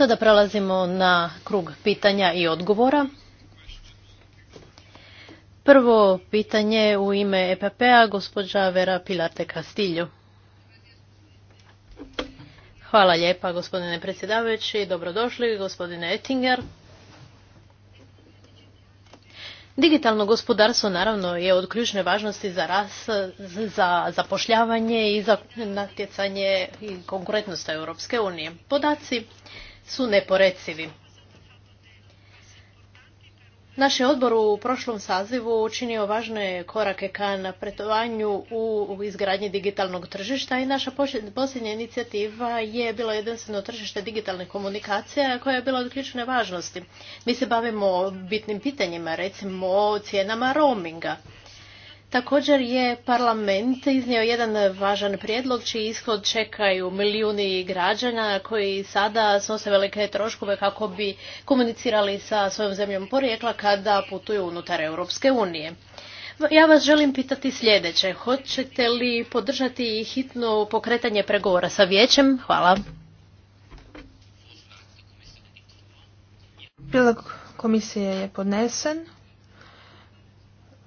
Sada prelazimo na krug pitanja i odgovora. Prvo pitanje u ime EPP-a, gospođa Vera Pilarte Castillo. Hvala lijepa gospodine predsjedavajući, dobrodošli gospodine Ettinger. Digitalno gospodarstvo naravno je od ključne važnosti za ras, za zapošljavanje i za natjecanje i konkurentnost Europske unije. Podaci su neporecivi. Naš je odbor u prošlom sazivu učinio važne korake ka napretovanju u izgradnji digitalnog tržišta i naša posljednja inicijativa je bilo jedinstveno tržište digitalne komunikacija koja je bila od ključne važnosti. Mi se bavimo bitnim pitanjima, recimo cijenama roaminga. Također je parlament iznio jedan važan prijedlog čiji ishod čekaju milijuni građana koji sada snose velike troškove kako bi komunicirali sa svojom zemljom porijekla kada putuju unutar Europske unije. Ja vas želim pitati sljedeće. Hoćete li podržati hitno pokretanje pregovora sa vijećem? Hvala. Prilog komisije je podnesen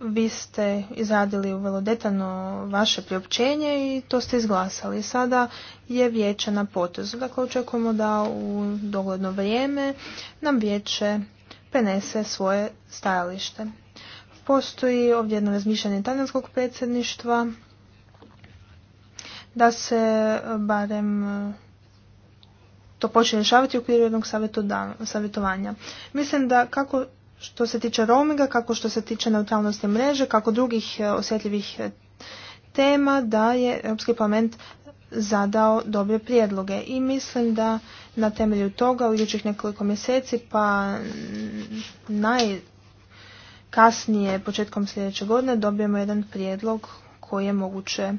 vi ste izradili vrlo detaljno vaše priopćenje i to ste izglasali. Sada je vijeće na potezu. Dakle, očekujemo da u dogledno vrijeme nam vijeće prenese svoje stajalište. Postoji ovdje jedno razmišljanje italijanskog predsjedništva da se e, barem e, to počne rješavati u okviru jednog savjetovanja. Mislim da kako što se tiče roaminga, kako što se tiče neutralnosti mreže, kako drugih e, osjetljivih e, tema da je Europski parlament zadao dobre prijedloge i mislim da na temelju toga u idućih nekoliko mjeseci pa najkasnije početkom sljedećeg godine dobijemo jedan prijedlog koji je moguće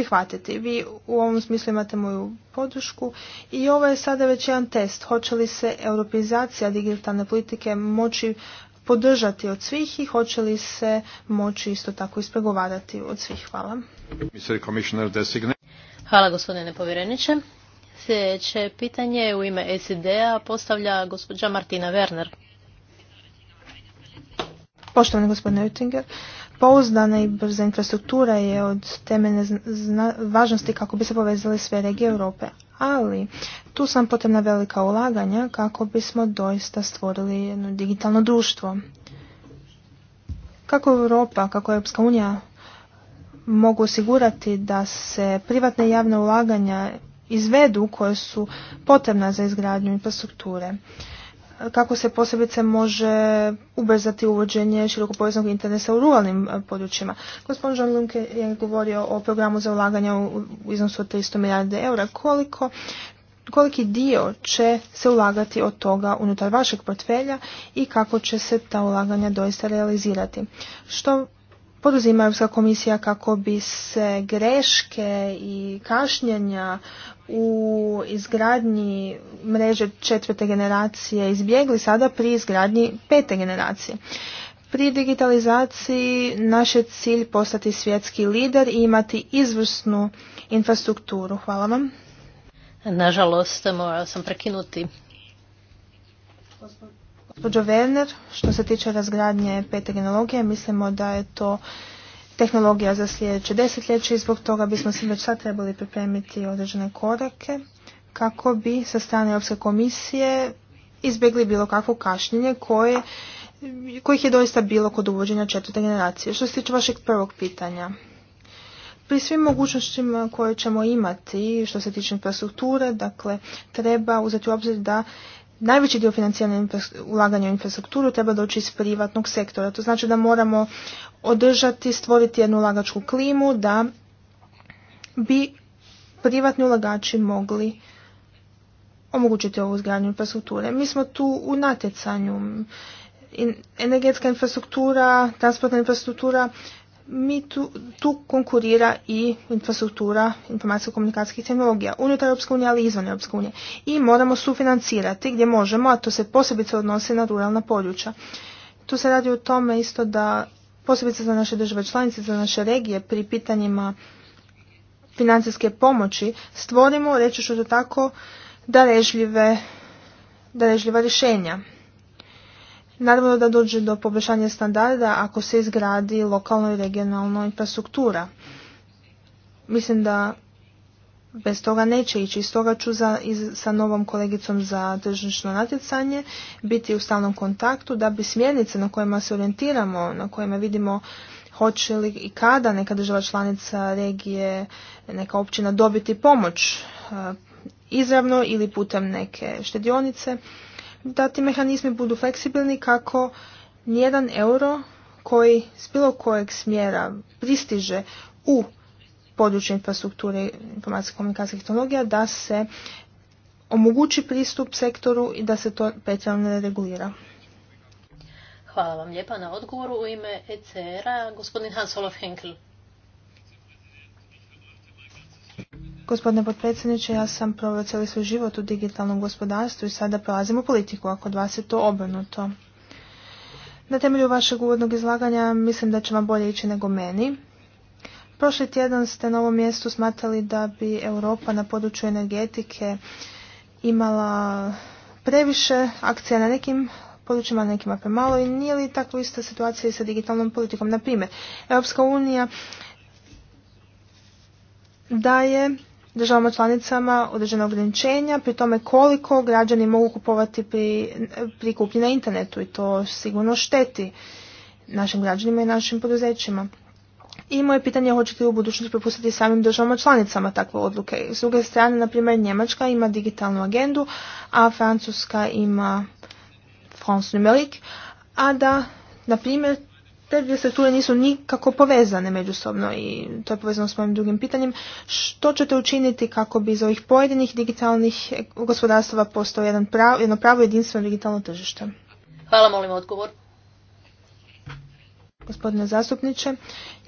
prihvatiti. Vi u ovom smislu imate moju podršku i ovo je sada već jedan test. Hoće li se europeizacija digitalne politike moći podržati od svih i hoće li se moći isto tako ispregovarati od svih. Hvala. Hvala gospodine povjereniče. Sljedeće pitanje u ime sed a postavlja gospođa Martina Werner. Poštovani gospodine Oettinger, pouzdana i brza infrastruktura je od temeljne važnosti kako bi se povezali sve regije Europe. Ali tu sam potrebna velika ulaganja kako bismo doista stvorili jedno digitalno društvo. Kako Europa, kako Europska unija mogu osigurati da se privatne i javne ulaganja izvedu koje su potrebna za izgradnju infrastrukture kako se posebice može ubrzati uvođenje širokopojasnog interneta u ruralnim e, područjima. Gospodin John Lunke je govorio o programu za ulaganja u iznosu od 300 milijarde eura. Koliko koliki dio će se ulagati od toga unutar vašeg portfelja i kako će se ta ulaganja doista realizirati. Što poduzima Europska komisija kako bi se greške i kašnjenja u izgradnji mreže četvrte generacije izbjegli sada pri izgradnji pete generacije. Pri digitalizaciji naš je cilj postati svjetski lider i imati izvrsnu infrastrukturu. Hvala vam. Nažalost, morao sam prekinuti Gospođo Werner, što se tiče razgradnje pete genologije, mislimo da je to tehnologija za sljedeće desetljeće i zbog toga bismo se već sad trebali pripremiti određene korake kako bi sa strane Europske komisije izbjegli bilo kakvo kašnjenje koje, kojih je doista bilo kod uvođenja četvrte generacije. Što se tiče vašeg prvog pitanja, pri svim mogućnostima koje ćemo imati što se tiče infrastrukture, dakle, treba uzeti u obzir da najveći dio financiranja ulaganja u infrastrukturu treba doći iz privatnog sektora. To znači da moramo održati, stvoriti jednu ulagačku klimu da bi privatni ulagači mogli omogućiti ovu izgradnju infrastrukture. Mi smo tu u natjecanju. Energetska infrastruktura, transportna infrastruktura mi tu, tu konkurira i infrastruktura informacijsko-komunikacijskih tehnologija unutar Europske unije, ali i izvan Europske I moramo sufinancirati gdje možemo, a to se posebice odnosi na ruralna područja. Tu se radi o tome isto da posebice za naše države članice, za naše regije pri pitanjima financijske pomoći stvorimo, reći ću to tako, darežljive, darežljiva rješenja. Naravno da dođe do poboljšanja standarda ako se izgradi lokalno i regionalno infrastruktura. Mislim da bez toga neće ići. Stoga ću za, sa novom kolegicom za tržišno natjecanje biti u stalnom kontaktu da bi smjernice na kojima se orijentiramo, na kojima vidimo hoće li i kada neka država članica regije, neka općina dobiti pomoć e, izravno ili putem neke štedionice, da ti mehanizmi budu fleksibilni kako nijedan euro koji s bilo kojeg smjera pristiže u područje infrastrukture informacijsko komunikacijskih tehnologija da se omogući pristup sektoru i da se to pretjerano ne regulira. Hvala vam lijepa na odgovoru. U ime ECR-a gospodin Hans olof Henkel. Gospodine potpredsjedniče, ja sam provoceli cijeli svoj život u digitalnom gospodarstvu i sada prelazim u politiku, ako od vas je to obrnuto. Na temelju vašeg uvodnog izlaganja mislim da će vam bolje ići nego meni. Prošli tjedan ste na ovom mjestu smatrali da bi Europa na području energetike imala previše akcija na nekim područjima, na nekima premalo i nije li tako ista situacija i sa digitalnom politikom. Na primjer, Europska unija daje državama članicama određena ograničenja pri tome koliko građani mogu kupovati pri, pri kupnji na internetu i to sigurno šteti našim građanima i našim poduzećima. I moje pitanje je hoćete li u budućnosti prepustiti samim državama članicama takve odluke. S druge strane, na primjer, Njemačka ima digitalnu agendu, a Francuska ima France Numerique, a da, na primjer, te dvije nisu nikako povezane međusobno i to je povezano s mojim drugim pitanjem. Što ćete učiniti kako bi iz ovih pojedinih digitalnih gospodarstva postao jedan jedno pravo jedinstveno digitalno tržište? Hvala, molim odgovor. Gospodine zastupniče,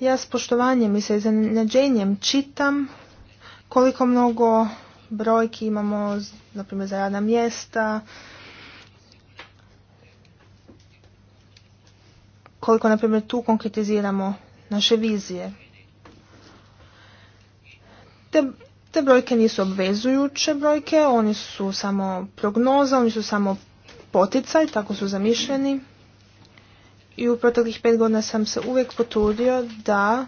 ja s poštovanjem i sa iznenađenjem čitam koliko mnogo brojki imamo, naprimjer, za radna mjesta, koliko, na primjer, tu konkretiziramo naše vizije. Te, te brojke nisu obvezujuće brojke, oni su samo prognoza, oni su samo poticaj, tako su zamišljeni. I u proteklih pet godina sam se uvijek potrudio da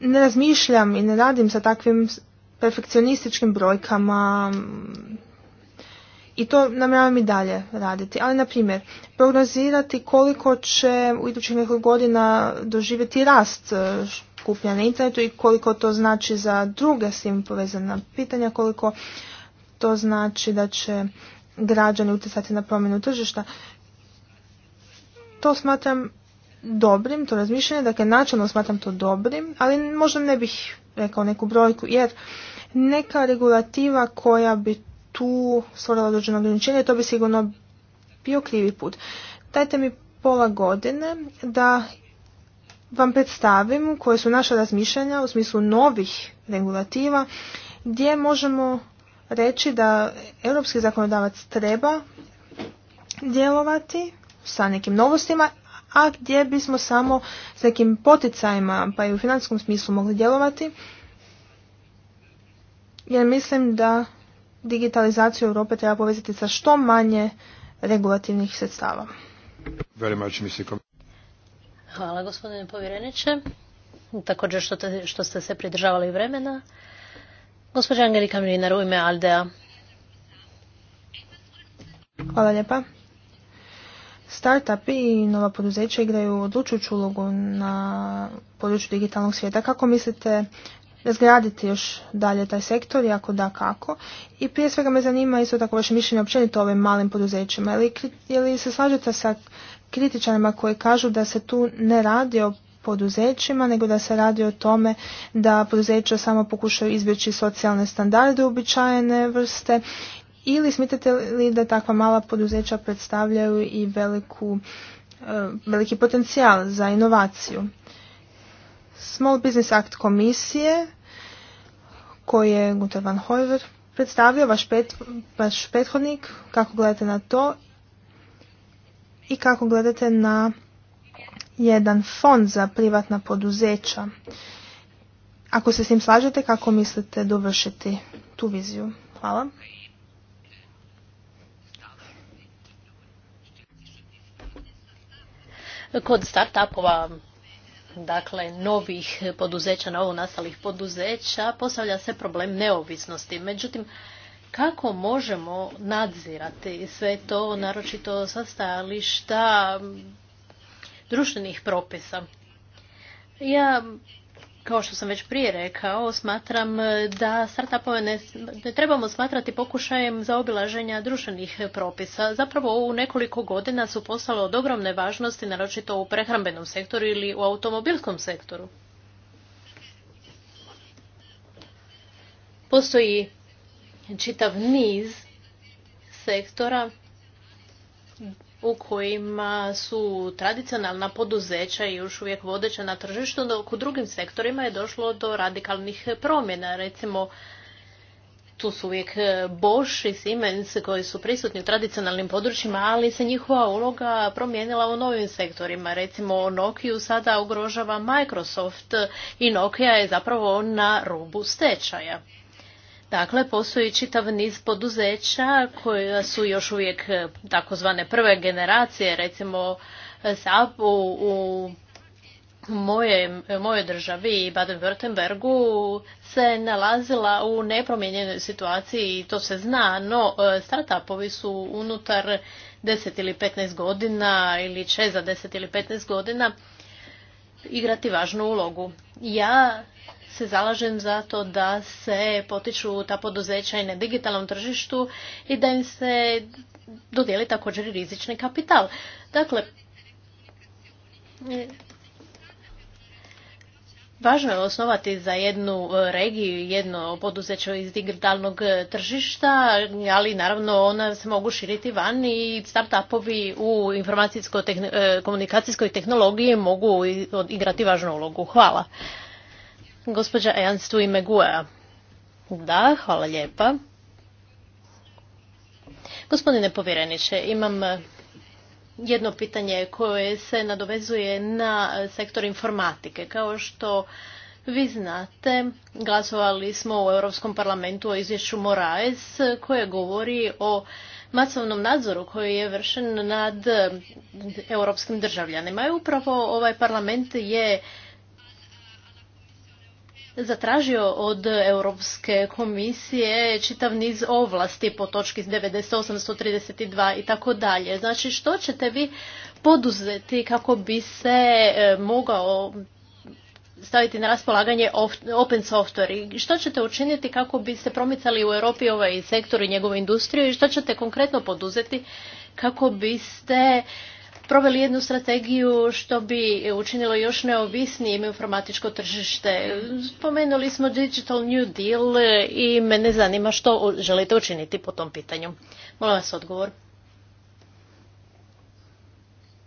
ne razmišljam i ne radim sa takvim perfekcionističkim brojkama, i to namjeravam i dalje raditi. Ali, na primjer, prognozirati koliko će u idućih nekoliko godina doživjeti rast e, kupnja na internetu i koliko to znači za druge s tim povezana pitanja, koliko to znači da će građani utjecati na promjenu tržišta. To smatram dobrim, to razmišljanje, dakle načelno smatram to dobrim, ali možda ne bih rekao neku brojku, jer neka regulativa koja bi tu stvorila određeno ograničenje, to bi sigurno bio krivi put. Dajte mi pola godine da vam predstavim koje su naša razmišljanja u smislu novih regulativa gdje možemo reći da europski zakonodavac treba djelovati sa nekim novostima, a gdje bismo samo s nekim poticajima pa i u financijskom smislu mogli djelovati jer mislim da digitalizaciju Europe treba povezati sa što manje regulativnih sredstava. Hvala gospodine povjereniče. Također što, što ste se pridržavali vremena. Gospođa Angelika Mlinar u ime Aldea. Hvala lijepa. Startupi i nova poduzeća igraju odlučujuću ulogu na području digitalnog svijeta. Kako mislite razgraditi još dalje taj sektor i ako da kako. I prije svega me zanima isto tako vaše mišljenje općenito o ovim malim poduzećima. Je li se slažete sa kritičarima koji kažu da se tu ne radi o poduzećima, nego da se radi o tome da poduzeća samo pokušaju izbjeći socijalne standarde uobičajene vrste ili smitete li da takva mala poduzeća predstavljaju i veliku, e, veliki potencijal za inovaciju? Small Business Act komisije koji je Guter van Hoover predstavio, vaš, pet, vaš prethodnik, kako gledate na to i kako gledate na jedan fond za privatna poduzeća. Ako se s njim slažete, kako mislite dovršiti tu viziju? Hvala. Kod start-upova dakle novih poduzeća, novo nastalih poduzeća, postavlja se problem neovisnosti. Međutim, kako možemo nadzirati sve to, naročito sa stajališta društvenih propisa? Ja kao što sam već prije rekao, smatram e, da startupove ne, trebamo smatrati pokušajem zaobilaženja društvenih propisa. Zapravo u nekoliko godina su postale od ogromne važnosti, naročito u prehrambenom sektoru ili u automobilskom sektoru. Postoji čitav niz sektora u kojima su tradicionalna poduzeća još uvijek vodeća na tržištu, dok u drugim sektorima je došlo do radikalnih promjena. Recimo, tu su uvijek e, Bosch i Siemens koji su prisutni u tradicionalnim područjima, ali se njihova uloga promijenila u novim sektorima. Recimo Nokiju sada ugrožava Microsoft i Nokia je zapravo na rubu stečaja. Dakle, postoji čitav niz poduzeća koja su još uvijek e, takozvane prve generacije, recimo e, SAP u, u moje, mojoj državi i Baden-Württembergu se nalazila u nepromijenjenoj situaciji i to se zna, no e, startupovi su unutar 10 ili 15 godina ili će za 10 ili 15 godina igrati važnu ulogu. Ja se zalažem za to da se potiču ta poduzeća i na digitalnom tržištu i da im se dodijeli također i rizični kapital. Dakle, Važno je osnovati za jednu regiju, jedno poduzeće iz digitalnog tržišta, ali naravno ona se mogu širiti van i start-upovi u informacijsko-komunikacijskoj eh, tehnologiji mogu igrati važnu ulogu. Hvala u ime Da, hvala Gospodine povjereniče, imam eh, jedno pitanje koje se nadovezuje na eh, sektor informatike. Kao što vi znate, glasovali smo u Europskom parlamentu o izvješću Moraes koje govori o masovnom nadzoru koji je vršen nad eh, europskim državljanima. I upravo ovaj parlament je zatražio od Europske komisije čitav niz ovlasti po točki 98, 132 i tako dalje. Znači što ćete vi poduzeti kako bi se e, mogao staviti na raspolaganje open software i što ćete učiniti kako bi se promicali u Europi ovaj sektor i njegovu industriju i što ćete konkretno poduzeti kako biste proveli jednu strategiju što bi učinilo još neovisnijim informatičko tržište. Spomenuli smo Digital New Deal i mene zanima što želite učiniti po tom pitanju. Molim vas odgovor.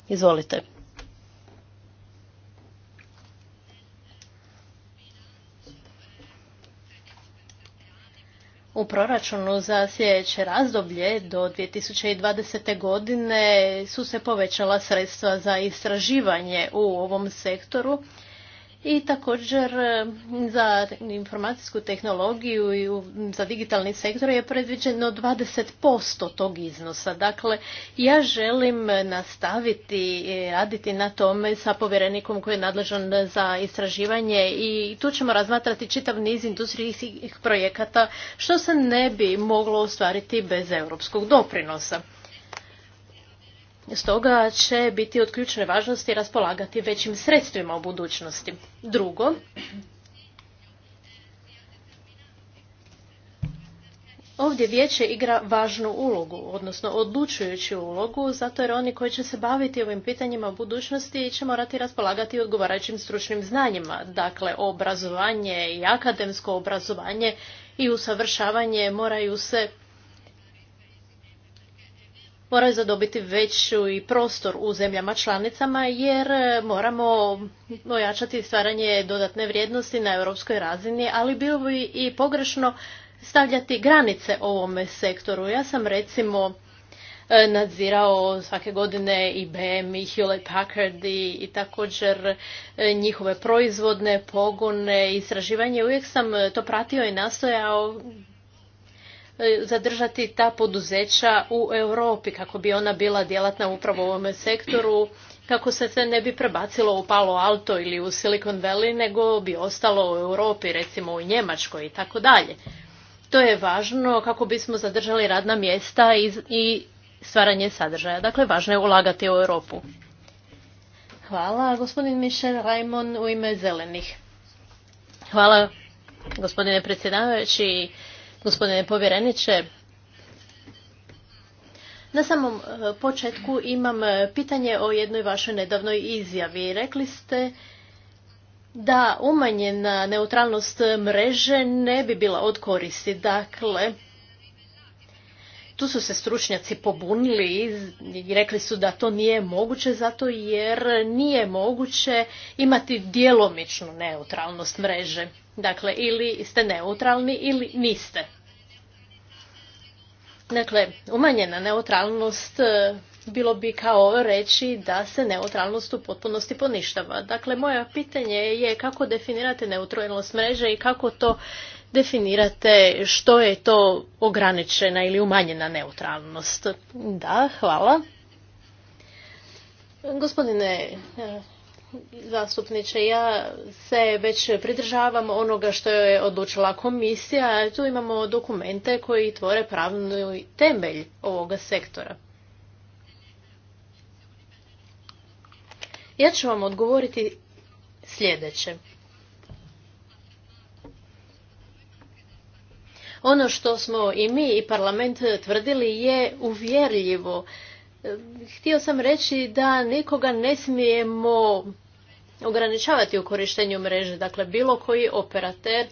Izvolite. u proračunu za sljedeće razdoblje do 2020. godine su se povećala sredstva za istraživanje u ovom sektoru i također mm, za informacijsku tehnologiju i mm, za digitalni sektor je predviđeno 20% tog iznosa. Dakle, ja želim nastaviti raditi na tome sa povjerenikom koji je nadležan za istraživanje i tu ćemo razmatrati čitav niz industrijskih projekata što se ne bi moglo ostvariti bez europskog doprinosa. Stoga će biti od ključne važnosti raspolagati većim sredstvima u budućnosti. Drugo, Ovdje vijeće igra važnu ulogu, odnosno odlučujuću ulogu, zato jer oni koji će se baviti ovim pitanjima u budućnosti će morati raspolagati odgovarajućim stručnim znanjima. Dakle, obrazovanje i akademsko obrazovanje i usavršavanje moraju se moraju zadobiti veću i prostor u zemljama članicama jer e, moramo ojačati stvaranje dodatne vrijednosti na europskoj razini, ali bilo bi i pogrešno stavljati granice ovome sektoru. Ja sam recimo e, nadzirao svake godine i i Hewlett Packard i, i također e, njihove proizvodne pogone, istraživanje. Uvijek sam to pratio i nastojao E, zadržati ta poduzeća u Europi kako bi ona bila djelatna upravo u ovome sektoru, kako se sve ne bi prebacilo u Palo Alto ili u Silicon Valley, nego bi ostalo u Europi, recimo u Njemačkoj i tako dalje. To je važno kako bismo zadržali radna mjesta i stvaranje sadržaja. Dakle, važno je ulagati u Europu. Hvala, gospodin Mišel Raimon u ime zelenih. Hvala, gospodine predsjedavajući. Gospodine povjereniče, na samom e, početku imam e, pitanje o jednoj vašoj nedavnoj izjavi. Rekli ste da umanjena neutralnost mreže ne bi bila od koristi. Dakle, tu su se stručnjaci pobunili i rekli su da to nije moguće zato jer nije moguće imati djelomičnu neutralnost mreže. Dakle, ili ste neutralni ili niste. Dakle, umanjena neutralnost e, bilo bi kao reći da se neutralnost u potpunosti poništava. Dakle, moje pitanje je kako definirate neutralnost mreže i kako to definirate što je to ograničena ili umanjena neutralnost. Da, hvala. Gospodine e, zastupniče. Ja se već pridržavam onoga što je odlučila komisija. Tu imamo dokumente koji tvore pravnu temelj ovoga sektora. Ja ću vam odgovoriti sljedeće. Ono što smo i mi i parlament tvrdili je uvjerljivo. Htio sam reći da nikoga ne smijemo ograničavati u korištenju mreže. Dakle, bilo koji operater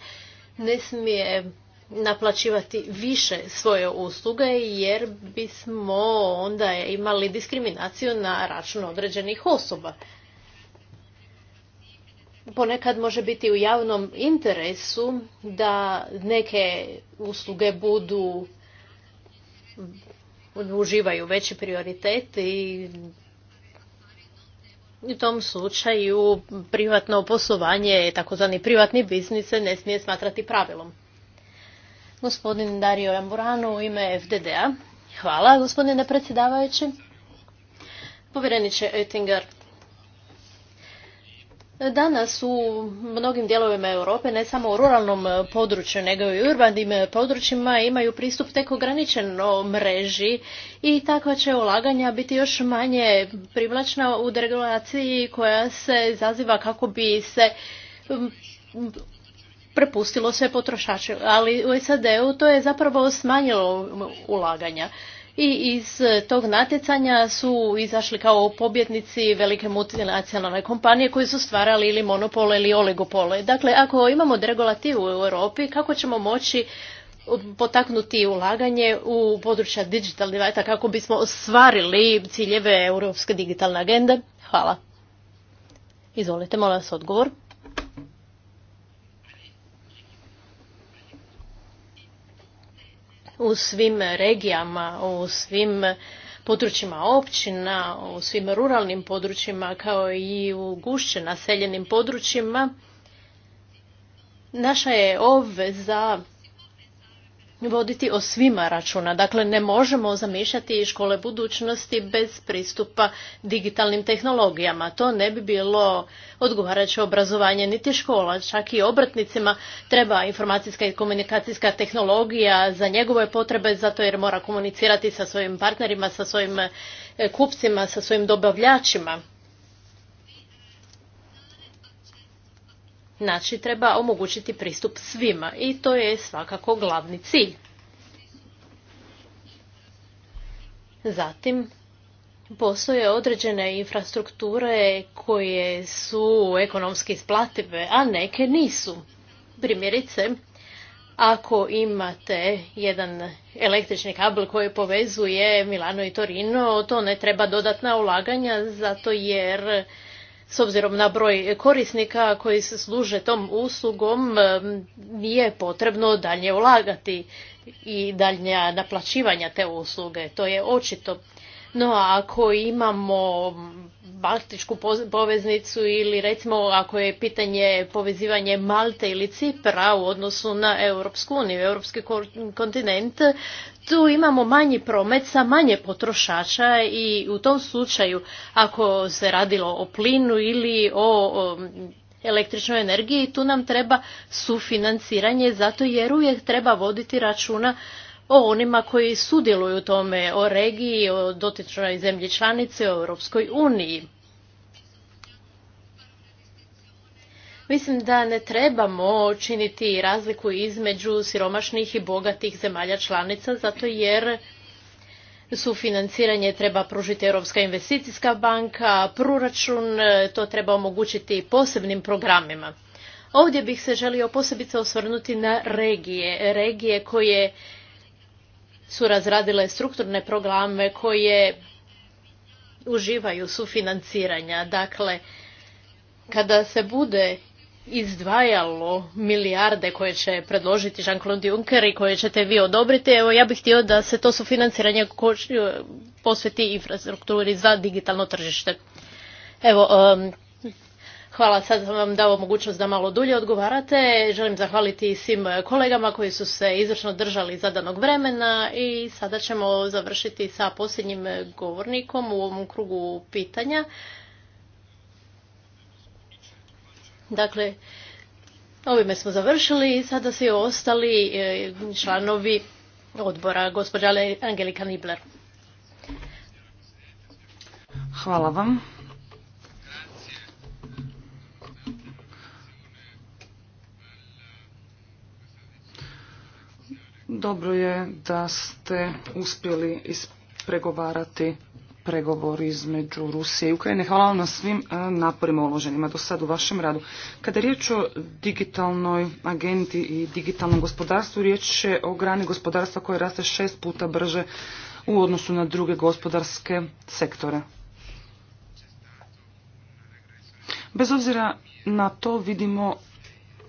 ne smije naplaćivati više svoje usluge jer bismo onda imali diskriminaciju na račun određenih osoba. Ponekad može biti u javnom interesu da neke usluge budu uživaju veći prioritet i u tom slučaju privatno poslovanje, takozvani privatni biznis, se ne smije smatrati pravilom. Gospodin Dario Jamburano u ime fdd Hvala, gospodine predsjedavajući. Povjereniče Oettinger, Danas u mnogim dijelovima Europe, ne samo u ruralnom području, nego i u urbanim područjima imaju pristup tek ograničeno mreži i takva će ulaganja biti još manje privlačna u deregulaciji koja se zaziva kako bi se prepustilo sve potrošače. Ali u SAD-u to je zapravo smanjilo ulaganja i iz tog natjecanja su izašli kao pobjednici velike multinacionalne kompanije koje su stvarali ili monopole ili oligopole. Dakle, ako imamo deregulativu u Europi, kako ćemo moći potaknuti ulaganje u područja digital divajta kako bismo ostvarili ciljeve Europske digitalne agende? Hvala. Izvolite, molim vas odgovor. u svim regijama, u svim područjima općina, u svim ruralnim područjima kao i u gušće naseljenim područjima. Naša je obveza voditi o svima računa. Dakle, ne možemo zamišljati škole budućnosti bez pristupa digitalnim tehnologijama. To ne bi bilo odgovarajuće obrazovanje niti škola. Čak i obrtnicima treba informacijska i komunikacijska tehnologija za njegove potrebe, zato jer mora komunicirati sa svojim partnerima, sa svojim e, kupcima, sa svojim dobavljačima. Znači, treba omogućiti pristup svima i to je svakako glavni cilj. Zatim, postoje određene infrastrukture koje su ekonomski isplative, a neke nisu. Primjerice, ako imate jedan električni kabel koji povezuje Milano i Torino, to ne treba dodatna ulaganja zato jer s obzirom na broj korisnika koji se služe tom uslugom e, nije potrebno dalje ulagati i daljnja naplaćivanja te usluge. To je očito. No a ako imamo baltičku poveznicu ili recimo ako je pitanje povezivanje Malte ili Cipra u odnosu na Europsku uniju, Europski kontinent, tu imamo manji promet sa manje potrošača i u tom slučaju ako se radilo o plinu ili o električnoj energiji tu nam treba sufinanciranje zato jer uvijek treba voditi računa o onima koji sudjeluju u tome, o regiji, o dotičnoj zemlji članici, o Europskoj uniji. Mislim da ne trebamo činiti razliku između siromašnih i bogatih zemalja članica, zato jer sufinanciranje treba pružiti Europska investicijska banka, proračun to treba omogućiti posebnim programima. Ovdje bih se želio posebice osvrnuti na regije, regije koje su razradile strukturne programe koje uživaju sufinanciranja. Dakle, kada se bude izdvajalo milijarde koje će predložiti Jean-Claude Juncker i koje ćete vi odobriti. Evo ja bih htio da se to su financiranje e, posveti infrastrukturi za digitalno tržište. Evo, hvala, sad sam vam dao mogućnost da malo dulje odgovarate. Želim zahvaliti svim kolegama koji su se izvršno držali zadanog vremena i sada ćemo završiti sa posljednjim govornikom u ovom krugu pitanja. Dakle, ovime smo završili i sada svi ostali e, članovi odbora, gospođa Angelika Nibler. Hvala vam. Dobro je da ste uspjeli ispregovarati pregovori između Rusije i Ukrajine. Hvala vam na svim e, naporima uloženima do sad u vašem radu. Kada je riječ o digitalnoj agenti i digitalnom gospodarstvu, riječ je o grani gospodarstva koje raste šest puta brže u odnosu na druge gospodarske sektore. Bez obzira na to vidimo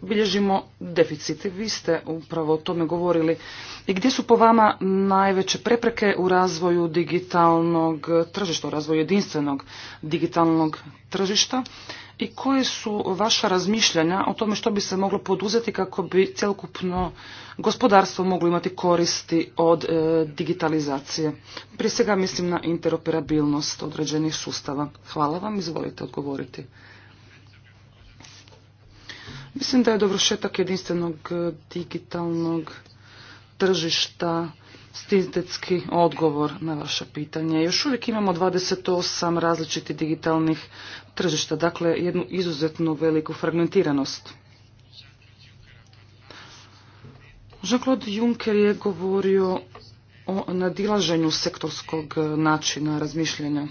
bilježimo deficit. Vi ste upravo o tome govorili. I gdje su po vama najveće prepreke u razvoju digitalnog tržišta, u razvoju jedinstvenog digitalnog tržišta? I koje su vaša razmišljanja o tome što bi se moglo poduzeti kako bi cjelokupno gospodarstvo moglo imati koristi od e, digitalizacije? Prije svega mislim na interoperabilnost određenih sustava. Hvala vam, izvolite odgovoriti. Mislim da je dovršetak jedinstvenog e, digitalnog tržišta stintetski odgovor na vaše pitanje. Još uvijek imamo 28 različitih digitalnih tržišta, dakle jednu izuzetno veliku fragmentiranost. Jean-Claude Juncker je govorio o nadilaženju sektorskog e, načina razmišljanja.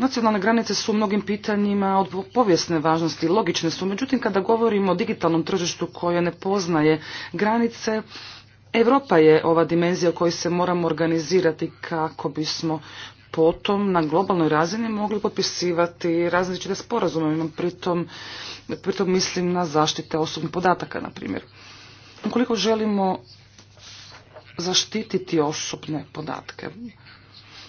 Nacionalne granice su u mnogim pitanjima od povijesne važnosti logične su. Međutim, kada govorimo o digitalnom tržištu koje ne poznaje granice, Europa je ova dimenzija u kojoj se moramo organizirati kako bismo potom na globalnoj razini mogli potpisivati različite sporazume. Pritom, pritom mislim na zaštite osobnih podataka, na primjer. Ukoliko želimo zaštititi osobne podatke,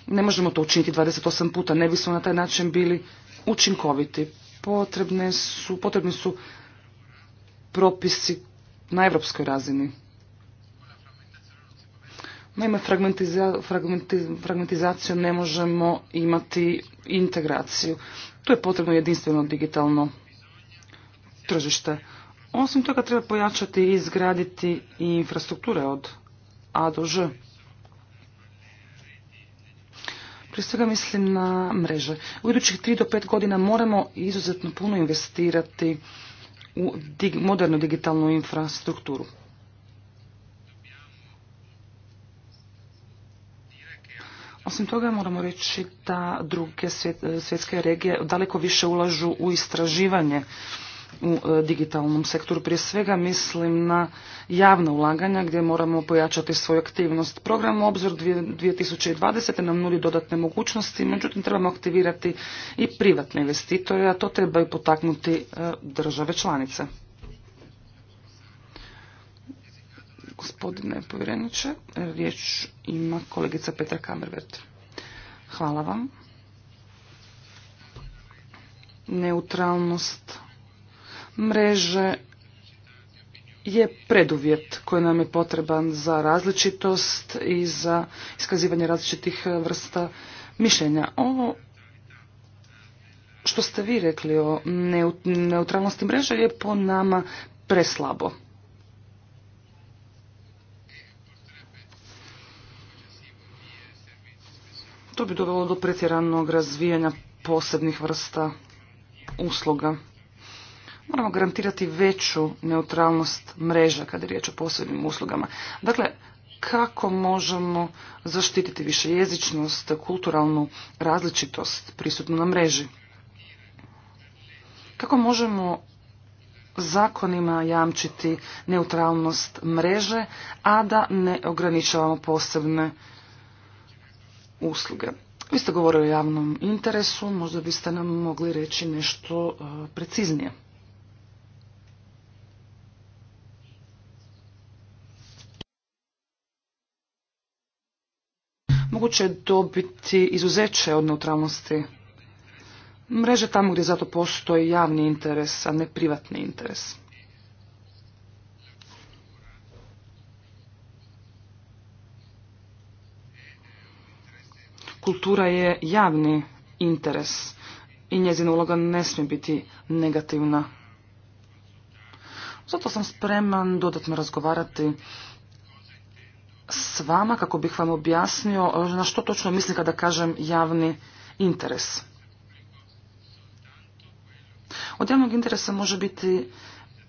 ne možemo to učiniti 28 puta, ne bismo na taj način bili učinkoviti. Potrebne su, potrebni su propisi na evropskoj razini. Naime, fragmentiza, fragmentizaciju ne možemo imati integraciju. Tu je potrebno jedinstveno digitalno tržište. Osim toga treba pojačati i izgraditi i infrastrukture od A do Ž. Prije svega mislim na mreže. U idućih 3 do 5 godina moramo izuzetno puno investirati u modernu digitalnu infrastrukturu. Osim toga moramo reći da druge svjetske regije daleko više ulažu u istraživanje u e, digitalnom sektoru. Prije svega mislim na javna ulaganja gdje moramo pojačati svoju aktivnost. Program Obzor 2020. nam nudi dodatne mogućnosti, međutim trebamo aktivirati i privatne investitore, a to trebaju potaknuti e, države članice. Gospodine povjereniče, riječ ima kolegica Petra Kamervert. Hvala vam. Neutralnost mreže je preduvjet koji nam je potreban za različitost i za iskazivanje različitih vrsta mišljenja. Ovo što ste vi rekli o neutralnosti mreže je po nama preslabo. To bi dovelo do pretjeranog razvijanja posebnih vrsta usloga moramo garantirati veću neutralnost mreža kada je riječ o posebnim uslugama. Dakle, kako možemo zaštititi više jezičnost, kulturalnu različitost prisutnu na mreži? Kako možemo zakonima jamčiti neutralnost mreže, a da ne ograničavamo posebne usluge? Vi ste govorili o javnom interesu, možda biste nam mogli reći nešto e, preciznije. moguće dobiti izuzeće od neutralnosti mreže tamo gdje zato postoji javni interes, a ne privatni interes. Kultura je javni interes i njezina uloga ne smije biti negativna. Zato sam spreman dodatno razgovarati s vama kako bih vam objasnio e, na što točno mislim kada kažem javni interes. Od javnog interesa može biti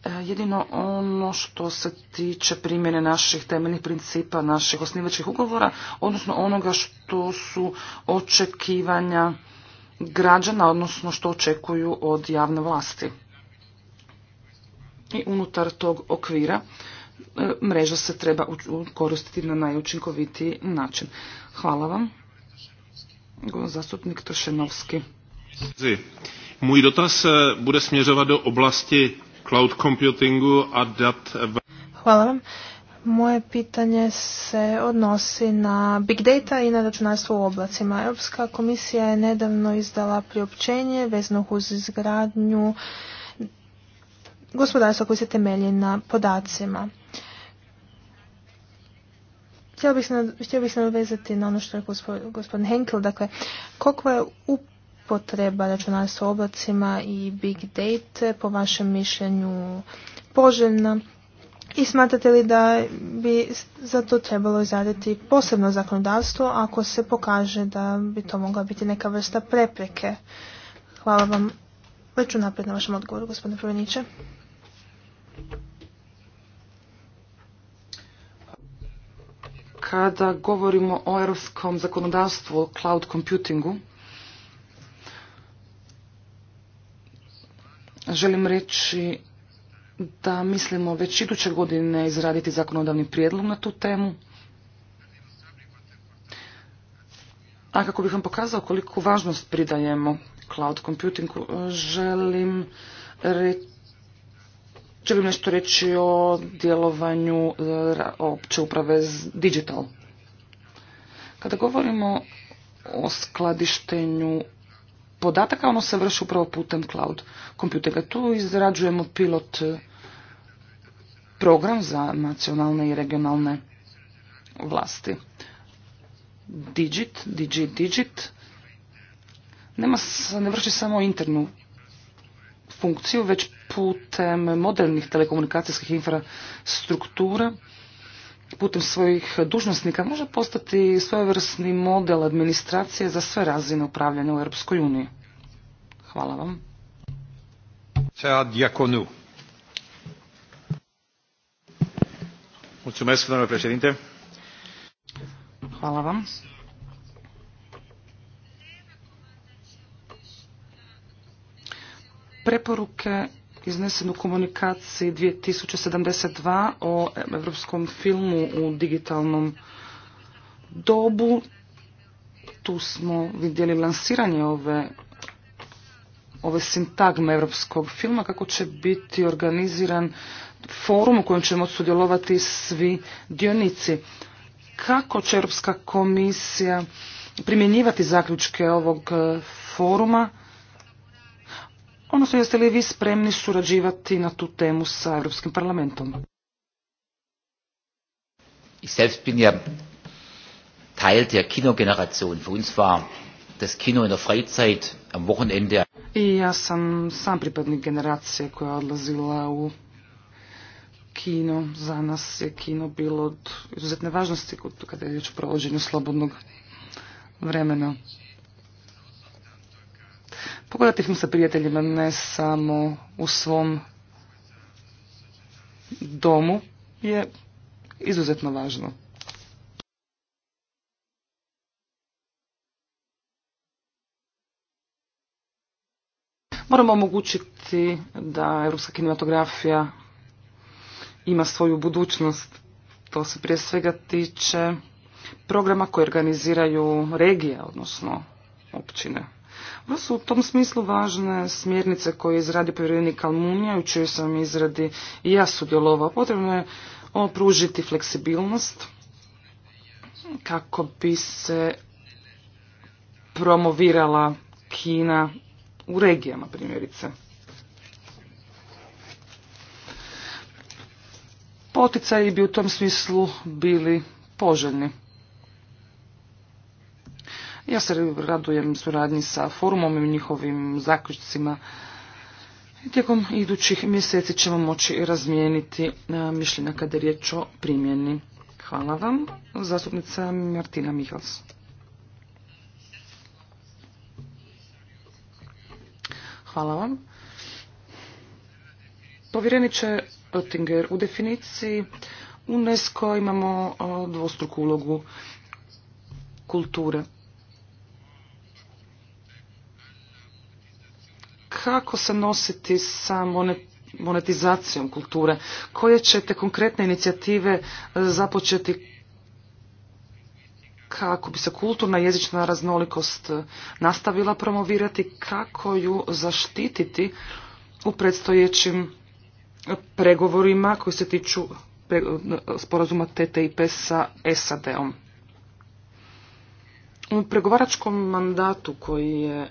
e, jedino ono što se tiče primjene naših temeljnih principa, naših osnivačkih ugovora, odnosno onoga što su očekivanja građana, odnosno što očekuju od javne vlasti. I unutar tog okvira E, mreža se treba koristiti na najučinkovitiji način. Hvala vam. Zastupnik Tošenovski. dotaz e, bude směřovat do oblasti cloud computingu a dat. Hvala vam. Moje pitanje se odnosi na big data i na računarstvo u oblacima. Europska komisija je nedavno izdala priopćenje vezno uz izgradnju gospodarstva koji se temelji na podacima. Htio bih, se, htio na ono što je gospodin Henkel, dakle, koliko je upotreba računarstva oblacima i big data po vašem mišljenju poželjna i smatrate li da bi za to trebalo izraditi posebno zakonodavstvo ako se pokaže da bi to mogla biti neka vrsta prepreke? Hvala vam već naprijed na vašem odgovoru, gospodine Proveniće. kada govorimo o europskom zakonodavstvu o cloud computingu, želim reći da mislimo već iduće godine izraditi zakonodavni prijedlog na tu temu. A kako bih vam pokazao koliku važnost pridajemo cloud computingu, želim reći Želim nešto reći o djelovanju e, opće uprave digital. Kada govorimo o skladištenju podataka, ono se vrši upravo putem cloud kompjutera. Tu izrađujemo pilot e, program za nacionalne i regionalne vlasti. Digit, digit, digit. Nema, ne vrši samo internu funkciju, već putem modernih telekomunikacijskih infrastruktura, putem svojih dužnosnika, može postati svojevrsni model administracije za sve razine upravljanja u Europskoj uniji. Hvala vam. Hvala vam. Preporuke iznesen u komunikaciji 2072 o europskom filmu u digitalnom dobu. Tu smo vidjeli lansiranje ove ove sintagme europskog filma, kako će biti organiziran forum u kojem ćemo sudjelovati svi dionici. Kako će Europska komisija primjenjivati zaključke ovog eh, foruma odnosno jeste li vi spremni surađivati na tu temu sa Europskim parlamentom? Ich selbst bin ja Teil der Kinogeneration. Für Kino in der I ja sam sam pripadnik generacije koja je odlazila u kino. Za nas je kino bilo od izuzetne važnosti kada je riječ o provođenju slobodnog vremena pogledati film sa prijateljima ne samo u svom domu je izuzetno važno. Moramo omogućiti da europska kinematografija ima svoju budućnost. To se prije svega tiče programa koje organiziraju regije, odnosno općine. Da su u tom smislu važne smjernice koje izradi povjerenik Almunija, u čijoj sam izradi i ja sudjelovao. Potrebno je opružiti fleksibilnost kako bi se promovirala Kina u regijama, primjerice. Poticaji bi u tom smislu bili poželjni. Ja se radujem suradnji sa forumom i njihovim zaključcima. tijekom idućih mjeseci ćemo moći razmijeniti e, mišljenja kada je riječ o primjeni. Hvala vam. Zastupnica Martina Mihals. Hvala vam. Povjereniče Oettinger, u definiciji UNESCO imamo e, dvostruku ulogu kulture. kako se nositi sa monetizacijom kulture, koje ćete konkretne inicijative e, započeti kako bi se kulturna jezična raznolikost e, nastavila promovirati, kako ju zaštititi u predstojećim pregovorima koji se tiču e, sporazuma TTIP sa SAD-om. U pregovaračkom mandatu koji je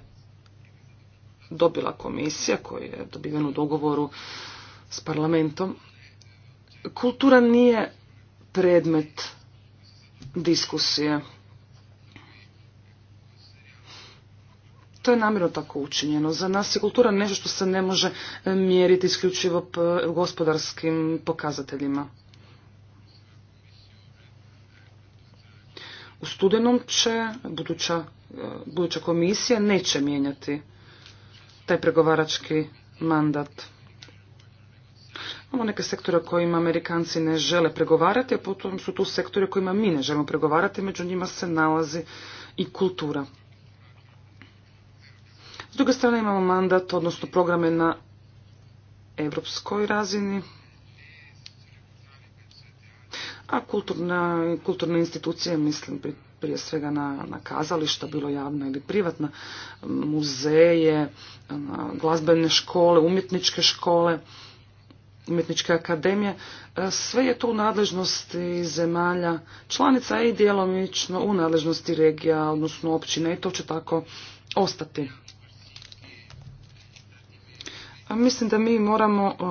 dobila komisija koji je dobiven u dogovoru s parlamentom, kultura nije predmet diskusije. To je namjerno tako učinjeno. Za nas je kultura nešto što se ne može mjeriti isključivo gospodarskim pokazateljima. U studenom će buduća, e, buduća komisija neće mijenjati taj pregovarački mandat. Imamo neke sektore u kojima Amerikanci ne žele pregovarati, a potom su tu sektori kojima mi ne želimo pregovarati, među njima se nalazi i kultura. S druge strane imamo mandat, odnosno programe na evropskoj razini, a kulturne institucije, mislim, pri prije svega na, na kazališta, bilo javna ili privatna, muzeje, glazbene škole, umjetničke škole, umjetničke akademije. E, sve je to u nadležnosti zemalja članica i djelomično u nadležnosti regija, odnosno općine i to će tako ostati. Mislim da mi moramo e,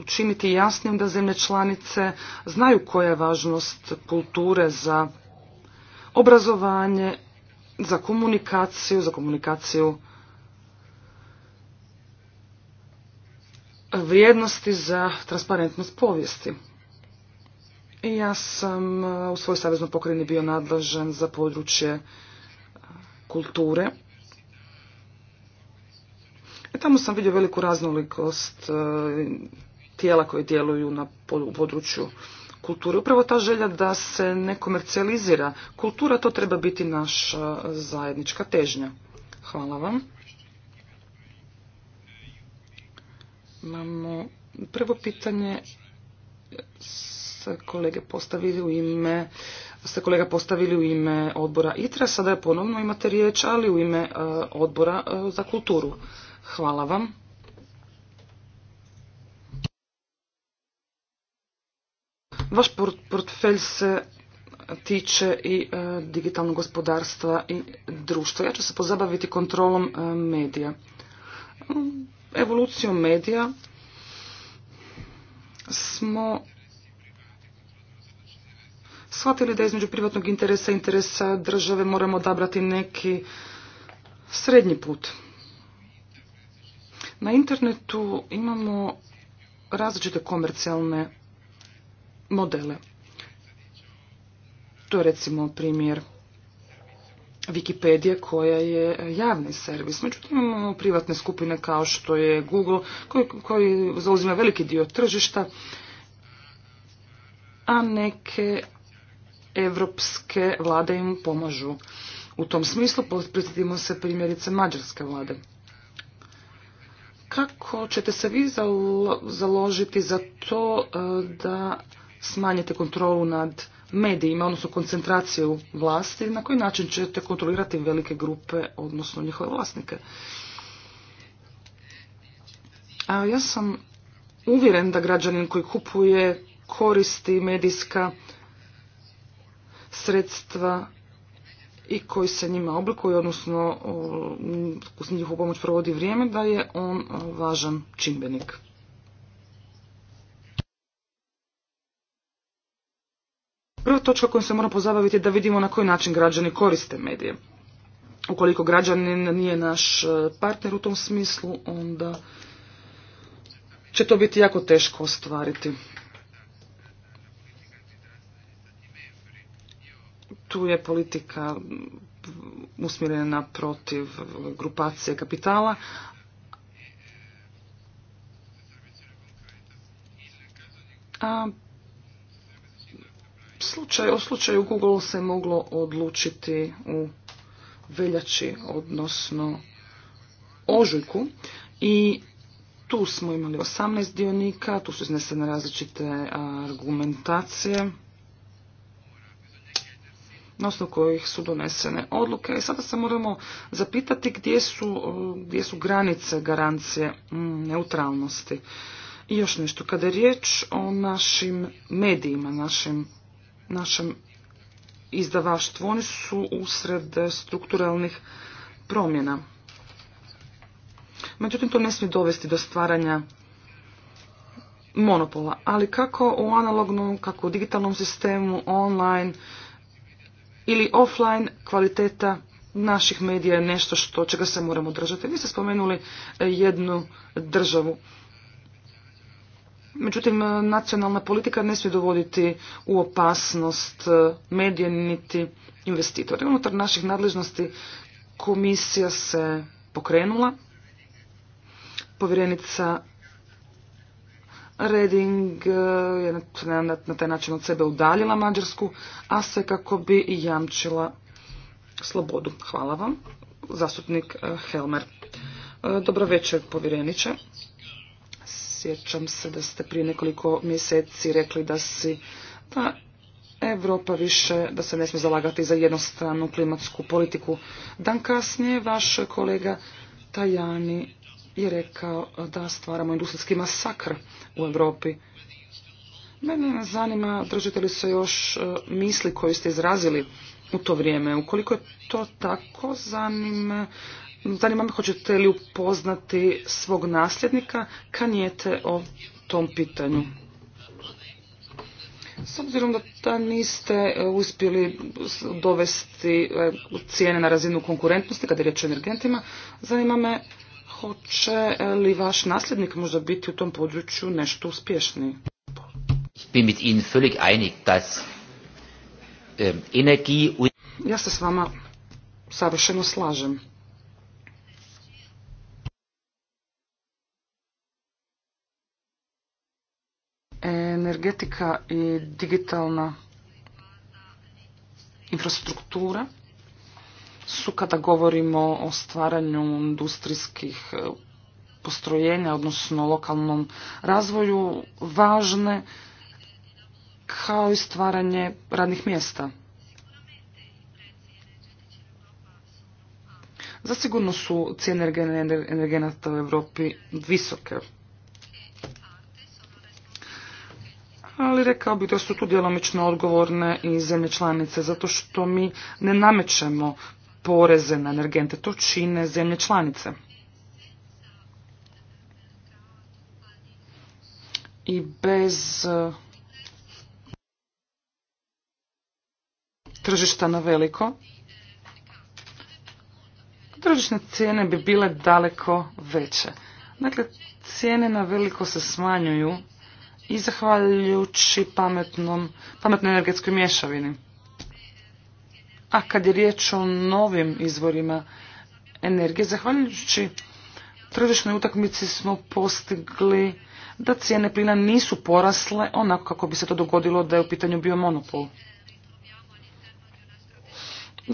učiniti jasnim da zemlje članice znaju koja je važnost kulture za obrazovanje, za komunikaciju, za komunikaciju vrijednosti za transparentnost povijesti. I ja sam e, u svojoj saveznoj pokrajini bio nadležan za područje e, kulture. I tamo sam vidio veliku raznolikost e, tijela koje djeluju na području kulture. Upravo ta želja da se ne komercijalizira kultura, to treba biti naša zajednička težnja. Hvala vam. Imamo prvo pitanje se kolege postavili u ime ste kolega postavili u ime odbora ITRA, sada je ponovno imate riječ, ali u ime e, odbora e, za kulturu. Hvala vam. Vaš portfelj se tiče i e, digitalnog gospodarstva i društva. Ja ću se pozabaviti kontrolom e, medija. Mm, evolucijom medija smo shvatili da između privatnog interesa i interesa države moramo odabrati neki srednji put. Na internetu imamo različite komercijalne modele. To je recimo primjer Wikipedia koja je javni servis. Međutim imamo privatne skupine kao što je Google koji, zauzima veliki dio tržišta, a neke evropske vlade im pomažu. U tom smislu prisjetimo se primjerice mađarske vlade. Kako ćete se vi založiti za to e, da smanjite kontrolu nad medijima, odnosno koncentraciju vlasti, na koji način ćete kontrolirati velike grupe, odnosno njihove vlasnike. A ja sam uvjeren da građanin koji kupuje koristi medijska sredstva i koji se njima oblikuje, odnosno uz njihovu pomoć provodi vrijeme, da je on važan čimbenik. Prva točka kojom se moramo pozabaviti je da vidimo na koji način građani koriste medije. Ukoliko građanin nije naš e, partner u tom smislu, onda će to biti jako teško ostvariti. Tu je politika usmjerena protiv grupacije kapitala, a slučaj, o slučaju Google se moglo odlučiti u veljači, odnosno ožujku i tu smo imali 18 dionika, tu su iznesene različite argumentacije na osnovu kojih su donesene odluke i sada se moramo zapitati gdje su, gdje su granice garancije mm, neutralnosti. I još nešto, kada je riječ o našim medijima, našim našem izdavaštvu. Oni su usred strukturalnih promjena. Međutim, to ne smije dovesti do stvaranja monopola, ali kako u analognom, kako u digitalnom sistemu, online ili offline kvaliteta naših medija je nešto što čega se moramo držati. Vi ste spomenuli jednu državu. Međutim, e, nacionalna politika ne smije dovoditi u opasnost e, medije niti investitore. Unutar naših nadležnosti komisija se pokrenula. Povjerenica Reding e, je na taj način od sebe udaljila Mađarsku, a sve kako bi jamčila slobodu. Hvala vam. Zastupnik Helmer. Dobro večer, povjereniče. Sjećam se da ste prije nekoliko mjeseci rekli da si da Europa više, da se ne smije zalagati za jednostranu klimatsku politiku. Dan kasnije vaš kolega Tajani je rekao da stvaramo industrijski masakr u Europi. Mene zanima, držite li se još e, misli koju ste izrazili u to vrijeme. Ukoliko je to tako, zanima Zanima me hoćete li upoznati svog nasljednika kanijete o tom pitanju. S obzirom da ta niste e, uspjeli dovesti e, cijene na razinu konkurentnosti kada je riječ o energentima, zanima me hoće e, li vaš nasljednik možda biti u tom području nešto uspješniji. Ähm, ja se s vama savršeno slažem. energetika i digitalna infrastruktura su kada govorimo o stvaranju industrijskih e, postrojenja, odnosno lokalnom razvoju, važne kao i stvaranje radnih mjesta. Zasigurno su cijene energenata u Europi visoke. ali rekao bih da su tu djelomično odgovorne i zemlje članice, zato što mi ne namećemo poreze na energente, to čine zemlje članice. I bez eh, tržišta na veliko, tržišne cijene bi bile daleko veće. Dakle, cijene na veliko se smanjuju i zahvaljujući pametnoj energetskoj mješavini. A kad je riječ o novim izvorima energije, zahvaljujući tržišnoj utakmici smo postigli da cijene plina nisu porasle onako kako bi se to dogodilo da je u pitanju bio monopol.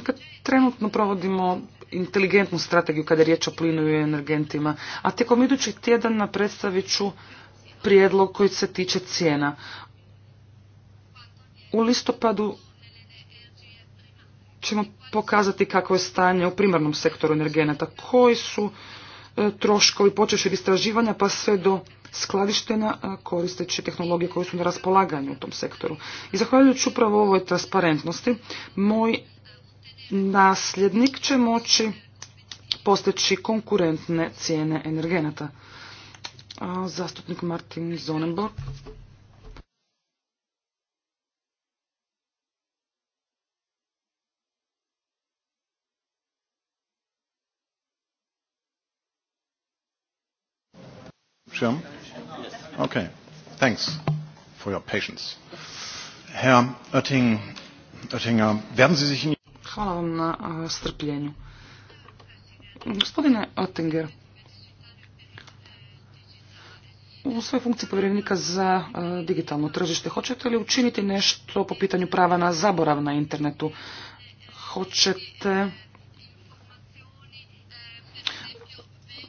Kad trenutno provodimo inteligentnu strategiju kada je riječ o plinu i energentima, a tijekom idućih tjedana predstavit ću prijedlog koji se tiče cijena. U listopadu ćemo pokazati kako je stanje u primarnom sektoru energenata, koji su e, troškovi počeš od istraživanja pa sve do skladištenja e, koristeći tehnologije koje su na raspolaganju u tom sektoru. I zahvaljujući upravo ovoj transparentnosti, moj nasljednik će moći postići konkurentne cijene energenata. A zastupnik Martin Zonenborg. Schirm? Okay. Thanks for your patience. Herr Oetting, Oettinger, werden Sie sich in... Hvala vam na strpljenju. Gospodine Oettinger, u svojoj funkciji povjerenika za e, digitalno tržište. Hoćete li učiniti nešto po pitanju prava na zaborav na internetu? Hoćete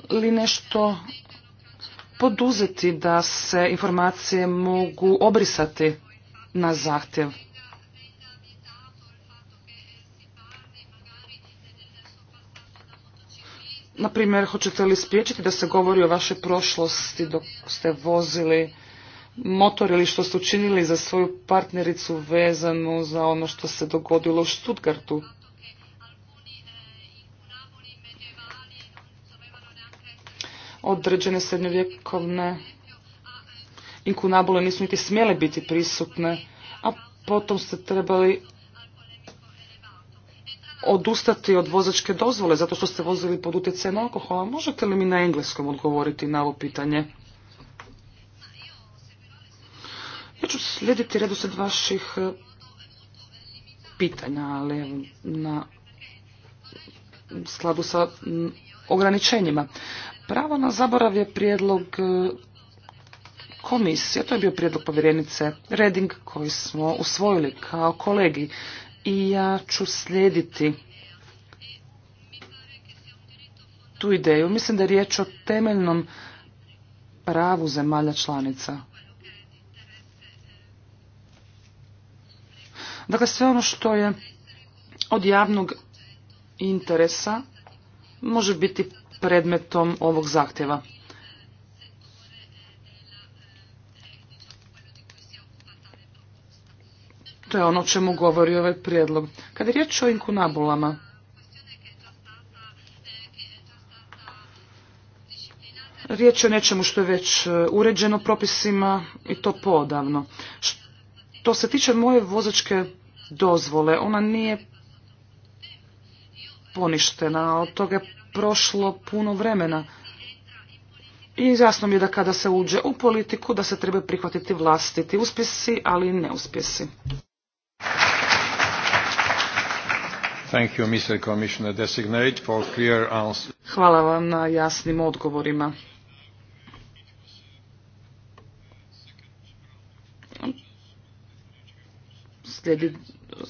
li nešto poduzeti da se informacije mogu obrisati na zahtjev? Na primjer, hoćete li spriječiti da se govori o vašoj prošlosti dok ste vozili motor ili što ste učinili za svoju partnericu vezanu za ono što se dogodilo u Stuttgartu? Određene srednjovjekovne inkunabule nisu niti smjele biti prisutne, a potom ste trebali odustati od vozačke dozvole zato što ste vozili pod utjecajem alkohola. Možete li mi na engleskom odgovoriti na ovo pitanje? Ja ću slijediti sred vaših e, pitanja, ali na skladu sa ograničenjima. Pravo na zaborav je prijedlog e, komisije, to je bio prijedlog povjerenice Reding koji smo usvojili kao kolegi i ja ću slijediti tu ideju. Mislim da je riječ o temeljnom pravu zemalja članica. Dakle, sve ono što je od javnog interesa može biti predmetom ovog zahtjeva. To je ono o čemu govori ovaj prijedlog. Kad je riječ o inkunabulama, riječ je o nečemu što je već e, uređeno propisima i to podavno. Što se tiče moje vozačke dozvole, ona nije poništena, od toga je prošlo puno vremena. I jasno mi je da kada se uđe u politiku da se treba prihvatiti vlastiti uspjesi, ali i neuspjesi. Hvala vam na jasnim odgovorima.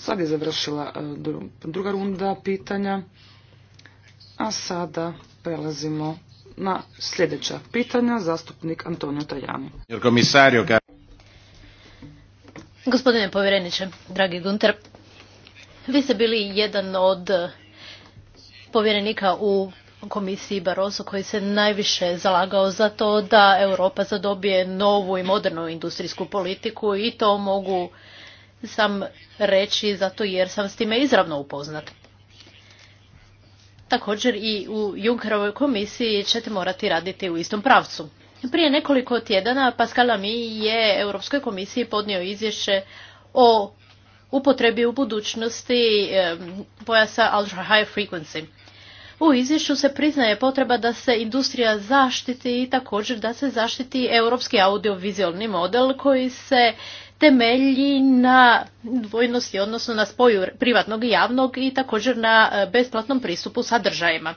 sad je završila e, druga runda pitanja, a sada prelazimo na sljedeća pitanja, zastupnik Antonio Tajani. Gospodine povjereniče, dragi Gunter, vi ste bili jedan od povjerenika u komisiji Barroso koji se najviše zalagao za to da Europa zadobije novu i modernu industrijsku politiku i to mogu sam reći zato jer sam s time izravno upoznat. Također i u Junckerovoj komisiji ćete morati raditi u istom pravcu. Prije nekoliko tjedana Pascal Ami je Europskoj komisiji podnio izvješće o upotrebi u budućnosti pojasa ultra high frequency. U izvješću se priznaje potreba da se industrija zaštiti i također da se zaštiti europski audiovizualni model koji se temelji na dvojnosti, odnosno na spoju privatnog i javnog i također na e, besplatnom pristupu sadržajima.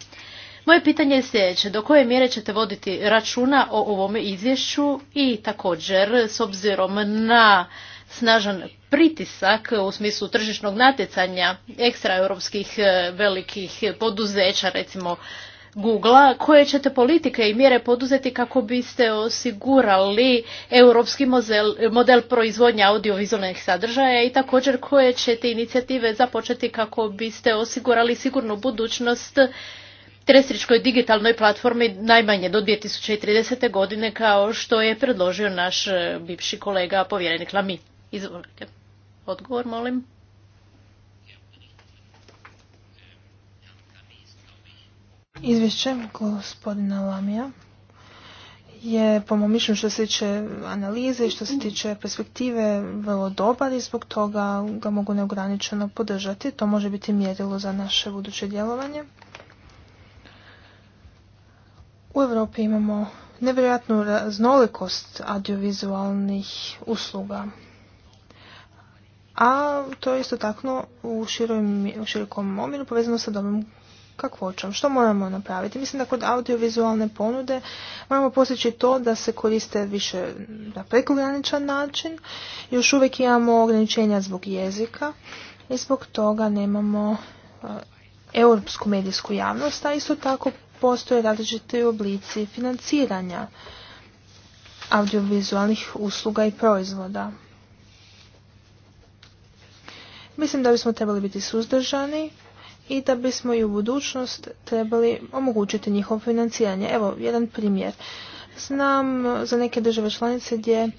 Moje pitanje je sljedeće, do koje mjere ćete voditi računa o ovom izvješću i također s obzirom na snažan pritisak u smislu tržišnog natjecanja ekstraeuropskih e, velikih poduzeća, recimo Google-a, koje ćete politike i mjere poduzeti kako biste osigurali europski model, model proizvodnja audiovizualnih sadržaja i također koje ćete inicijative započeti kako biste osigurali sigurnu budućnost terestričkoj digitalnoj platformi najmanje do 2030. godine kao što je predložio naš e, bivši kolega povjerenik Lami. Izvolite. Odgovor, molim. Izvješće gospodina Lamija je po mom mišljenju što se tiče analize i što se tiče perspektive vrlo dobar i zbog toga ga mogu neograničeno podržati. To može biti mjerilo za naše buduće djelovanje. U Europi imamo nevjerojatnu raznolikost audiovizualnih usluga a to je isto tako u, širokom omjeru povezano sa dobrom kakvoćom. Što moramo napraviti? Mislim da kod audiovizualne ponude moramo postići to da se koriste više na prekograničan način. Još uvijek imamo ograničenja zbog jezika i zbog toga nemamo e, europsku medijsku javnost, a isto tako postoje različiti oblici financiranja audiovizualnih usluga i proizvoda. Mislim da bismo trebali biti suzdržani i da bismo i u budućnost trebali omogućiti njihovo financiranje. Evo, jedan primjer. Znam za neke države članice gdje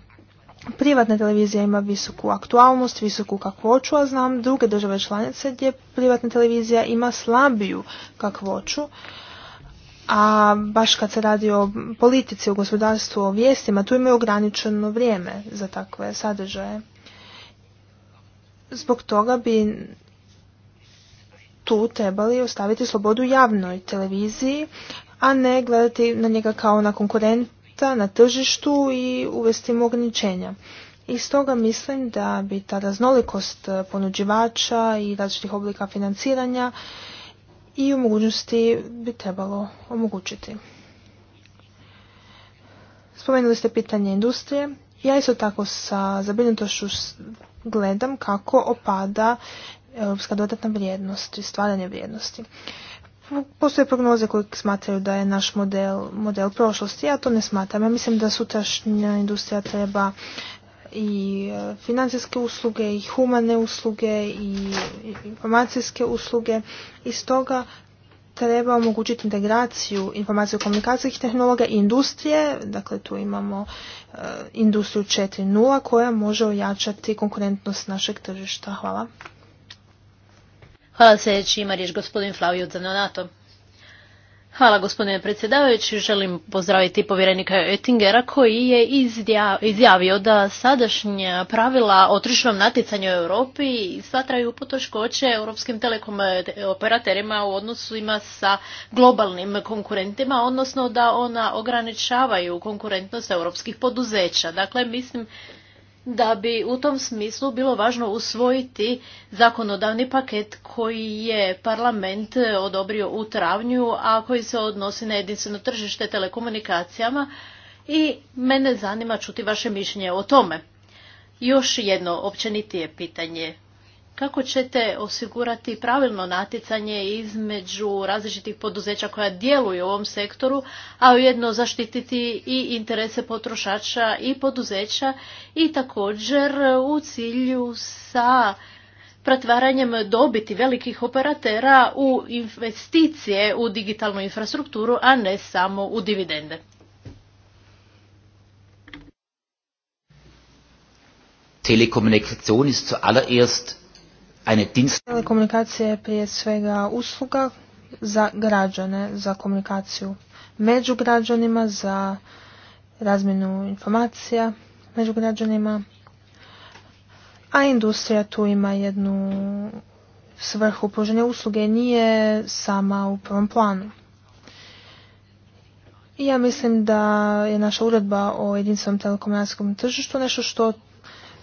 privatna televizija ima visoku aktualnost, visoku kakvoću, a znam druge države članice gdje privatna televizija ima slabiju kakvoću. A baš kad se radi o politici, o gospodarstvu, o vijestima, tu imaju ograničeno vrijeme za takve sadržaje. Zbog toga bi tu trebali ostaviti slobodu javnoj televiziji, a ne gledati na njega kao na konkurenta na tržištu i uvesti mu ograničenja. I stoga mislim da bi ta raznolikost ponuđivača i različitih oblika financiranja i u mogućnosti bi trebalo omogućiti. Spomenuli ste pitanje industrije ja isto tako sa zabrinutošću gledam kako opada europska dodatna vrijednost i stvaranje vrijednosti. Postoje prognoze koje smatraju da je naš model, model prošlosti, ja to ne smatram. Ja mislim da sutrašnja industrija treba i e, financijske usluge, i humane usluge, i informacijske usluge. I stoga treba omogućiti integraciju informaciju komunikacijskih tehnologa i industrije, dakle tu imamo e, industriju 4.0 koja može ojačati konkurentnost našeg tržišta. Hvala. Hvala ima riječ gospodin Flavio Zanonato. Hvala gospodine predsjedavajući. Želim pozdraviti povjerenika Oettingera koji je izjavio da sadašnja pravila o tržišnom natjecanju u Europi smatraju poteškoće europskim telekom operaterima u ima sa globalnim konkurentima, odnosno da ona ograničavaju konkurentnost europskih poduzeća. Dakle, mislim da bi u tom smislu bilo važno usvojiti zakonodavni paket koji je parlament odobrio u travnju, a koji se odnosi na jedinstveno tržište telekomunikacijama i mene zanima čuti vaše mišljenje o tome. Još jedno općenitije pitanje. Kako ćete osigurati pravilno natjecanje između različitih poduzeća koja djeluju u ovom sektoru, a ujedno zaštititi i interese potrošača i poduzeća i također u cilju sa pretvaranjem dobiti velikih operatera u investicije u digitalnu infrastrukturu, a ne samo u dividende? Telekommunikation ist zuallererst Telekomunikacija je prije svega usluga za građane, za komunikaciju među građanima, za razmjenu informacija među građanima, a industrija tu ima jednu svrhu pružene usluge nije sama u prvom planu. I ja mislim da je naša uredba o jedinstvenom telekomunikacijskom tržištu nešto što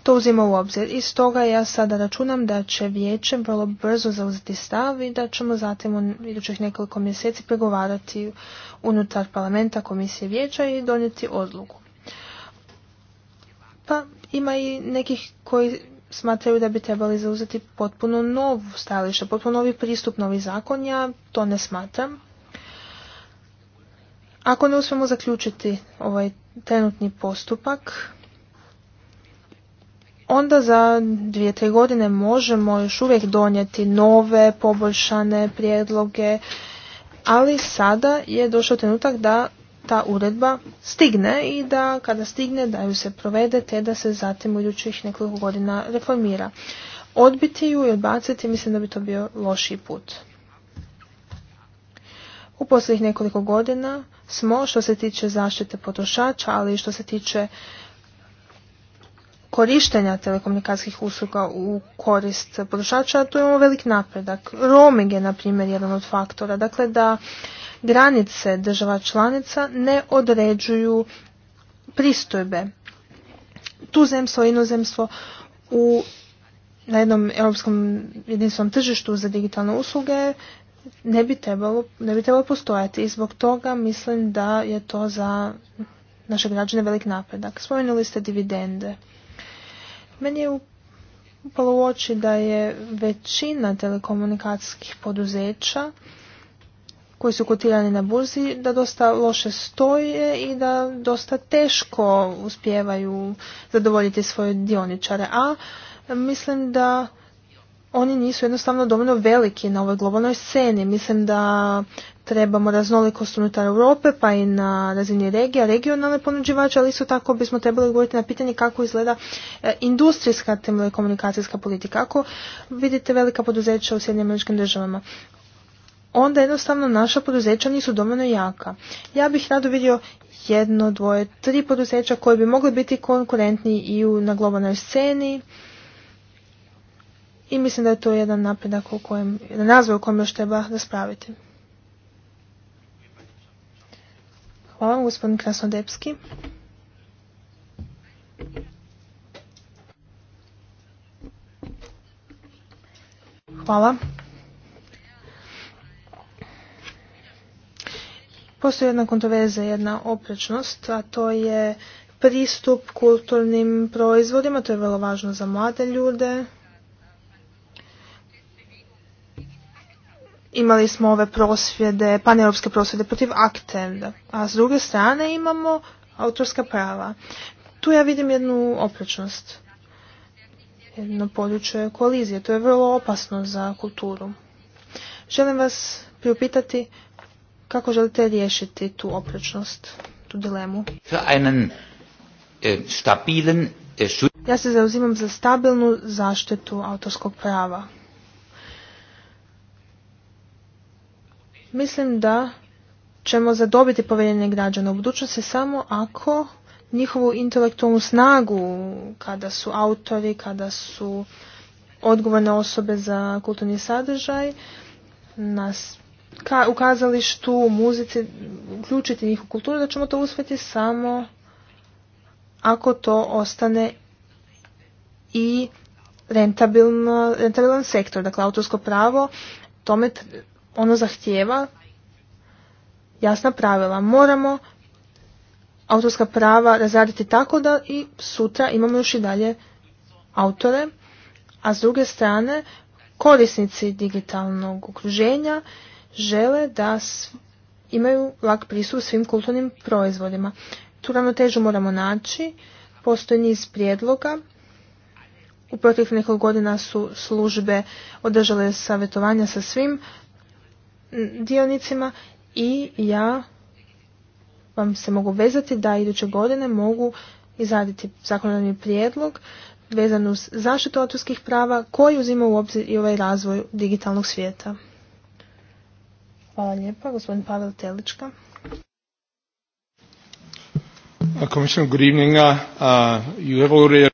to uzima u obzir. I stoga ja sada računam da će vijeće vrlo brzo zauzeti stav i da ćemo zatim u idućih nekoliko mjeseci pregovarati unutar parlamenta, komisije vijeća i donijeti odluku. Pa ima i nekih koji smatraju da bi trebali zauzeti potpuno novu stajalište, potpuno novi pristup, novi zakon. Ja to ne smatram. Ako ne uspijemo zaključiti ovaj trenutni postupak, onda za dvije, tri godine možemo još uvijek donijeti nove, poboljšane prijedloge, ali sada je došao trenutak da ta uredba stigne i da kada stigne da ju se provede te da se zatim u idućih nekoliko godina reformira. Odbiti ju i odbaciti mislim da bi to bio lošiji put. U posljednjih nekoliko godina smo što se tiče zaštite potrošača, ali i što se tiče korištenja telekomunikacijskih usluga u korist potrošača, tu imamo velik napredak. Roaming je, na primjer, jedan od faktora. Dakle, da granice država članica ne određuju pristojbe. Tu zemstvo, inozemstvo u, na jednom europskom jedinstvenom tržištu za digitalne usluge ne bi trebalo, ne bi trebalo postojati i zbog toga mislim da je to za naše građane velik napredak. Spomenuli ste dividende. Meni je upalo u oči da je većina telekomunikacijskih poduzeća koji su kotirani na burzi da dosta loše stoje i da dosta teško uspijevaju zadovoljiti svoje dioničare. A mislim da oni nisu jednostavno dovoljno veliki na ovoj globalnoj sceni. Mislim da trebamo raznolikost unutar Europe pa i na razini regija, regionalne ponuđivače, ali isto tako bismo trebali odgovoriti na pitanje kako izgleda e, industrijska telekomunikacijska politika. Ako vidite velika poduzeća u Sjedinim američkim državama, onda jednostavno naša poduzeća nisu dovoljno jaka. Ja bih rado vidio jedno, dvoje, tri poduzeća koje bi mogli biti konkurentni i na globalnoj sceni, i mislim da je to jedan napredak o kojem, jedan razvoj o kojem još treba raspraviti. Hvala vam, gospodin Krasnodepski. Hvala. Postoji jedna kontroverza, jedna oprečnost, a to je pristup kulturnim proizvodima, to je vrlo važno za mlade ljude, imali smo ove prosvjede, paneuropske prosvjede protiv akten, a s druge strane imamo autorska prava. Tu ja vidim jednu oprečnost, jedno područje kolizije. To je vrlo opasno za kulturu. Želim vas priupitati kako želite riješiti tu oprečnost, tu dilemu. Äh, äh, ja se zauzimam za stabilnu zaštitu autorskog prava. Mislim da ćemo zadobiti povjerenje građana u budućnosti samo ako njihovu intelektualnu snagu kada su autori, kada su odgovorne osobe za kulturni sadržaj nas ka, u kazalištu, muzici, uključiti njih u kulturu, da ćemo to uspjeti samo ako to ostane i rentabilan sektor. Dakle, autorsko pravo tome ono zahtjeva jasna pravila. Moramo autorska prava razraditi tako da i sutra imamo još i dalje autore, a s druge strane korisnici digitalnog okruženja žele da imaju lak pristup svim kulturnim proizvodima. Tu ravnotežu moramo naći, postoji niz prijedloga. U proteklih nekoliko godina su službe održale savjetovanja sa svim dionicima i ja vam se mogu vezati da iduće godine mogu izraditi zakonodavni prijedlog vezan uz zaštitu autorskih prava koji uzima u obzir i ovaj razvoj digitalnog svijeta. Hvala lijepa, gospodin Pavel Telička. Uh, uh, uh,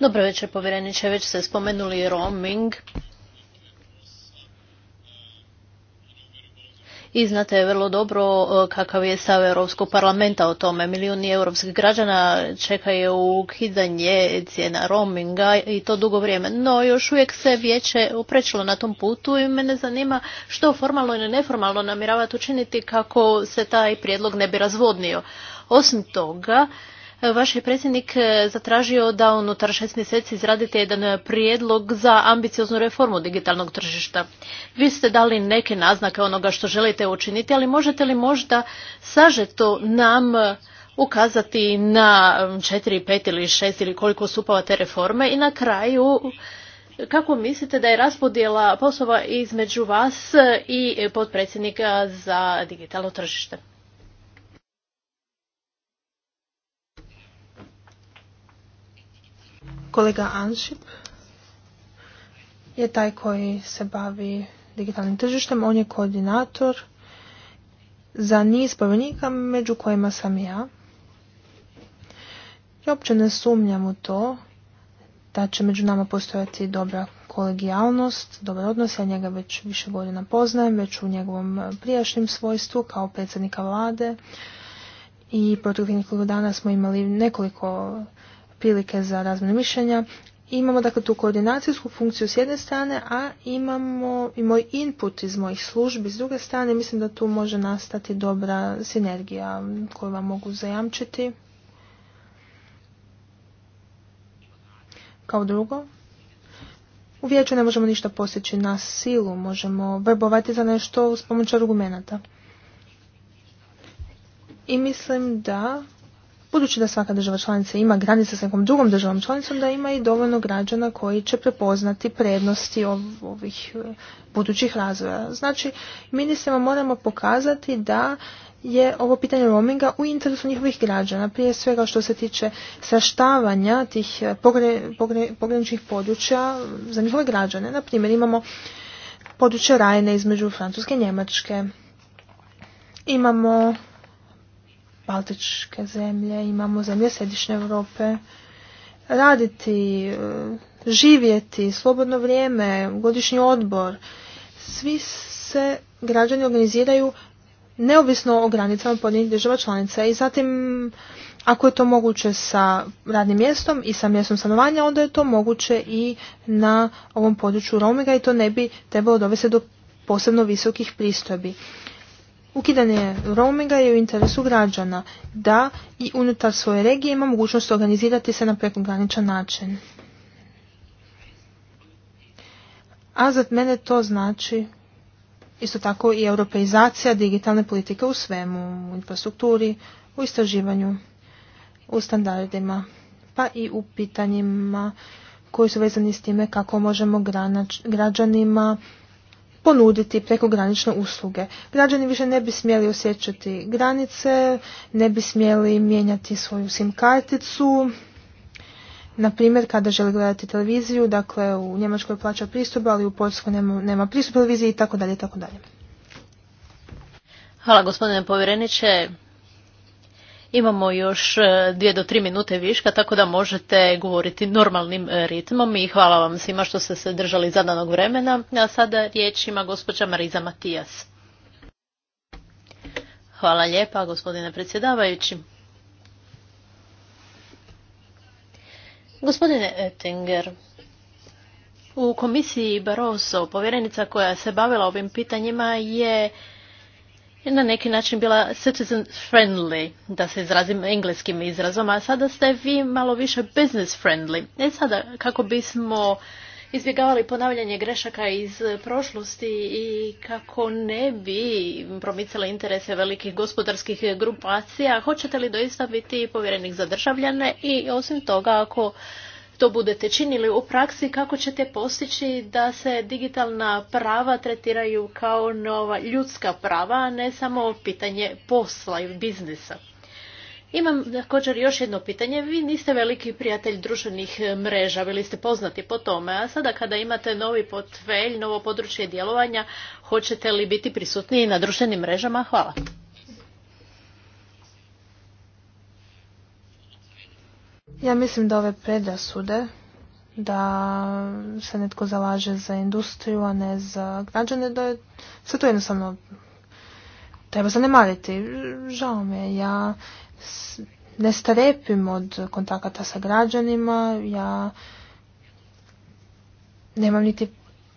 Dobro večer, povjereniče, već ste spomenuli roaming i znate vrlo dobro e, kakav je stav Europskog parlamenta o tome. Milijuni europskih građana čekaju ukidanje cijena roaminga i to dugo vrijeme. No još uvijek se vijeće uprečilo na tom putu i mene zanima što formalno ili neformalno namjeravate učiniti kako se taj prijedlog ne bi razvodnio. Osim toga, Vaš je predsjednik e, zatražio da unutar šest mjeseci izradite jedan e, prijedlog za ambicioznu reformu digitalnog tržišta. Vi ste dali neke naznake onoga što želite učiniti, ali možete li možda sažeto nam e, ukazati na četiri, pet ili šest ili koliko supava te reforme i na kraju kako mislite da je raspodjela poslova između vas i potpredsjednika za digitalno tržište? Kolega Anšip je taj koji se bavi digitalnim tržištem. On je koordinator za niz povjenika, među kojima sam ja. I uopće ne sumnjam u to da će među nama postojati dobra kolegijalnost, dobar odnos. Ja njega već više godina poznajem, već u njegovom prijašnjem svojstvu kao predsjednika vlade. I proteklih nekoliko dana smo imali nekoliko prilike za razmjene mišljenja. Imamo dakle tu koordinacijsku funkciju s jedne strane, a imamo i moj input iz mojih službi s druge strane. Mislim da tu može nastati dobra sinergija koju vam mogu zajamčiti. Kao drugo, u vijeću ne možemo ništa posjeći na silu, možemo verbovati za nešto s pomoću argumenata. I mislim da Budući da svaka država članica ima granice sa nekom drugom državom članicom, da ima i dovoljno građana koji će prepoznati prednosti ovih e, budućih razvoja. Znači, ministrima moramo pokazati da je ovo pitanje roaminga u interesu njihovih građana, prije svega što se tiče saštavanja tih e, pogre, pograničnih područja za njihove građane. Na imamo područje Rajne između Francuske i Njemačke. Imamo Baltičke zemlje, imamo zemlje Središnje Europe, raditi, e, živjeti, slobodno vrijeme, godišnji odbor. Svi se građani organiziraju neovisno o granicama pojedinih država članica i zatim ako je to moguće sa radnim mjestom i sa mjestom stanovanja, onda je to moguće i na ovom području Romega i to ne bi trebalo dovesti do posebno visokih pristojbi. Ukidanje roaminga je u interesu građana da i unutar svoje regije ima mogućnost organizirati se na prekograničan način. A za mene to znači isto tako i europeizacija digitalne politike u svemu, u infrastrukturi, u istraživanju, u standardima, pa i u pitanjima koji su vezani s time kako možemo građanima ponuditi prekogranične usluge. Građani više ne bi smjeli osjećati granice, ne bi smjeli mijenjati svoju SIM karticu. Na primjer, kada želi gledati televiziju, dakle u Njemačkoj plaća pristup, ali u Poljskoj nema, nema pristup televiziji i tako dalje i tako dalje. Hvala gospodine povjereniče. Imamo još e, dvije do tri minute viška, tako da možete govoriti normalnim e, ritmom i hvala vam svima što ste se držali zadanog vremena. A sada riječ ima gospođa Mariza Matijas. Hvala lijepa, gospodine predsjedavajući. Gospodine Ettinger, u komisiji Barroso povjerenica koja se bavila ovim pitanjima je na neki način bila citizen friendly, da se izrazim engleskim izrazom, a sada ste vi malo više business friendly. E sada, kako bismo izbjegavali ponavljanje grešaka iz prošlosti i kako ne bi promicali interese velikih gospodarskih grupacija, hoćete li doista biti povjerenik za državljane i osim toga ako to budete činili u praksi, kako ćete postići da se digitalna prava tretiraju kao nova ljudska prava, a ne samo pitanje posla i biznisa. Imam također još jedno pitanje. Vi niste veliki prijatelj društvenih mreža, bili ste poznati po tome, a sada kada imate novi potvelj, novo područje djelovanja, hoćete li biti prisutniji na društvenim mrežama? Hvala. Ja mislim da ove predrasude da se netko zalaže za industriju, a ne za građane, da je sve to jednostavno treba zanemariti. Žao mi je, ja ne starepim od kontakata sa građanima, ja nemam niti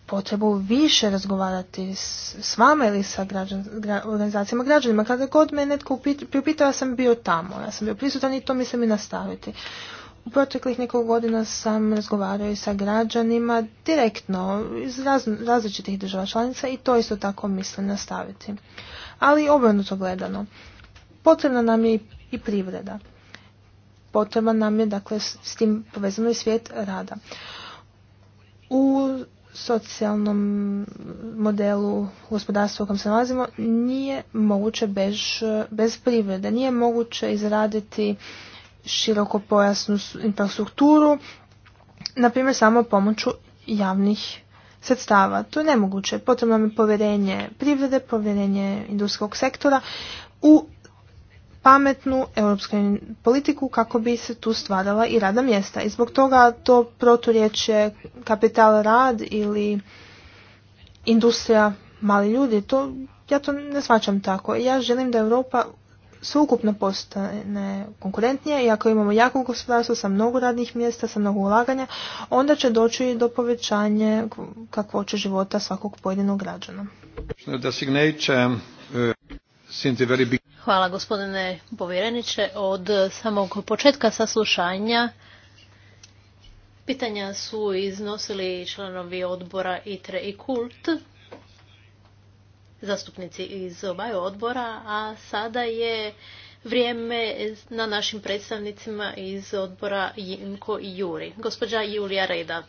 potrebu više razgovarati s, vama ili sa organizacijama građanima. Kada god me netko priupitao, ja sam bio tamo, ja sam bio prisutan i to mislim i nastaviti. U proteklih nekoliko godina sam razgovarao i sa građanima direktno iz različitih država članica i to isto tako mislim nastaviti. Ali obrnuto gledano, potrebna nam je i privreda. Potreban nam je dakle s tim povezano i svijet rada. U socijalnom modelu gospodarstva u kojem se nalazimo nije moguće bez, bez privrede. Nije moguće izraditi široko pojasnu infrastrukturu, na primjer samo pomoću javnih sredstava. To je nemoguće. Potrebno nam je povjerenje privrede, povjerenje industrijskog sektora u pametnu europsku politiku kako bi se tu stvarala i rada mjesta. I zbog toga to proturječe kapital rad ili industrija mali ljudi, to, ja to ne svačam tako. Ja želim da Europa sveukupno postane konkurentnija i ako imamo jako gospodarstvo sa mnogo radnih mjesta, sa mnogo ulaganja, onda će doći i do povećanja kakvoće života svakog pojedinog građana. Hvala gospodine povjereniče. Od samog početka saslušanja pitanja su iznosili članovi odbora ITRE i KULT, zastupnici iz obaju odbora, a sada je vrijeme na našim predstavnicima iz odbora Jinko i Juri. Gospođa Julija Reda.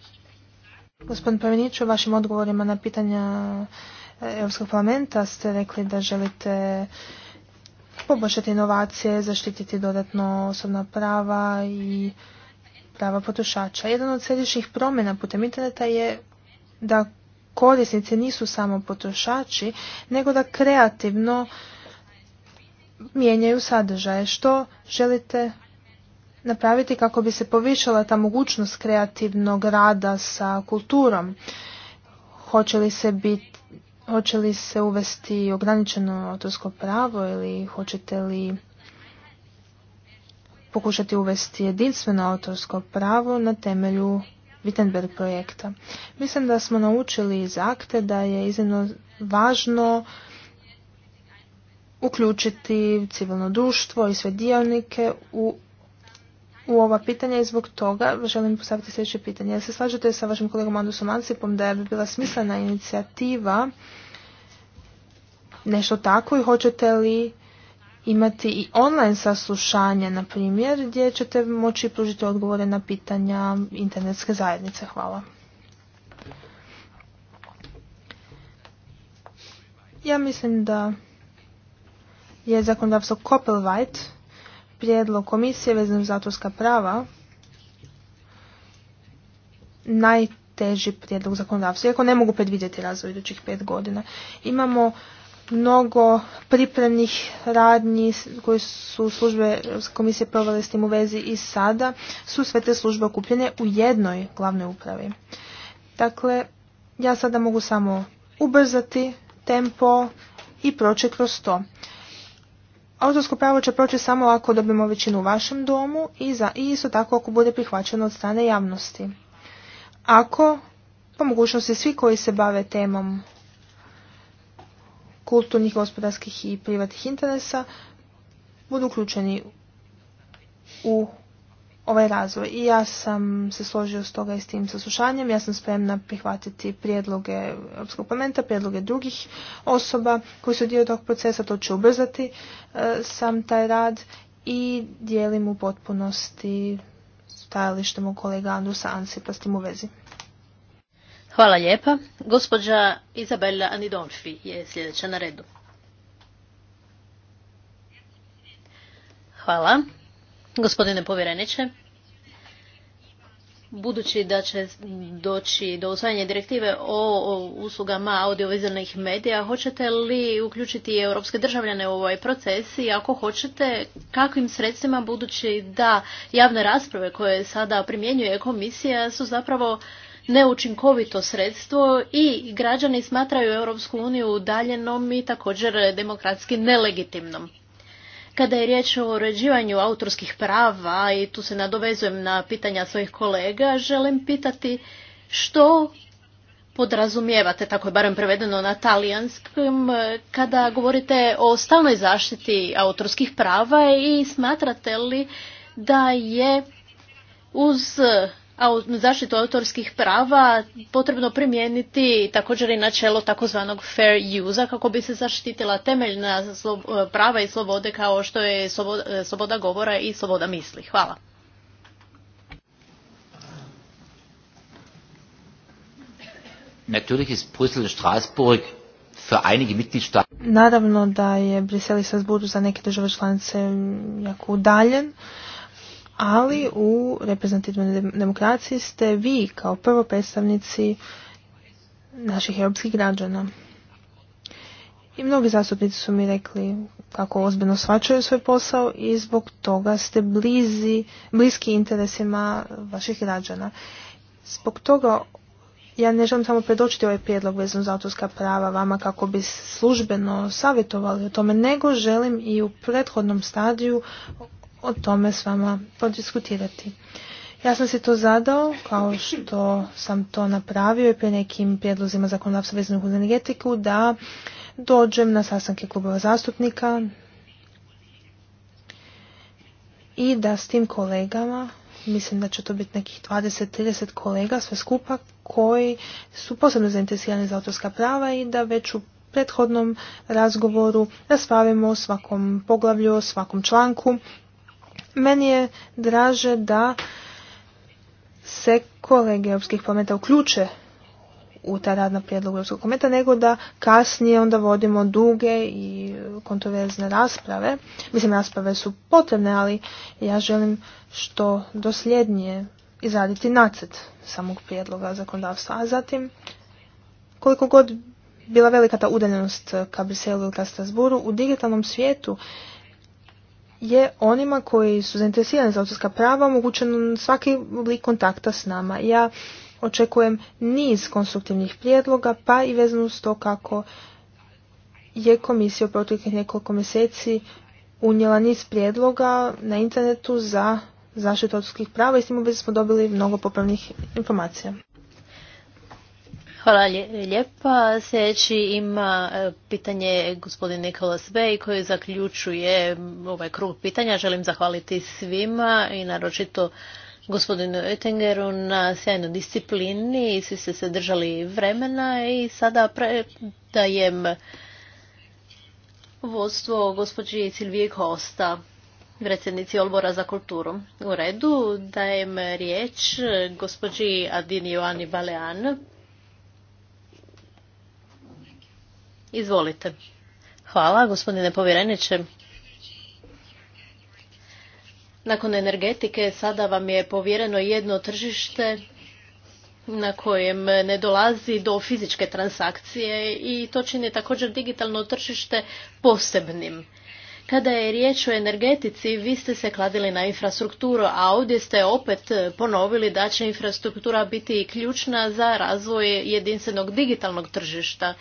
Gospodin Pavinić, u vašim odgovorima na pitanja Europskog parlamenta ste rekli da želite poboljšati inovacije, zaštititi dodatno osobna prava i prava potrošača. Jedan od sljedećih promjena putem interneta je da korisnici nisu samo potrošači, nego da kreativno mijenjaju sadržaje. Što želite napraviti kako bi se povišala ta mogućnost kreativnog rada sa kulturom? Hoće li se biti Hoće li se uvesti ograničeno autorsko pravo ili hoćete li pokušati uvesti jedinstveno autorsko pravo na temelju Wittenberg projekta. Mislim da smo naučili iz akte da je iznimno važno uključiti civilno društvo i sve dionike u u ova pitanja i zbog toga želim postaviti sljedeće pitanje. Jel se slažete sa vašim kolegom Andusom Ansipom da bi bila smislena inicijativa nešto tako i hoćete li imati i online saslušanje, na primjer, gdje ćete moći pružiti odgovore na pitanja internetske zajednice. Hvala. Ja mislim da je zakonodavstvo Copelwhite prijedlog komisije vezan za autorska prava najteži prijedlog zakonodavstva, iako ne mogu predvidjeti razvoj idućih pet godina. Imamo mnogo pripremnih radnji koje su službe komisije provale s tim u vezi i sada su sve te službe okupljene u jednoj glavnoj upravi. Dakle, ja sada mogu samo ubrzati tempo i proći kroz to. Autorsko pravo će proći samo ako dobijemo većinu u vašem domu i, za, i isto tako ako bude prihvaćeno od strane javnosti. Ako, po mogućnosti svi koji se bave temom kulturnih, gospodarskih i privatnih interesa, budu uključeni u ovaj razvoj. I ja sam se složio s toga i s tim saslušanjem. Ja sam spremna prihvatiti prijedloge Europskog parlamenta, prijedloge drugih osoba koji su dio tog procesa. To će ubrzati e, sam taj rad i dijelim u potpunosti stajalište mog kolega Andrusa pa s tim u vezi. Hvala lijepa. Gospođa Izabela Anidonfi je sljedeća na redu. Hvala. Gospodine povjereniče, budući da će doći do usvajanja direktive o uslugama audiovizualnih medija, hoćete li uključiti europske državljane u ovaj proces i ako hoćete, kakvim sredstvima budući da javne rasprave koje sada primjenjuje komisija su zapravo neučinkovito sredstvo i građani smatraju Europsku uniju udaljenom i također demokratski nelegitimnom. Kada je riječ o uređivanju autorskih prava i tu se nadovezujem na pitanja svojih kolega, želim pitati što podrazumijevate, tako je barem prevedeno na talijanskom, kada govorite o stalnoj zaštiti autorskih prava i smatrate li da je uz a zaštitu autorskih prava potrebno primijeniti također i načelo takozvanog fair use kako bi se zaštitila temeljna e, prava i slobode kao što je e, sloboda govora i sloboda misli. Hvala. Natürlich ist Brüssel Straßburg für einige Naravno da je Brisel i Strasbourg za neke države članice jako udaljen ali u reprezentativnoj demokraciji ste vi kao prvo predstavnici naših europskih građana. I mnogi zastupnici su mi rekli kako ozbiljno svačaju svoj posao i zbog toga ste blizi, bliski interesima vaših građana. Zbog toga ja ne želim samo predočiti ovaj prijedlog vezano za autorska prava vama kako bi službeno savjetovali o tome, nego želim i u prethodnom stadiju o tome s vama podiskutirati. Ja sam si to zadao, kao što sam to napravio i prije nekim prijedlozima zakonodavstva vezanog uz energetiku, da dođem na sastanke klubova zastupnika i da s tim kolegama, mislim da će to biti nekih 20-30 kolega sve skupa, koji su posebno zainteresirani za autorska prava i da već u prethodnom razgovoru raspravimo o svakom poglavlju, o svakom članku meni je draže da se kolege Europskih parlamenta uključe u ta radna prijedlog Europskog kometa, nego da kasnije onda vodimo duge i kontroverzne rasprave. Mislim, rasprave su potrebne, ali ja želim što dosljednije izraditi nacet samog prijedloga zakonodavstva. A zatim, koliko god bila velika ta udaljenost ka Briselu ili ka Strasburu, u digitalnom svijetu je onima koji su zainteresirani za autorska prava omogućen svaki oblik kontakta s nama. Ja očekujem niz konstruktivnih prijedloga, pa i vezano s to kako je komisija u proteklih nekoliko mjeseci unijela niz prijedloga na internetu za zaštitu autorskih prava i s tim smo dobili mnogo popravnih informacija. Hvala lijepa. Sljedeći ima e, pitanje gospodin Nikolas Svej koji zaključuje ovaj krug pitanja. Želim zahvaliti svima i naročito gospodinu Oettingeru na sjajnoj disciplini. Svi ste se držali vremena i sada predajem vodstvo gospođi Silvije Kosta predsjednici odbora za kulturu. U redu dajem riječ gospođi Adini Joani Balean, Izvolite. Hvala, gospodine povjereniče. Nakon energetike sada vam je povjereno jedno tržište na kojem ne dolazi do fizičke transakcije i to čini također digitalno tržište posebnim. Kada je riječ o energetici, vi ste se kladili na infrastrukturu, a ovdje ste opet ponovili da će infrastruktura biti ključna za razvoj jedinstvenog digitalnog tržišta.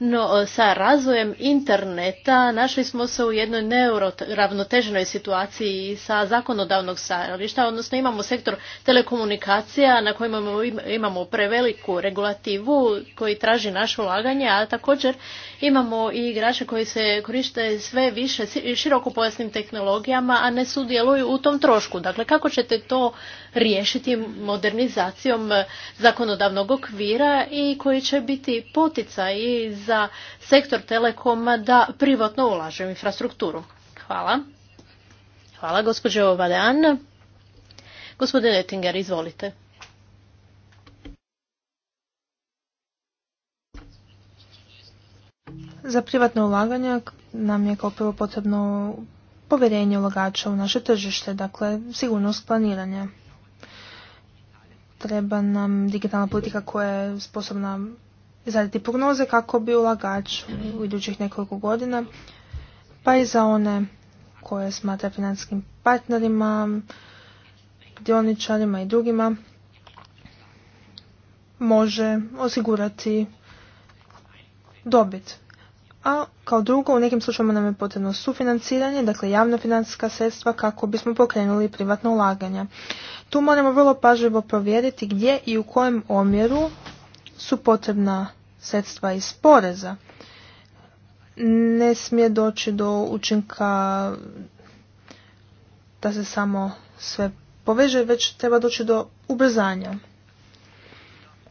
No, e, sa razvojem interneta našli smo se u jednoj neuravnoteženoj situaciji sa zakonodavnog stajališta, odnosno imamo sektor telekomunikacija na kojem imamo preveliku regulativu koji traži naše ulaganje, a također imamo i igrače koji se koriste sve više široko pojasnim tehnologijama, a ne sudjeluju u tom trošku. Dakle, kako ćete to riješiti modernizacijom zakonodavnog okvira i koji će biti poticaj za sektor telekoma da privatno ulaže u infrastrukturu. Hvala. Hvala, gospođo Valjan. Gospodin Ettinger, izvolite. Za privatno ulaganje nam je kao prvo potrebno povjerenje ulagača u naše tržište, dakle sigurnost planiranja treba nam digitalna politika koja je sposobna izraditi prognoze kako bi ulagač u idućih nekoliko godina, pa i za one koje smatra financijskim partnerima, dioničarima i drugima, može osigurati dobit. A kao drugo, u nekim slučajima nam je potrebno sufinanciranje, dakle javno financijska sredstva kako bismo pokrenuli privatno ulaganja. Tu moramo vrlo pažljivo provjeriti gdje i u kojem omjeru su potrebna sredstva iz poreza. Ne smije doći do učinka da se samo sve poveže, već treba doći do ubrzanja.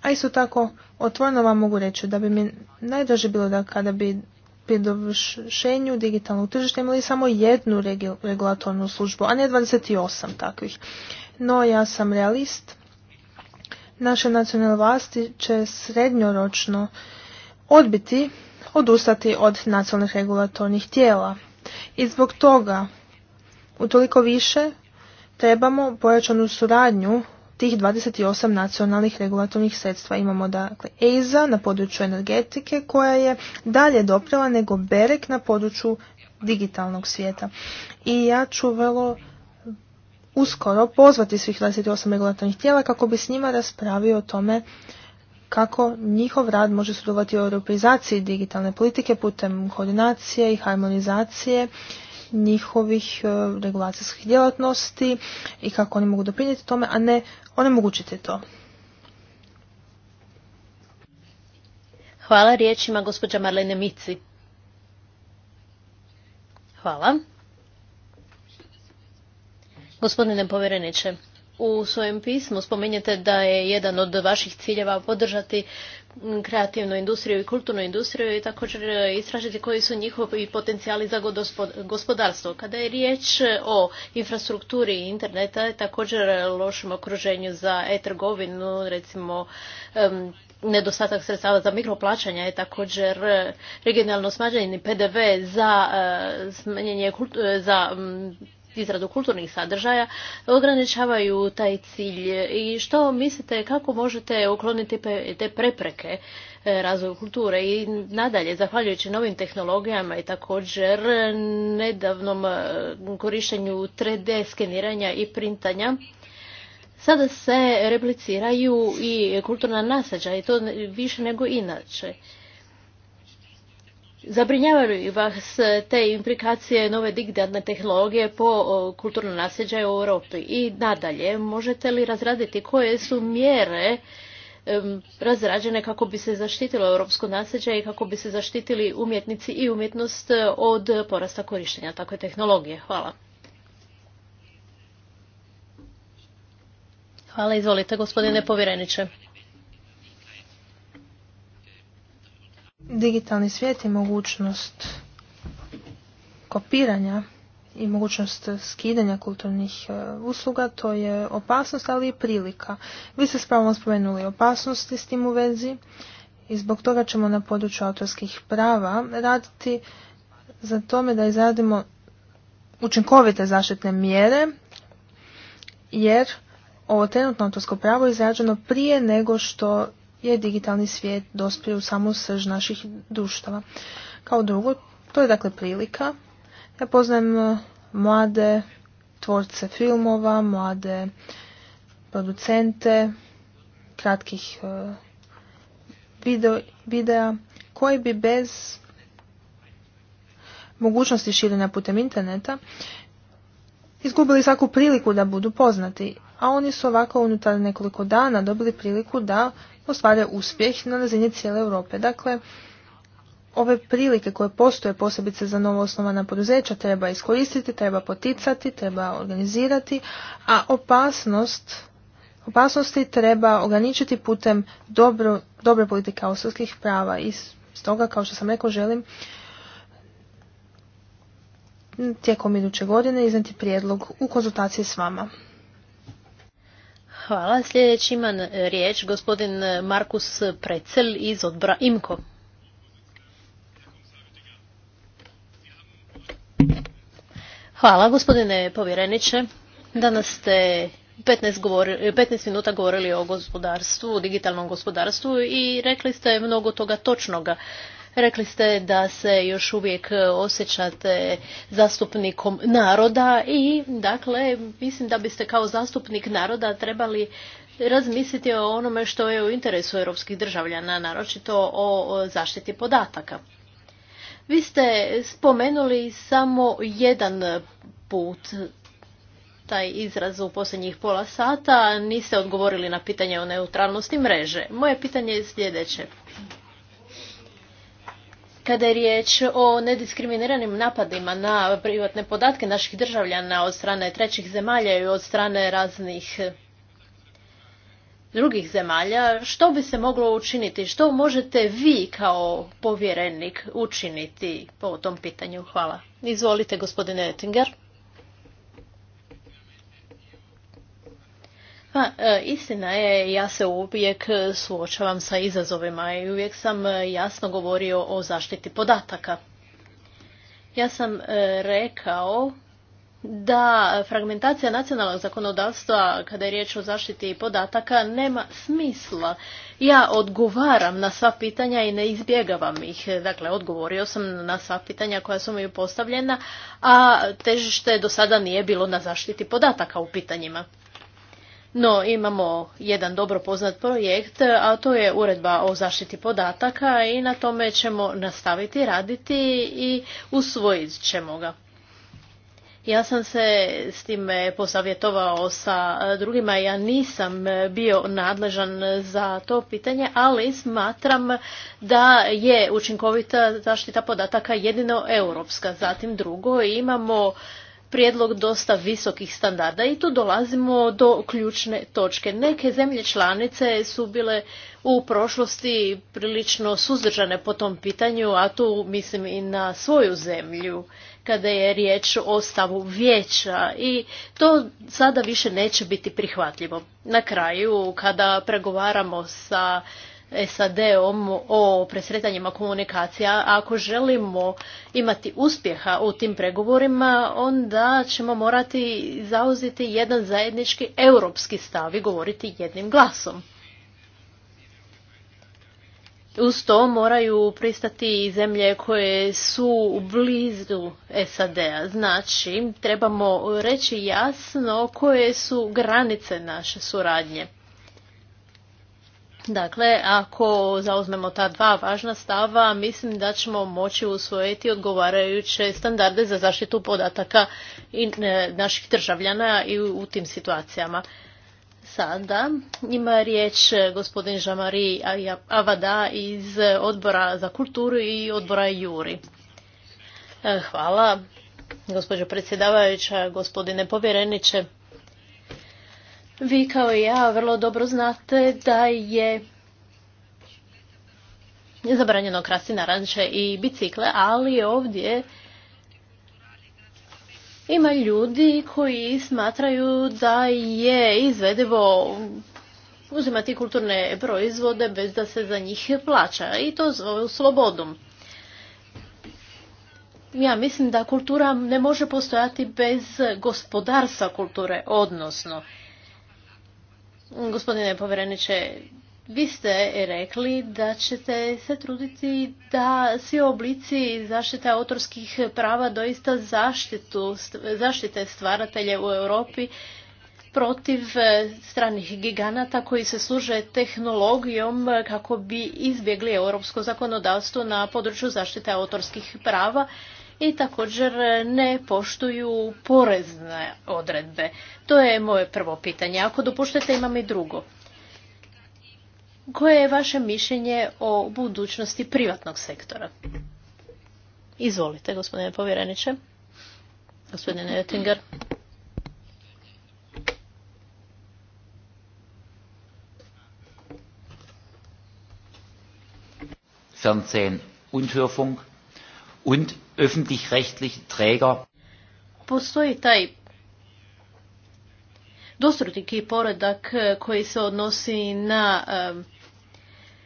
A isto tako, otvorno vam mogu reći da bi mi najdraže bilo da kada bi pri dovršenju digitalnog tržišta imali samo jednu regulatornu službu, a ne 28 takvih. No ja sam realist. Naše nacionalne vlasti će srednjoročno odbiti, odustati od nacionalnih regulatornih tijela. I zbog toga utoliko više trebamo pojačanu suradnju tih 28 nacionalnih regulatornih sredstva. Imamo dakle EIZA na području energetike koja je dalje doprela nego BEREK na području digitalnog svijeta. I ja ću vrlo uskoro pozvati svih 28 regulatornih tijela kako bi s njima raspravio o tome kako njihov rad može sudjelovati u europeizaciji digitalne politike putem koordinacije i harmonizacije njihovih e, regulacijskih djelatnosti i kako oni mogu doprinijeti tome, a ne onemogućiti to. Hvala riječima gospođa Marlene Mici. Hvala. Gospodine povjereniče, u svojem pismu spominjete da je jedan od vaših ciljeva podržati kreativnu industriju i kulturnu industriju i također e, istražiti koji su njihovi potencijali za gospodarstvo. Kada je riječ o infrastrukturi interneta također lošem okruženju za e-trgovinu, recimo nedostatak sredstava za mikroplaćanja je također e, regionalno smanjeni PDV za, e, smanjenje, za izradu kulturnih sadržaja ograničavaju taj cilj i što mislite kako možete ukloniti te prepreke e, razvoju kulture i nadalje zahvaljujući novim tehnologijama i također nedavnom e, korištenju 3D skeniranja i printanja sada se repliciraju i kulturna nasađa i to više nego inače. Zabrinjavaju vas e, te implikacije nove digitalne tehnologije po kulturnom nasljeđe u Europi? I nadalje, možete li razraditi koje su mjere razrađene kako bi se zaštitilo europsko nasljeđe i kako bi se zaštitili umjetnici i umjetnost e, od porasta korištenja takve tehnologije? Hvala. Hvala, izvolite gospodine povjereniče. digitalni svijet i mogućnost kopiranja i mogućnost skidanja kulturnih e, usluga, to je opasnost, ali i prilika. Vi ste s pravom spomenuli opasnosti s tim u vezi i zbog toga ćemo na području autorskih prava raditi za tome da izradimo učinkovite zaštitne mjere, jer ovo trenutno autorsko pravo je izrađeno prije nego što je digitalni svijet dospio u samu srž naših društava. Kao drugo, to je dakle prilika. Ja poznajem e, mlade tvorce filmova, mlade producente, kratkih e, videa, koji bi bez mogućnosti širenja putem interneta izgubili svaku priliku da budu poznati, a oni su ovako unutar nekoliko dana dobili priliku da ostvaruje uspjeh na razini cijele Europe. Dakle, ove prilike koje postoje posebice za novo osnovana poduzeća treba iskoristiti, treba poticati, treba organizirati, a opasnost opasnosti treba ograničiti putem dobro, dobre politike osobskih prava i stoga kao što sam rekao želim tijekom iduće godine iznati prijedlog u konzultaciji s vama. Hvala. Sljedeći ima riječ gospodin Markus Precel iz odbora IMKO. Hvala gospodine povjereniče. Danas ste 15, 15 minuta govorili o gospodarstvu, o digitalnom gospodarstvu i rekli ste mnogo toga točnoga. Rekli ste da se još uvijek osjećate zastupnikom naroda i dakle mislim da biste kao zastupnik naroda trebali razmisliti o onome što je u interesu europskih državljana, naročito o zaštiti podataka. Vi ste spomenuli samo jedan put taj izraz u posljednjih pola sata, niste odgovorili na pitanje o neutralnosti mreže. Moje pitanje je sljedeće kada je riječ o nediskriminiranim napadima na privatne podatke naših državljana od strane trećih zemalja i od strane raznih eh, drugih zemalja, što bi se moglo učiniti? Što možete vi kao povjerenik učiniti po tom pitanju? Hvala. Izvolite, gospodine Ettinger. Pa, e, istina je, ja se uvijek e, suočavam sa izazovima i uvijek sam e, jasno govorio o zaštiti podataka. Ja sam rekao da fragmentacija nacionalnog zakonodavstva kada je riječ o zaštiti podataka nema smisla. Ja odgovaram na sva pitanja i ne izbjegavam ih. Dakle, odgovorio sam na sva pitanja koja su mi postavljena, a težište do sada nije bilo na zaštiti podataka u pitanjima. No, imamo jedan dobro poznat projekt, a to je uredba o zaštiti podataka i na tome ćemo nastaviti raditi i usvojit ćemo ga. Ja sam se s tim posavjetovao sa drugima, ja nisam bio nadležan za to pitanje, ali smatram da je učinkovita zaštita podataka jedino europska. Zatim drugo, imamo prijedlog dosta visokih standarda i tu dolazimo do ključne točke. Neke zemlje članice su bile u prošlosti prilično suzdržane po tom pitanju, a tu mislim i na svoju zemlju kada je riječ o stavu vijeća i to sada više neće biti prihvatljivo. Na kraju, kada pregovaramo sa SAD-om o presretanjima komunikacija. Ako želimo imati uspjeha u tim pregovorima, onda ćemo morati zauzeti jedan zajednički europski stav i govoriti jednim glasom. Uz to moraju pristati i zemlje koje su blizu SAD-a. Znači, trebamo reći jasno koje su granice naše suradnje. Dakle, ako zauzmemo ta dva važna stava, mislim da ćemo moći usvojiti odgovarajuće standarde za zaštitu podataka e, naših državljana i u tim situacijama. Sada ima riječ e, gospodin Žamari Avada iz odbora za kulturu i odbora Juri. E, hvala, gospođo predsjedavajuća, gospodine povjereniče. Vi kao i ja vrlo dobro znate da je zabranjeno krasti naranče i bicikle, ali ovdje ima ljudi koji smatraju da je izvedivo uzimati kulturne proizvode bez da se za njih plaća i to zove slobodom. Ja mislim da kultura ne može postojati bez gospodarstva kulture, odnosno Gospodine povjereniče, vi ste rekli da ćete se truditi da svi oblici zaštite autorskih prava doista zaštite stvaratelje u Europi protiv e, stranih giganata koji se služe tehnologijom kako bi izbjegli europsko zakonodavstvo na području zaštite autorskih prava i također ne poštuju porezne odredbe. To je moje prvo pitanje. Ako dopuštate imam i drugo. Koje je vaše mišljenje o budućnosti privatnog sektora? Izvolite, gospodine povjereniče. Gospodine Oettinger. Fernsehen und und öffentlich-rechtlichen Träger. Postoji taj dostrutiki poredak eh, koji se odnosi na eh,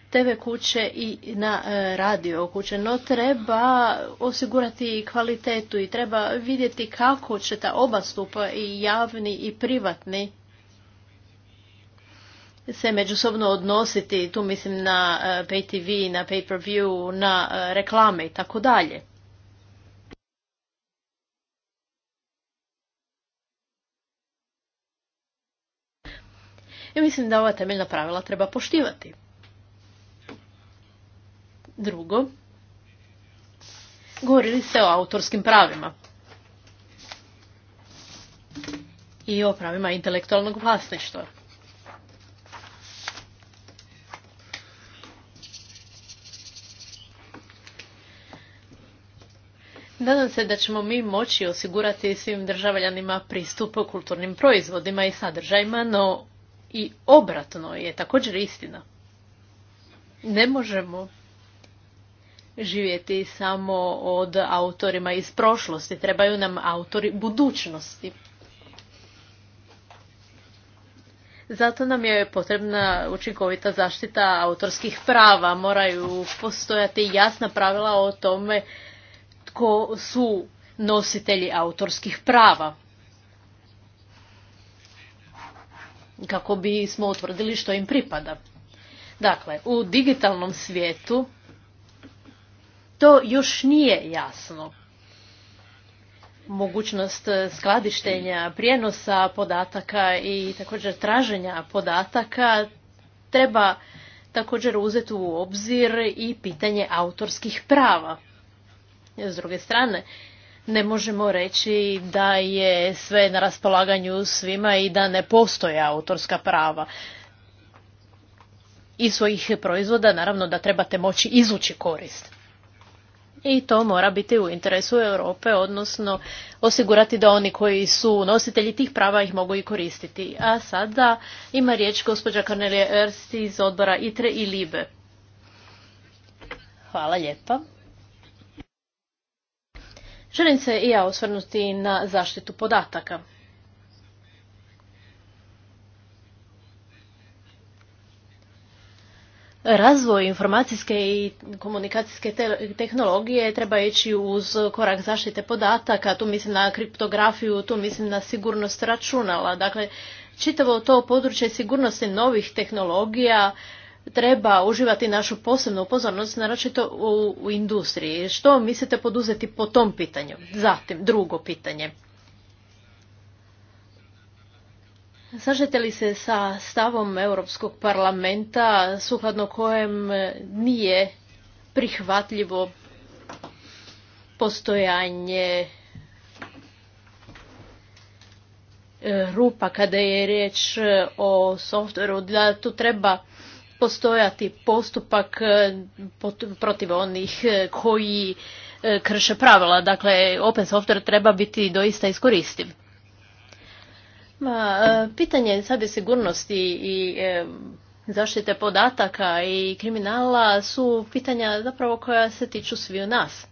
TV kuće i na eh, radio kuće, no treba osigurati kvalitetu i treba vidjeti kako će ta oba stupa i javni i privatni se međusobno odnositi, tu mislim na pay TV, na pay per view, na reklame i tako dalje. Ja mislim da ova temeljna pravila treba poštivati. Drugo, govorili ste o autorskim pravima i o pravima intelektualnog vlasništva. Nadam se da ćemo mi moći osigurati svim državljanima pristup kulturnim proizvodima i sadržajima, no i obratno je također istina. Ne možemo živjeti samo od autorima iz prošlosti, trebaju nam autori budućnosti. Zato nam je potrebna učinkovita zaštita autorskih prava. Moraju postojati jasna pravila o tome tko su nositelji autorskih prava. kako bi smo utvrdili što im pripada. Dakle, u digitalnom svijetu to još nije jasno. Mogućnost skladištenja, prijenosa podataka i također traženja podataka treba također uzeti u obzir i pitanje autorskih prava. S druge strane, ne možemo reći da je sve na raspolaganju svima i da ne postoje autorska prava. Iz svojih proizvoda naravno da trebate moći izvući korist. I to mora biti u interesu Europe, odnosno osigurati da oni koji su nositelji tih prava ih mogu i koristiti. A sada ima riječ gospođa Cornelia Ersti iz odbora ITRE i LIBE. Hvala lijepa. Želim se i ja osvrnuti na zaštitu podataka. Razvoj informacijske i komunikacijske tehnologije treba ići uz korak zaštite podataka, tu mislim na kriptografiju, tu mislim na sigurnost računala. Dakle, čitavo to područje sigurnosti novih tehnologija treba uživati našu posebnu pozornost, naročito u, industriji. Što mislite poduzeti po tom pitanju? Zatim, drugo pitanje. Slažete li se sa stavom Europskog parlamenta sukladno kojem nije prihvatljivo postojanje e, rupa kada je riječ e, o softveru, da tu treba postojati postupak e, protiv onih e, koji e, krše pravila. Dakle, open software treba biti doista iskoristiv. Ma, pitanje sabe sigurnosti i zaštite podataka i kriminala su pitanja zapravo koja se tiču svih nas.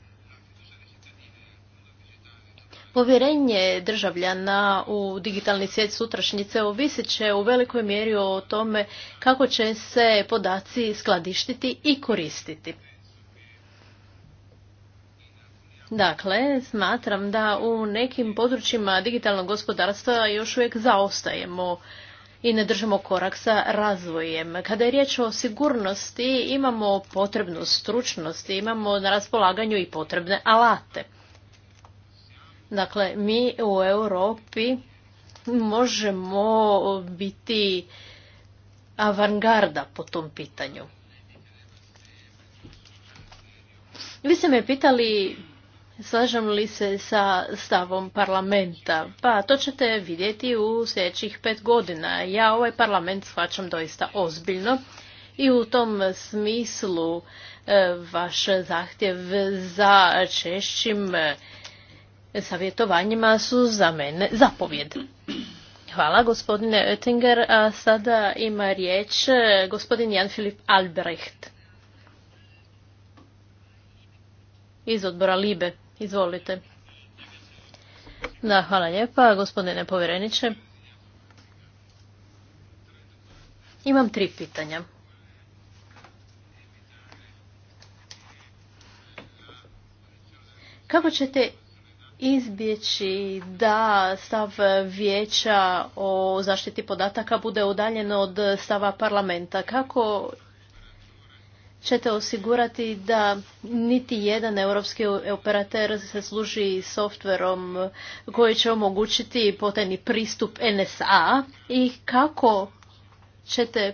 Povjerenje državljana u digitalni svijet sutrašnjice ovisit će u velikoj mjeri o tome kako će se podaci skladištiti i koristiti. Dakle, smatram da u nekim područjima digitalnog gospodarstva još uvijek zaostajemo i ne držimo korak sa razvojem. Kada je riječ o sigurnosti, imamo potrebnu stručnost, imamo na raspolaganju i potrebne alate. Dakle, mi u Europi možemo biti avangarda po tom pitanju. Vi ste me pitali slažem li se sa stavom parlamenta. Pa to ćete vidjeti u sljedećih pet godina. Ja ovaj parlament shvaćam doista ozbiljno i u tom smislu e, vaš zahtjev za češćim savjetovanjima su za mene zapovjed. Hvala gospodine Oettinger, a sada ima riječ e, gospodin Jan Filip Albrecht iz odbora Libe. Izvolite. Da, hvala lijepa gospodine povjereniče. Imam tri pitanja. Kako ćete izbjeći da stav vijeća o zaštiti podataka bude udaljen od stava parlamenta? Kako ćete osigurati da niti jedan europski operater se služi softverom koji će omogućiti potajni pristup NSA i kako ćete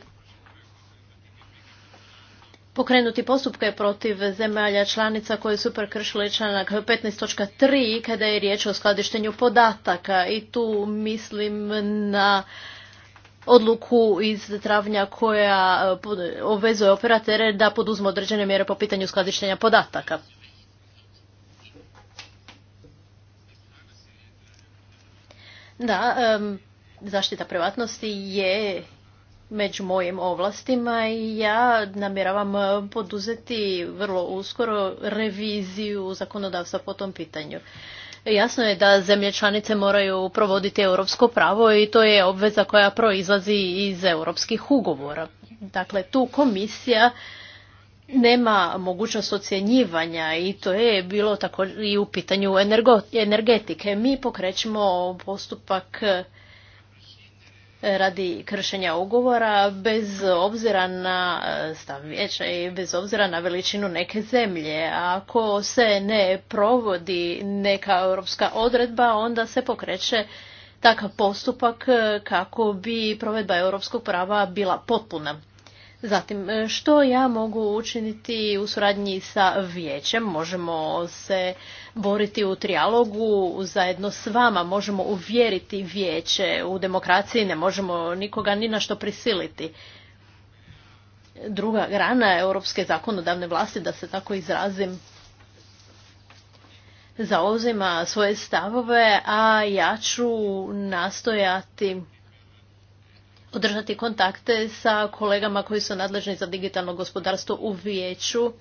pokrenuti postupke protiv zemalja članica koje su prekršile članak 15.3 kada je riječ o skladištenju podataka i tu mislim na odluku iz travnja koja eh, obvezuje operatere da poduzmu određene mjere po pitanju skladištenja podataka. Da, zaštita privatnosti je među mojim ovlastima i ja namjeravam e, poduzeti vrlo uskoro reviziju zakonodavstva po tom pitanju. Jasno je da zemlje članice moraju provoditi europsko pravo i to je obveza koja proizlazi iz europskih ugovora. Dakle, tu komisija nema mogućnost ocjenjivanja i to je bilo tako i u pitanju energetike. Mi pokrećemo postupak radi kršenja ugovora bez obzira na e, stav vijeća i bez obzira na veličinu neke zemlje. ako se ne provodi neka europska odredba, onda se pokreće takav postupak e, kako bi provedba europskog prava bila potpuna. Zatim, e, što ja mogu učiniti u suradnji sa vijećem? Možemo se boriti u trijalogu zajedno s vama. Možemo uvjeriti vijeće u demokraciji, ne možemo nikoga ni na što prisiliti. Druga grana europske zakonodavne vlasti, da se tako izrazim, zauzima svoje stavove, a ja ću nastojati održati kontakte sa kolegama koji su nadležni za digitalno gospodarstvo u vijeću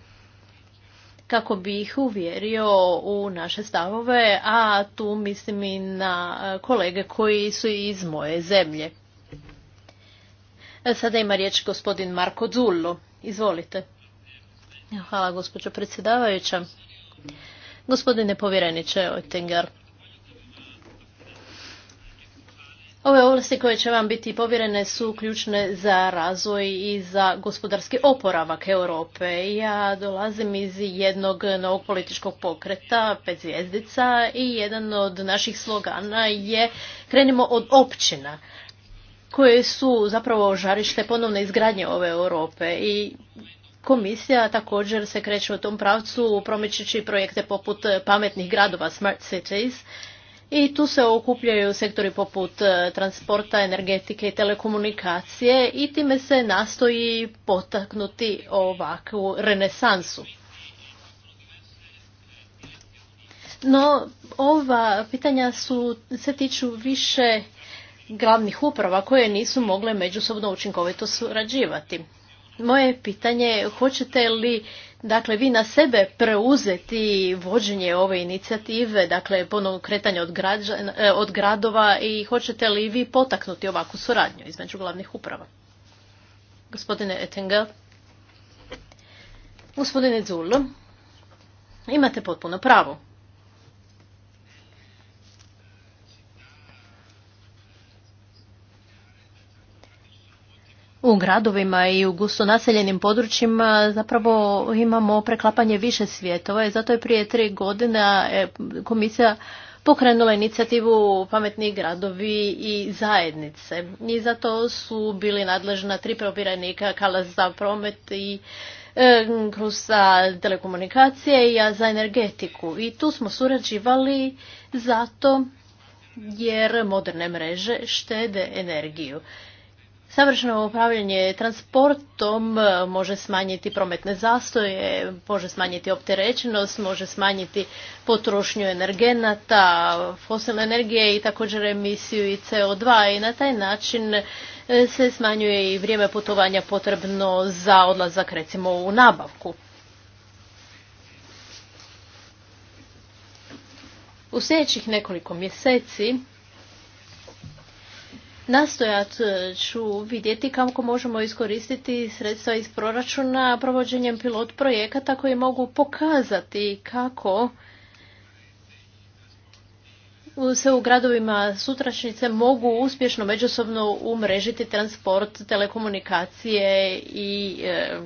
kako bi ih uvjerio u naše stavove, a tu mislim i na e, kolege koji su iz moje zemlje. E, sada ima riječ gospodin Marko Zullo. Izvolite. Hvala gospođo predsjedavajuća. Gospodine povjereniče Oettinger, Ove ovlasti koje će vam biti povjerene su ključne za razvoj i za gospodarski oporavak Europe. Ja dolazim iz jednog novog političkog pokreta, pet zvijezdica, i jedan od naših slogana je krenimo od općina koje su zapravo žarište ponovne izgradnje ove Europe i Komisija također se kreće u tom pravcu promičući projekte poput pametnih gradova Smart Cities i tu se okupljaju sektori poput e, transporta, energetike i telekomunikacije i time se nastoji potaknuti ovakvu renesansu. No, ova pitanja su, se tiču više glavnih uprava koje nisu mogle međusobno učinkovito surađivati. Moje pitanje je hoćete li dakle vi na sebe preuzeti vođenje ove inicijative, dakle ponovno kretanje od, e, od gradova i hoćete li vi potaknuti ovakvu suradnju između glavnih uprava? Gospodine Ettinger, gospodine Zullo, imate potpuno pravo. u gradovima i u gusto naseljenim područjima zapravo imamo preklapanje više svjetova i zato je prije tri godina e, komisija pokrenula inicijativu Pametni gradovi i zajednice. I zato su bili nadležna tri probiranika Kalas za promet i kruza e, za telekomunikacije i za energetiku. I tu smo surađivali zato jer moderne mreže štede energiju. Savršeno upravljanje transportom e, može smanjiti prometne zastoje, može smanjiti opterećenost, može smanjiti potrošnju energenata, fosilne energije i također emisiju i CO2 i na taj način e, se smanjuje i vrijeme putovanja potrebno za odlazak recimo u nabavku. U sljedećih nekoliko mjeseci Nastojat e, ću vidjeti kako možemo iskoristiti sredstva iz proračuna provođenjem pilot projekata koji mogu pokazati kako se u gradovima sutrašnjice mogu uspješno međusobno umrežiti transport, telekomunikacije i e,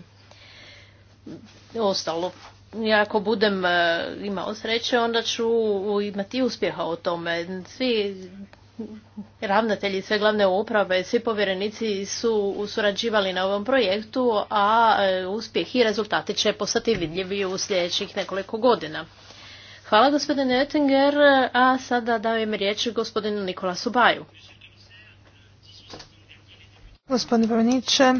ostalo. Ja ako budem e, imao sreće, onda ću imati uspjeha o tome. Svi ravnatelji, sve glavne uprave, svi povjerenici su surađivali na ovom projektu, a e, uspjeh i rezultati će postati vidljivi u sljedećih nekoliko godina. Hvala gospodine Oettinger, a sada dajem riječ gospodinu Nikolasu Baju. Gospodine Broniće,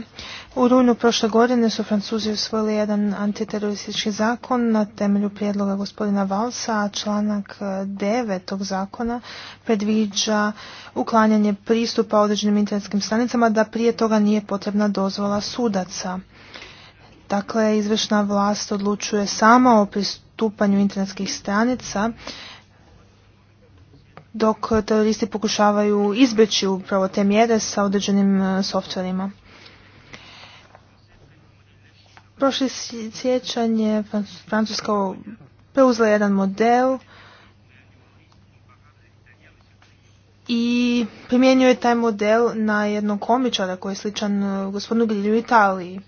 u rujnu prošle godine su Francuzi usvojili jedan antiteroristički zakon na temelju prijedloga gospodina Valsa, a članak 9. E, tog zakona predviđa uklanjanje pristupa određenim internetskim stranicama da prije toga nije potrebna dozvola sudaca. Dakle, izvršna vlast odlučuje sama o pristupanju internetskih stranica dok teroristi pokušavaju izbjeći upravo te mjere sa određenim e, softverima. Prošli sjećan je Francuska preuzela jedan model i primjenjuje taj model na jednog komičara koji je sličan e, gospodinu Grilju u Italiji.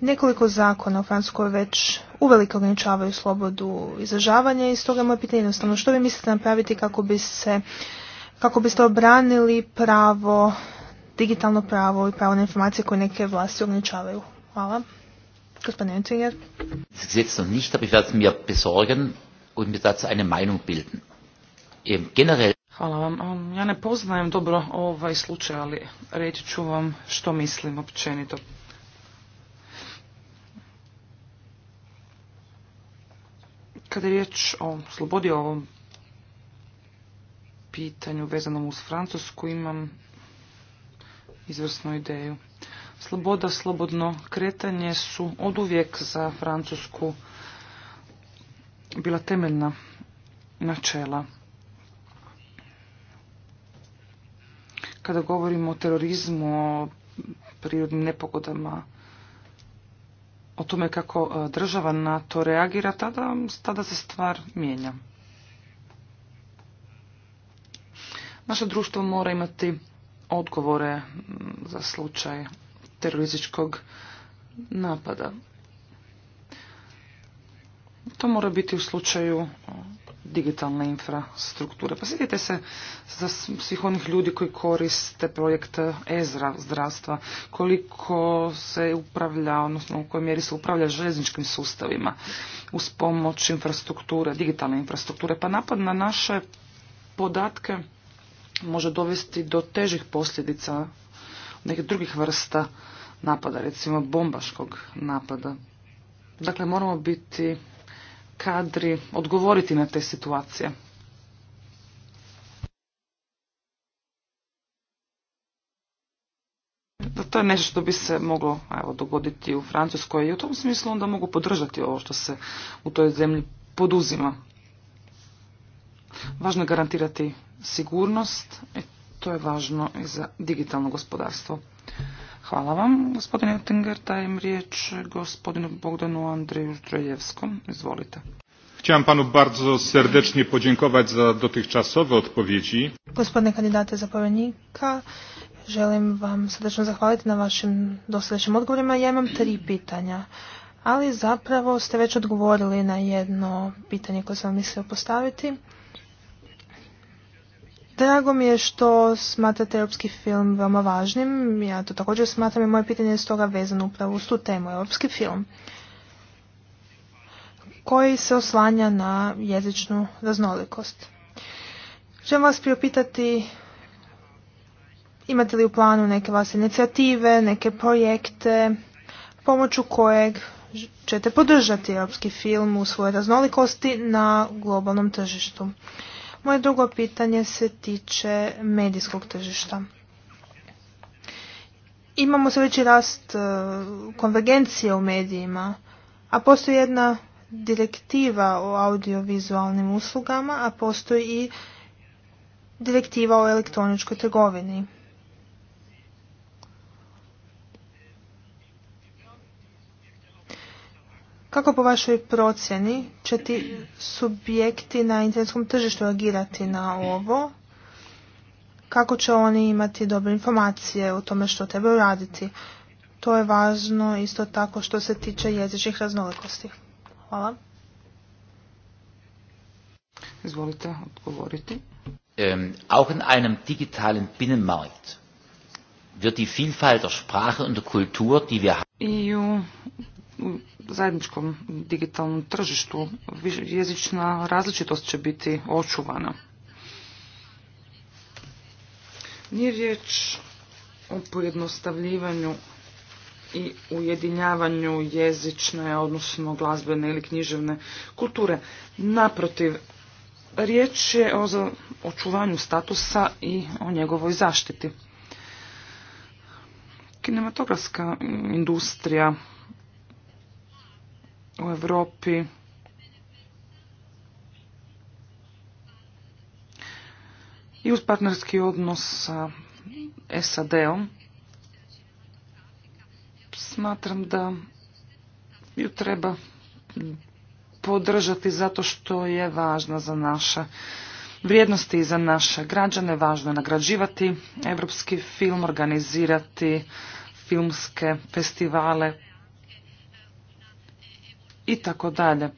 Nekoliko zakona u Francuskoj već uveliko ograničavaju slobodu izražavanja i stoga je moje pitanje jednostavno što vi mislite napraviti kako bi se kako biste obranili pravo, digitalno pravo i pravo na informacije koje neke vlasti ograničavaju. Hvala. Gospodin nicht, ich werde mir besorgen und mir dazu eine Meinung bilden. Generell Hvala vam. Ehm, ja ne poznajem dobro ovaj slučaj, ali reći ću vam što mislim općenito. Kada je riječ o slobodi o ovom pitanju vezanom uz Francusku, imam izvrsnu ideju. Sloboda, slobodno kretanje su oduvijek za Francusku bila temeljna načela. Kada govorimo o terorizmu, o prirodnim nepogodama, o tome kako e, država na to reagira, tada, tada se stvar mijenja. Naše društvo mora imati odgovore za slučaj terorističkog napada. To mora biti u slučaju digitalne infrastrukture. Pa sjetite se za svih onih ljudi koji koriste projekt EZRA zdravstva koliko se upravlja, odnosno u kojoj mjeri se upravlja željezničkim sustavima uz pomoć infrastrukture, digitalne infrastrukture. Pa napad na naše podatke može dovesti do težih posljedica nekih drugih vrsta napada, recimo bombaškog napada. Dakle, moramo biti kadri odgovoriti na te situacije? to je nešto što bi se moglo evo, dogoditi u Francuskoj i u tom smislu onda mogu podržati ovo što se u toj zemlji poduzima. Važno je garantirati sigurnost, i to je važno i za digitalno gospodarstvo. Hvala vam, gospodine Oettinger. Dajem riječ gospodinu Bogdanu Andreju Ždrojevskom. Izvolite. Chciałem panu bardzo serdecznie podziękować za dotychczasowe odpowiedzi. Gospodine kandidate zapovjednika, želim vam serdecznie zahvaliti na vašim dosadašnjim odgovorima. Ja imam tri pitanja, ali zapravo ste već odgovorili na jedno pitanje koje sam vam mislio postaviti. Drago mi je što smatrate europski film veoma važnim. Ja to također smatram i moje pitanje je stoga vezano upravo uz tu temu, europski film koji se oslanja na jezičnu raznolikost. Želim vas priopitati imate li u planu neke vas inicijative, neke projekte pomoću kojeg ćete podržati europski film u svojoj raznolikosti na globalnom tržištu. Moje drugo pitanje se tiče medijskog tržišta. Imamo sve veći rast e, konvergencije u medijima, a postoji jedna direktiva o audiovizualnim uslugama, a postoji i direktiva o elektroničkoj trgovini. Kako po vašoj procjeni će ti subjekti na internetskom tržištu agirati na ovo? Kako će oni imati dobre informacije o tome što trebaju raditi? To je važno isto tako što se tiče jezičnih raznolikosti. Hvala. Izvolite odgovoriti. Ähm, auch in einem digitalen Binnenmarkt wird die Vielfalt der Sprache und der Kultur, die wir haben, zajedničkom digitalnom tržištu jezična različitost će biti očuvana. Nije riječ o pojednostavljivanju i ujedinjavanju jezične, odnosno glazbene ili književne kulture. Naprotiv, riječ je o očuvanju statusa i o njegovoj zaštiti. Kinematografska industrija u Europi. I uz partnerski odnos sa SAD-om smatram da ju treba podržati zato što je važna za naše vrijednosti i za naše građane. Važno je nagrađivati evropski film, organizirati filmske festivale, i tako dalje.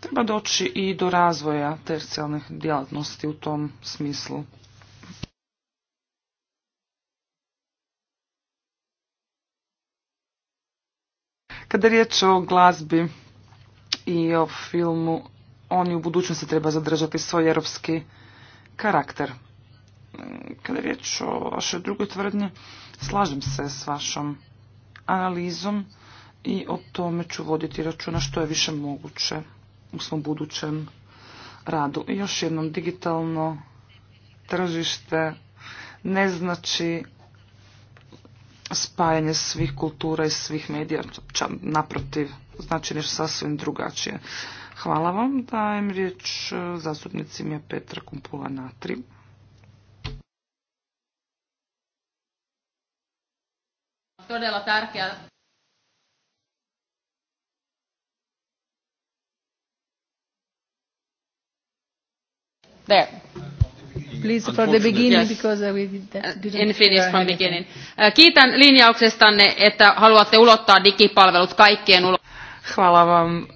Treba doći i do razvoja tercijalnih djelatnosti u tom smislu. Kada je riječ o glazbi i o filmu, oni u budućnosti treba zadržati svoj europski karakter. Kada je riječ o vašoj drugoj tvrdnji, slažem se s vašom analizom i o tome ću voditi računa što je više moguće u svom budućem radu. I još jednom, digitalno tržište ne znači spajanje svih kultura i svih medija, naprotiv, znači nešto sasvim drugačije. Hvala vam, dajem riječ zastupnici mi je Petra Kumpula Natri. Todella tärkeä There. Please from the beginning, because we uh, In Finnish from beginning. Uh, kiitän linjauksestanne, että haluatte ulottaa digipalvelut kaikkien ulo... Hvala vam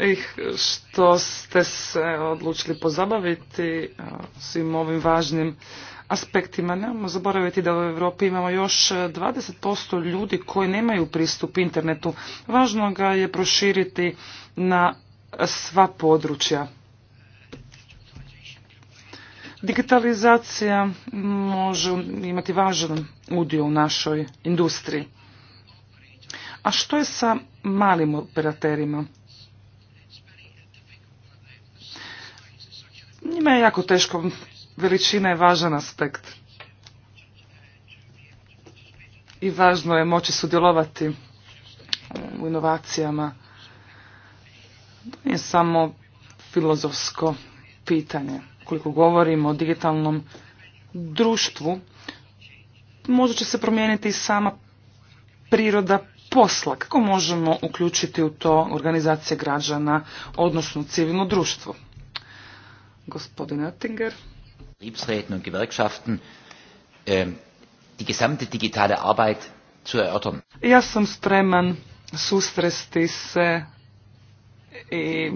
ih što ste se odlučili pozabaviti uh, svim ovim važnim aspektima. Nemamo zaboraviti da u Europi imamo još 20% ljudi koji nemaju pristup internetu. Važno ga je proširiti na sva područja. Digitalizacija može imati važan udio u našoj industriji. A što je sa malim operaterima? Njima je jako teško, veličina je važan aspekt. I važno je moći sudjelovati u inovacijama. Nije samo filozofsko pitanje ukoliko govorimo o digitalnom društvu, možda će se promijeniti i sama priroda posla. Kako možemo uključiti u to organizacije građana, odnosno civilno društvo? Gospodin Oettinger. Betriebsräten und Gewerkschaften ähm, die gesamte digitale Arbeit zu erörtern. Ja sam spreman susresti se i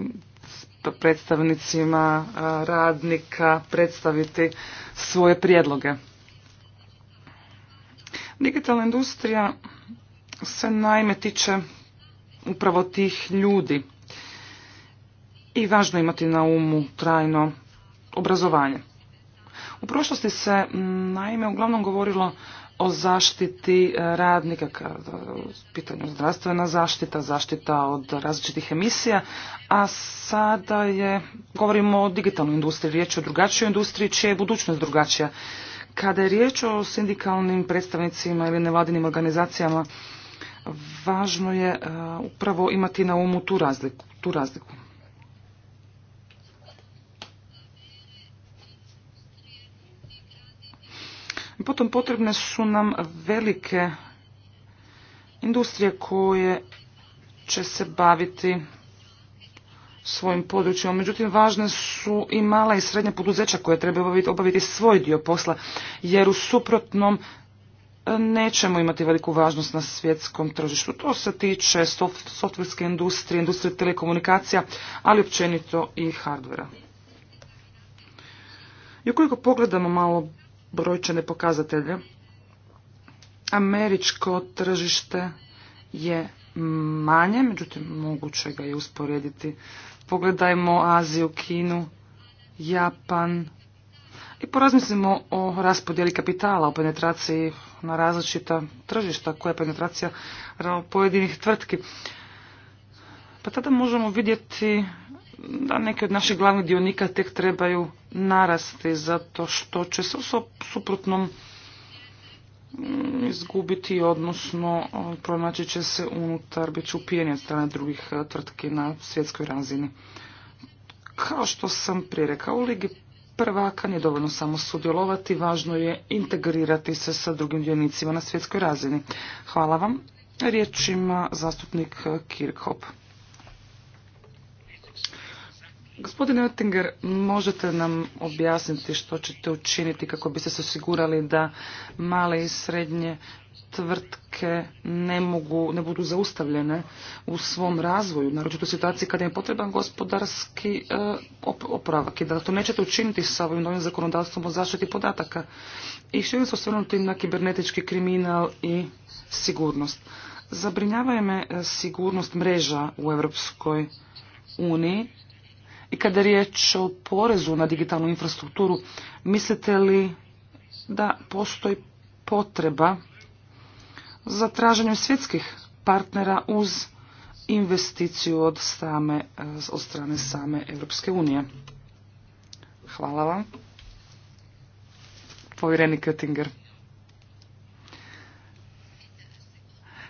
predstavnicima radnika predstaviti svoje prijedloge. Digitalna industrija se naime tiče upravo tih ljudi i važno imati na umu trajno obrazovanje. U prošlosti se naime uglavnom govorilo o zaštiti e, radnika, u pitanju zdravstvena zaštita, zaštita od različitih emisija, a sada je, govorimo o digitalnoj industriji, riječ je o drugačijoj industriji, čija je budućnost drugačija. Kada je riječ o sindikalnim predstavnicima ili nevladinim organizacijama, važno je e, upravo imati na umu tu razliku. Tu razliku. Potom potrebne su nam velike industrije koje će se baviti svojim područjima. Međutim, važne su i mala i srednja poduzeća koje treba obaviti svoj dio posla, jer u suprotnom e, nećemo imati veliku važnost na svjetskom tržištu. To se tiče softverske industrije, industrije telekomunikacija, ali općenito i hardvera. I ukoliko pogledamo malo brojčane pokazatelje. Američko tržište je manje, međutim moguće ga je usporediti. Pogledajmo Aziju, Kinu, Japan i porazmislimo o raspodjeli kapitala, o penetraciji na različita tržišta, koja je penetracija pojedinih tvrtki. Pa tada možemo vidjeti da neki od naših glavnih dionika tek trebaju narasti zato što će se u suprotnom mm, izgubiti, odnosno pronaći će se unutar, bit će upijeni od strane drugih e, tvrtki na svjetskoj razini. Kao što sam prije rekao, u Ligi prvaka nije dovoljno samo sudjelovati, važno je integrirati se sa drugim dionicima na svjetskoj razini. Hvala vam. Riječ ima zastupnik e, kirkop Gospodine Oettinger, možete nam objasniti što ćete učiniti kako biste se osigurali da male i srednje tvrtke ne, mogu, ne budu zaustavljene u svom razvoju, naročito u situaciji kada je potreban gospodarski e, oporavak i da to nećete učiniti sa ovim novim zakonodavstvom o zaštiti podataka. I što se osvrnuti na kibernetički kriminal i sigurnost. Zabrinjava me e, sigurnost mreža u Europskoj uniji i kada je riječ o porezu na digitalnu infrastrukturu, mislite li da postoji potreba za traženje svjetskih partnera uz investiciju od, strane same Europske unije? Hvala vam. povjereni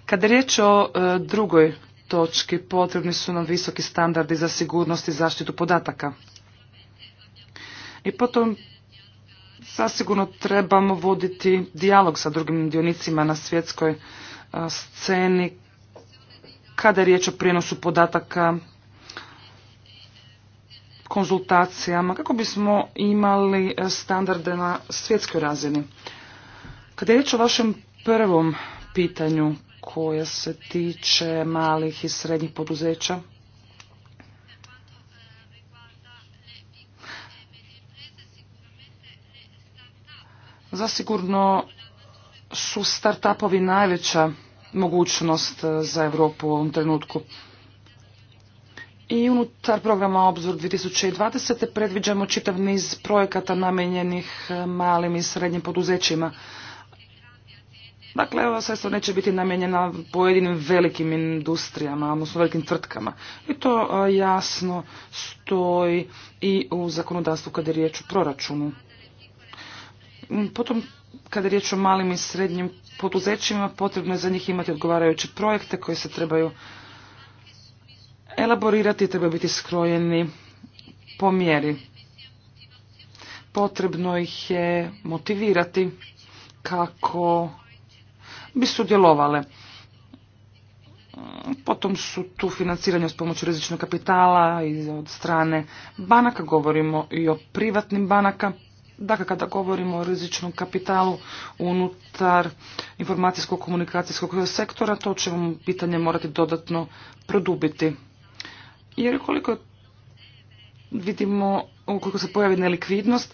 Kada je riječ o e, drugoj točki potrebni su nam visoki standardi za sigurnost i zaštitu podataka. I potom zasigurno trebamo voditi dijalog sa drugim dionicima na svjetskoj e, sceni kada je riječ o prijenosu podataka, konzultacijama, kako bismo imali e, standarde na svjetskoj razini. Kada je riječ o vašem prvom pitanju, koja se tiče malih i srednjih poduzeća. Zasigurno su start-upovi najveća mogućnost za Europu u ovom trenutku. I unutar programa Obzor 2020. predviđamo čitav niz projekata namenjenih malim i srednjim poduzećima. Dakle, ova sredstva neće biti namijenjena pojedinim velikim industrijama, odnosno velikim tvrtkama. I to e, jasno stoji i u zakonodavstvu kada je riječ o proračunu. Mm, Potom, kada je riječ o malim i srednjim poduzećima, potrebno je za njih imati odgovarajuće projekte koji se trebaju elaborirati, trebaju biti skrojeni po mjeri. Potrebno ih je motivirati kako bi sudjelovale. Potom su tu financiranje s pomoću rizičnog kapitala i od strane banaka, govorimo i o privatnim banaka. Dakle, kada govorimo o rizičnom kapitalu unutar informacijskog, komunikacijskog sektora, to ćemo pitanje morati dodatno produbiti. Jer koliko vidimo, ukoliko se pojavi nelikvidnost,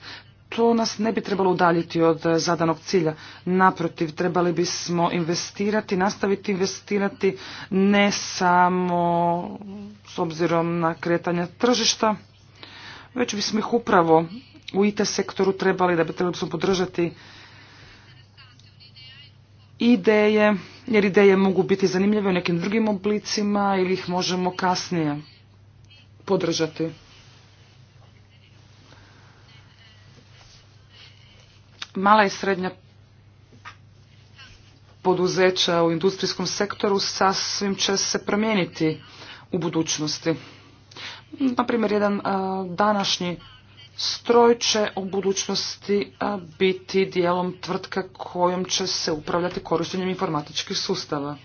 to nas ne bi trebalo udaljiti od eh, zadanog cilja. Naprotiv, trebali bismo investirati, nastaviti investirati ne samo s obzirom na kretanje tržišta, već bismo ih upravo u IT sektoru trebali, da bi trebali bismo podržati ideje, jer ideje mogu biti zanimljive u nekim drugim oblicima ili ih možemo kasnije podržati. mala i srednja poduzeća u industrijskom sektoru sasvim će se promijeniti u budućnosti. Na jedan današnji stroj će u budućnosti biti dijelom tvrtke kojom će se upravljati korištenjem informatičkih sustava.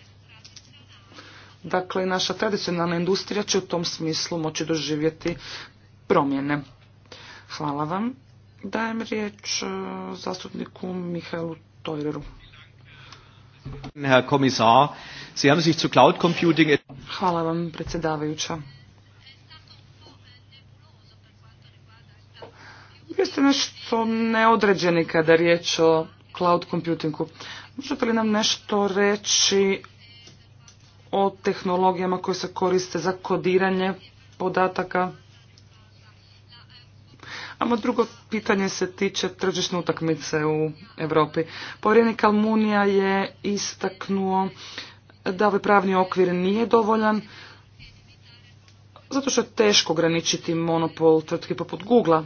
Dakle, naša tradicionalna industrija će u tom smislu moći doživjeti promjene. Hvala vam. Dajem riječ e, zastupniku Mihajlu Tojreru. Herr Sie haben sich zu Cloud Computing... Hvala vam, predsjedavajuća. Vi ste nešto neodređeni kada je riječ o cloud computingu. Možete li nam nešto reći o tehnologijama koje se koriste za kodiranje podataka? A drugo pitanje se tiče tržišne utakmice u Europi. Povjerenik Almunija je istaknuo da ovaj pravni okvir nije dovoljan, zato što je teško ograničiti monopol tvrtke poput Google-a.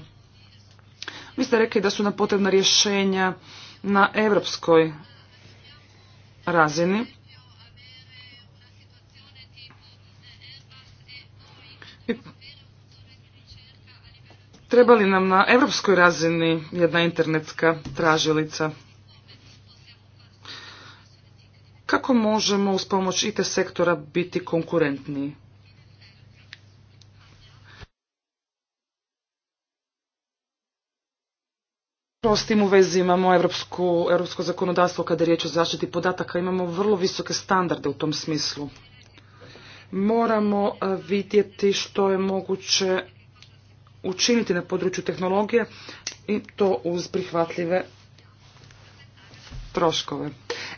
Vi ste rekli da su nam potrebna rješenja na europskoj razini. Treba li nam na europskoj razini jedna internetska tražilica? Kako možemo uz pomoć IT sektora biti konkurentniji? S tim u vezi imamo europsko evropsko zakonodavstvo kada je riječ o zaštiti podataka. Imamo vrlo visoke standarde u tom smislu. Moramo vidjeti što je moguće učiniti na području tehnologije i to uz prihvatljive troškove.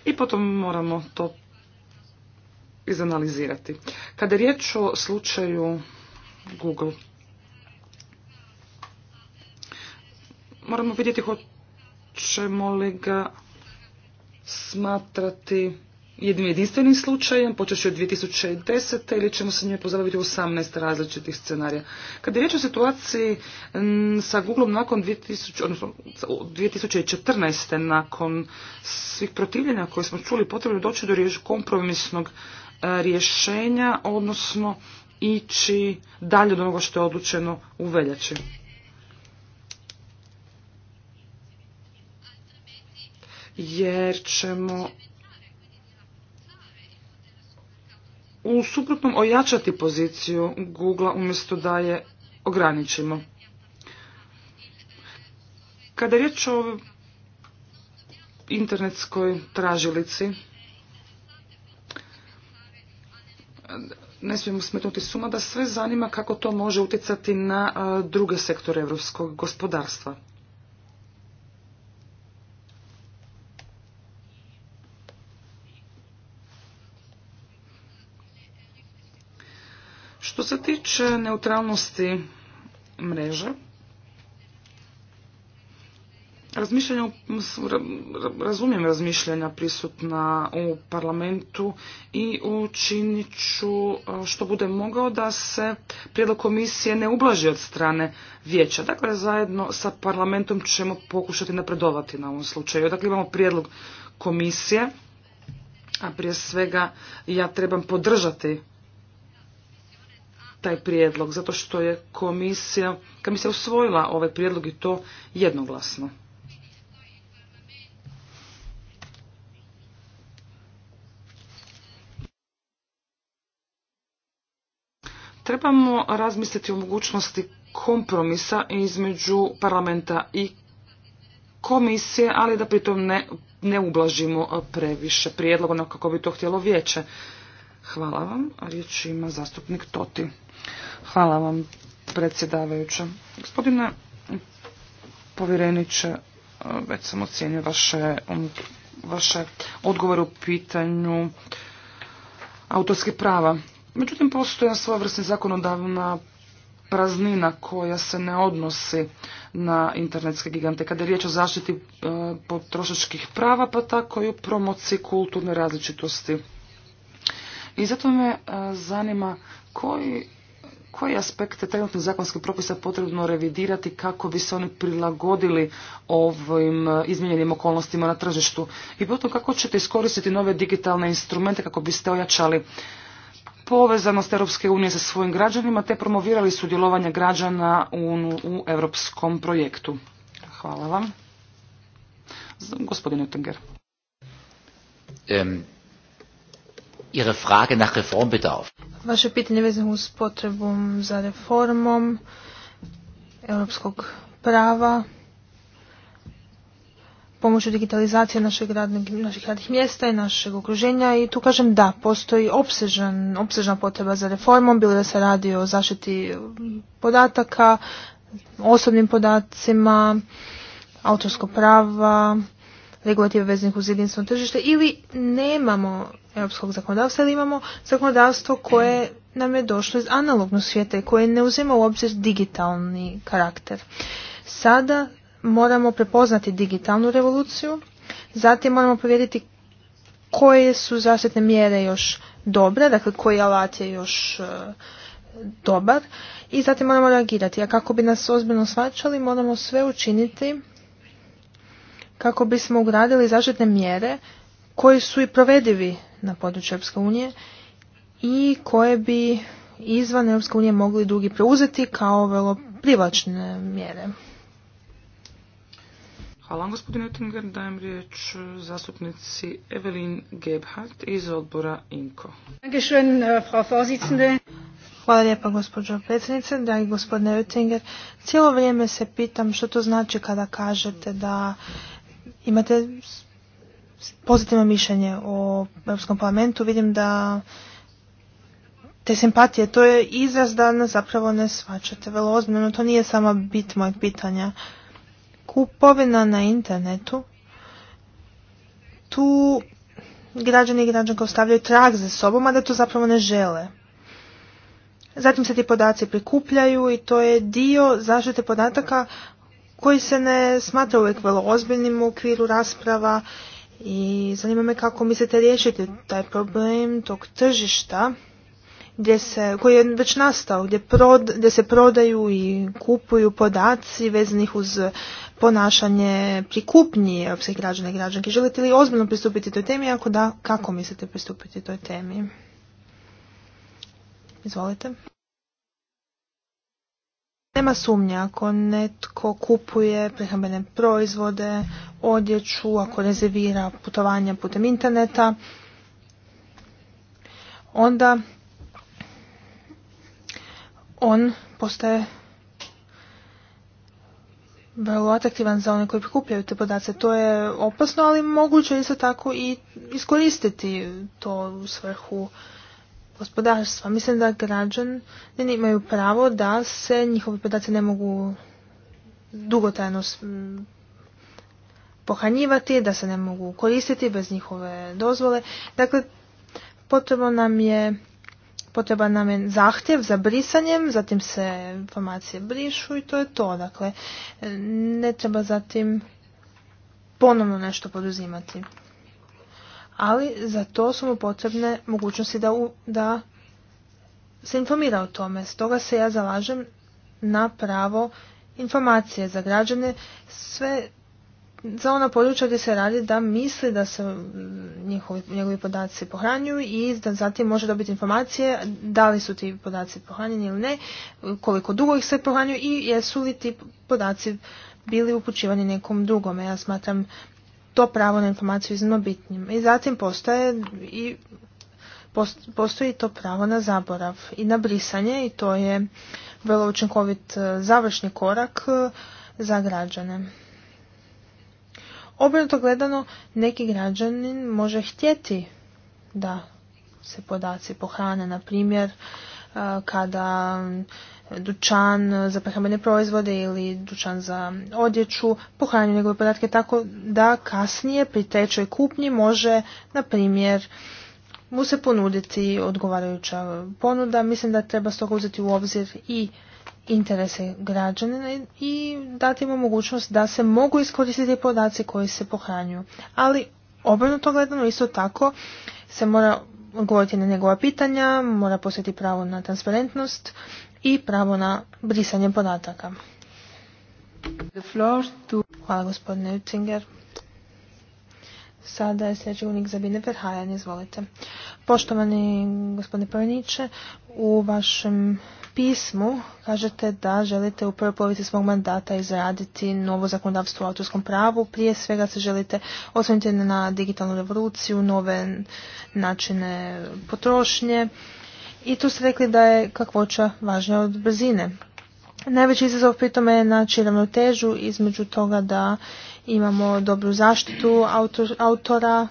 I potom moramo to izanalizirati. Kada je riječ o slučaju Google, moramo vidjeti hoćemo li ga smatrati jednim jedinstvenim slučajem, počeši od 2010. ili ćemo se njoj pozabaviti u 18 različitih scenarija. Kad je riječ o situaciji sa Googlom nakon 2000, odnosno, 2014. nakon svih protivljenja koje smo čuli, potrebno je doći do kompromisnog e, rješenja, odnosno ići dalje od onoga što je odlučeno u veljači. Jer ćemo u suprotnom ojačati poziciju google umjesto da je ograničimo. Kada je riječ o internetskoj tražilici, ne smijemo smetnuti suma da sve zanima kako to može utjecati na druge sektore europskog gospodarstva. se tiče neutralnosti mreže, razumijem razmišljanja prisutna u parlamentu i učinit ću e, što bude mogao da se prijedlog komisije ne ublaži od strane vijeća. Dakle, zajedno sa parlamentom ćemo pokušati napredovati na ovom slučaju. Dakle, imamo prijedlog komisije, a prije svega ja trebam podržati taj prijedlog, zato što je komisija, komisija usvojila ovaj prijedlog i to jednoglasno. Trebamo razmisliti o mogućnosti kompromisa između parlamenta i komisije, ali da pritom ne, ne ublažimo previše prijedloga, kako bi to htjelo vijeće. Hvala vam. Riječ ima zastupnik Toti. Hvala vam, predsjedavajuća. Gospodine povjereniče, već sam ocijenio vaše, vaše odgovore u pitanju autorskih prava. Međutim, postoji jedna svojevrsna zakonodavna praznina koja se ne odnosi na internetske gigante. Kada je riječ o zaštiti e, potrošačkih prava, pa tako i o promociji kulturne različitosti. I zato me e, zanima koji koje aspekte trenutnih zakonskih propisa potrebno revidirati kako bi se oni prilagodili ovim e, izmijenjenim okolnostima na tržištu i potom kako ćete iskoristiti nove digitalne instrumente kako biste ojačali povezanost Europske unije sa svojim građanima te promovirali sudjelovanje građana u, europskom projektu. Hvala vam. Ihre Frage nach Vaše pitanje vezano uz potrebu za reformom europskog prava, pomoću digitalizacije našeg radnog, naših radnih mjesta i našeg okruženja i tu kažem da, postoji obsežan, obsežna potreba za reformom, bilo da se radi o zaštiti podataka, osobnim podacima, autorskog prava, regulative veznih uz jedinstveno tržište ili nemamo europskog zakonodavstva ili imamo zakonodavstvo koje nam je došlo iz analognog svijeta i koje ne uzima u obzir digitalni karakter. Sada moramo prepoznati digitalnu revoluciju, zatim moramo povjeriti koje su zaštitne mjere još dobre, dakle koji alat je još e, dobar i zatim moramo reagirati. A kako bi nas ozbiljno svačali moramo sve učiniti kako bismo ugradili zaštitne mjere koji su i provedivi na području Europske unije i koje bi izvan Europske unije mogli drugi preuzeti kao vrlo privlačne mjere. Hvala gospodine Oettinger. Dajem riječ zastupnici Evelin Gebhardt iz odbora INKO. Eh, Hvala lijepa gospođo predsjednice, dragi gospodine Oettinger. Cijelo vrijeme se pitam što to znači kada kažete da imate pozitivno mišljenje o Europskom parlamentu. Vidim da te simpatije, to je izraz da nas zapravo ne svačate vrlo ozbiljno, to nije sama bit mojeg pitanja. Kupovina na internetu, tu građani i građanke ostavljaju trag za sobom, a da to zapravo ne žele. Zatim se ti podaci prikupljaju i to je dio zaštite podataka koji se ne smatra uvijek vrlo ozbiljnim u okviru rasprava i zanima me kako mislite riješiti taj problem tog tržišta gdje se, koji je već nastao, gdje, se prodaju i kupuju podaci vezanih uz ponašanje prikupnije europskih građana i građanki. Želite li ozbiljno pristupiti toj temi? Ako da, kako mislite pristupiti toj temi? Izvolite. Nema sumnje ako netko kupuje prehrambene proizvode, odjeću, ako rezervira putovanja putem interneta, onda on postaje vrlo atraktivan za one koji prikupljaju te podace. To je opasno, ali moguće isto tako i iskoristiti to u svrhu gospodarstva. Mislim da građani imaju pravo da se njihove podaci ne mogu dugotrajno pohranjivati, da se ne mogu koristiti bez njihove dozvole. Dakle, potreba nam je potreban nam je zahtjev za brisanjem, zatim se informacije brišu i to je to. Dakle, ne treba zatim ponovno nešto poduzimati ali za to su mu potrebne mogućnosti da, da se informira o tome. Stoga se ja zalažem na pravo informacije za građane sve za ona područja gdje se radi da misli da se njihovi, njegovi podaci pohranjuju i da zatim može dobiti informacije da li su ti podaci pohranjeni ili ne, koliko dugo ih se pohranjuju i jesu li ti podaci bili upućivani nekom drugome. Ja smatram to pravo na informaciju iznimno bitnim. I zatim postoje i postoji to pravo na zaborav i na brisanje i to je vrlo učinkovit e, završni korak e, za građane. Obrnuto gledano, neki građanin može htjeti da se podaci pohrane, na primjer, e, kada dućan za prehrambene proizvode ili dućan za odjeću pohranju njegove podatke tako da kasnije pri trećoj kupnji može, na primjer, mu se ponuditi odgovarajuća ponuda. Mislim da treba stoga uzeti u obzir i interese građanina i dati mu mogućnost da se mogu iskoristiti podaci koji se pohranjuju. Ali to gledano isto tako se mora odgovoriti na njegova pitanja, mora posjeti pravo na transparentnost i pravo na brisanje podataka. Hvala gospodine Utzinger. Sada je sljedeći unik za Bine Verhajan, izvolite. Poštovani gospodine Prvniče, u vašem pismu kažete da želite u prvoj polovici svog mandata izraditi novo zakonodavstvo o autorskom pravu. Prije svega se želite osvrnuti na digitalnu revoluciju, nove načine potrošnje, i tu ste rekli da je kakvoća važnija od brzine. Najveći izazov pritome je naći ravnotežu između toga da imamo dobru zaštitu autora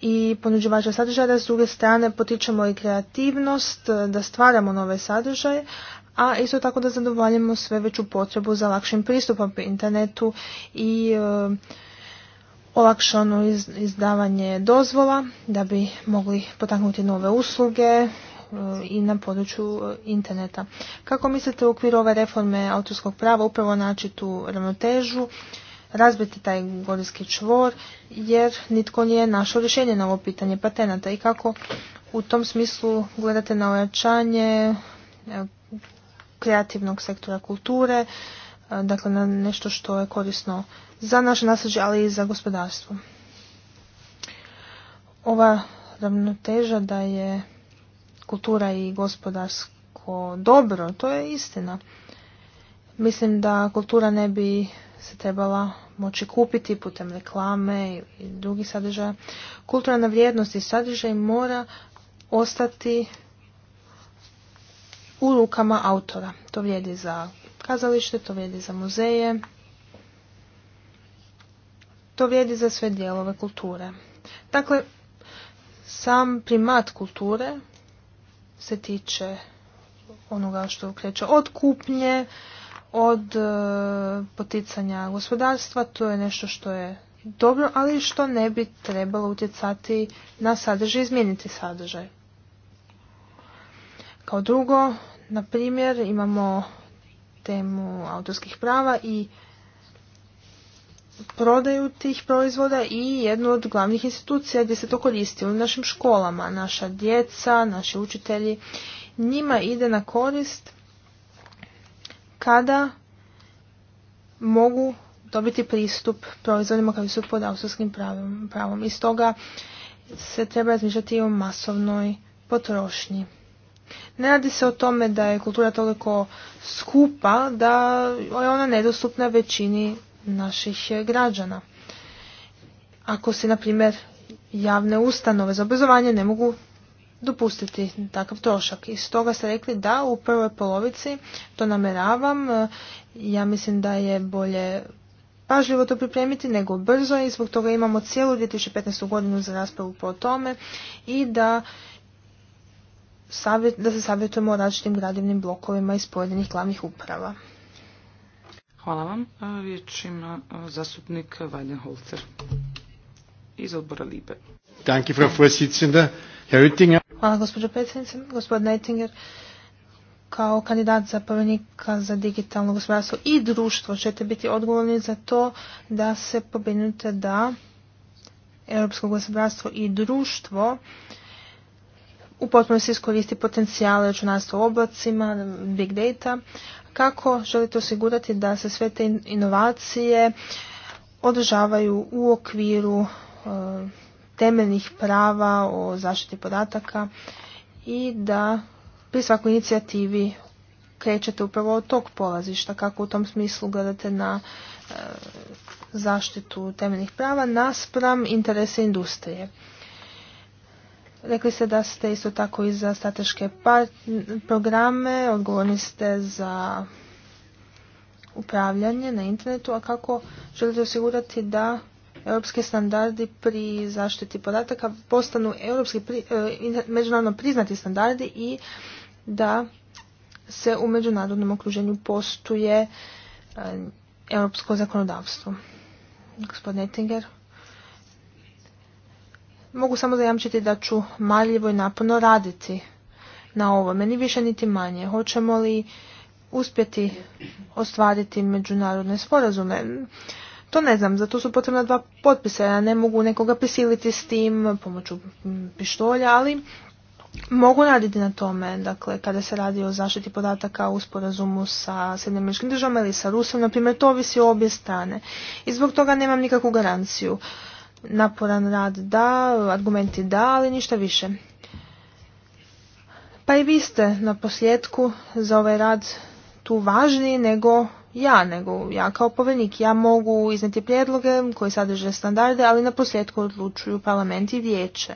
i ponuđivača sadržaja, da s druge strane potičemo i kreativnost, e, da stvaramo nove sadržaje, a isto tako da zadovoljimo sve veću potrebu za lakšim pristupom po internetu i e, olakšano izdavanje dozvola da bi mogli potaknuti nove usluge E, i na području e, interneta. Kako mislite u okviru ove reforme autorskog prava upravo naći tu ravnotežu, razbiti taj gorijski čvor, jer nitko nije našao rješenje na ovo pitanje patenata i kako u tom smislu gledate na ojačanje e, kreativnog sektora kulture, dakle na nešto što je korisno za naše nasljeđe, ali i za gospodarstvo. Ova ravnoteža da je kultura i gospodarsko dobro, to je istina. Mislim da kultura ne bi se trebala moći kupiti putem reklame i drugih sadržaja. Kulturna vrijednost i sadržaj mora ostati u rukama autora. To vrijedi za kazalište, to vrijedi za muzeje, to vrijedi za sve dijelove kulture. Dakle, sam primat kulture se tiče onoga što kreće od kupnje, od e, poticanja gospodarstva, to je nešto što je dobro, ali što ne bi trebalo utjecati na sadržaj, izmijeniti sadržaj. Kao drugo, na primjer, imamo temu autorskih prava i prodaju tih proizvoda i jednu od glavnih institucija gdje se to koristi u našim školama, naša djeca, naši učitelji. Njima ide na korist kada mogu dobiti pristup proizvodima koji su pod autorskim pravom. I stoga se treba razmišljati i o masovnoj potrošnji. Ne radi se o tome da je kultura toliko skupa da je ona nedostupna većini naših građana. Ako se, na primjer, javne ustanove za obrazovanje ne mogu dopustiti takav trošak. I stoga ste rekli da u prvoj polovici to nameravam. Ja mislim da je bolje pažljivo to pripremiti nego brzo i zbog toga imamo cijelu 2015. godinu za raspravu po tome i da da se savjetujemo o različitim gradivnim blokovima iz pojedinih glavnih uprava. Hvala vam. Riječ ima zastupnik Holzer iz odbora Libe. Hvala, gospođo predsjednice. Gospodin kao kandidat za za digitalno gospodarstvo i društvo ćete biti odgovorni za to da se pobrinute da europsko gospodarstvo i društvo u potpunosti iskoristi potencijale računarstva u oblacima, big data, kako želite osigurati da se sve te inovacije održavaju u okviru e, temeljnih prava o zaštiti podataka i da pri svakoj inicijativi krećete upravo od tog polazišta, kako u tom smislu gledate na e, zaštitu temeljnih prava naspram interese industrije. Rekli ste da ste isto tako i za strateške programe, odgovorni ste za upravljanje na internetu, a kako želite osigurati da europski standardi pri zaštiti podataka postanu europski e, međunarodno priznati standardi i da se u međunarodnom okruženju postuje e, europsko zakonodavstvo. Gospodin Ettinger. Mogu samo zajamčiti da ću marljivo i naporno raditi na ovome, ni više niti manje. Hoćemo li uspjeti ostvariti međunarodne sporazume? To ne znam, zato su potrebna dva potpisa. Ja ne mogu nekoga prisiliti s tim pomoću pištolja, ali mogu raditi na tome. Dakle, kada se radi o zaštiti podataka u sporazumu sa Sjedinjeničkim državama ili sa Rusom, na primjer, to ovisi o obje strane. I zbog toga nemam nikakvu garanciju naporan rad da, argumenti da, ali ništa više. Pa i vi ste na posljedku za ovaj rad tu važniji nego ja, nego ja kao povjerenik. Ja mogu izneti prijedloge koji sadrže standarde, ali na posljedku odlučuju parlament i vijeće.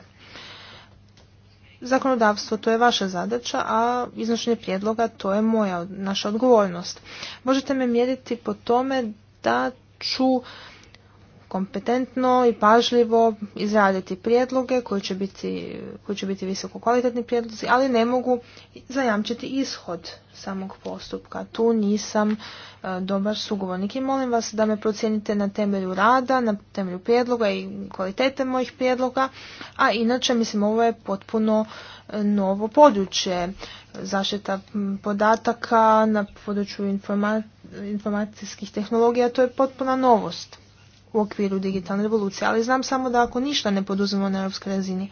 Zakonodavstvo to je vaša zadaća, a iznošenje prijedloga to je moja, naša odgovornost. Možete me mjeriti po tome da ću kompetentno i pažljivo izraditi prijedloge koji će biti, koji će biti visoko kvalitetni prijedlozi, ali ne mogu zajamčiti ishod samog postupka. Tu nisam e, dobar sugovornik i molim vas da me procijenite na temelju rada, na temelju prijedloga i kvalitete mojih prijedloga, a inače mislim ovo je potpuno e, novo područje. Zaštita podataka na području informacijskih tehnologija to je potpuna novost u okviru digitalne revolucije, ali znam samo da ako ništa ne poduzmemo na europskoj razini,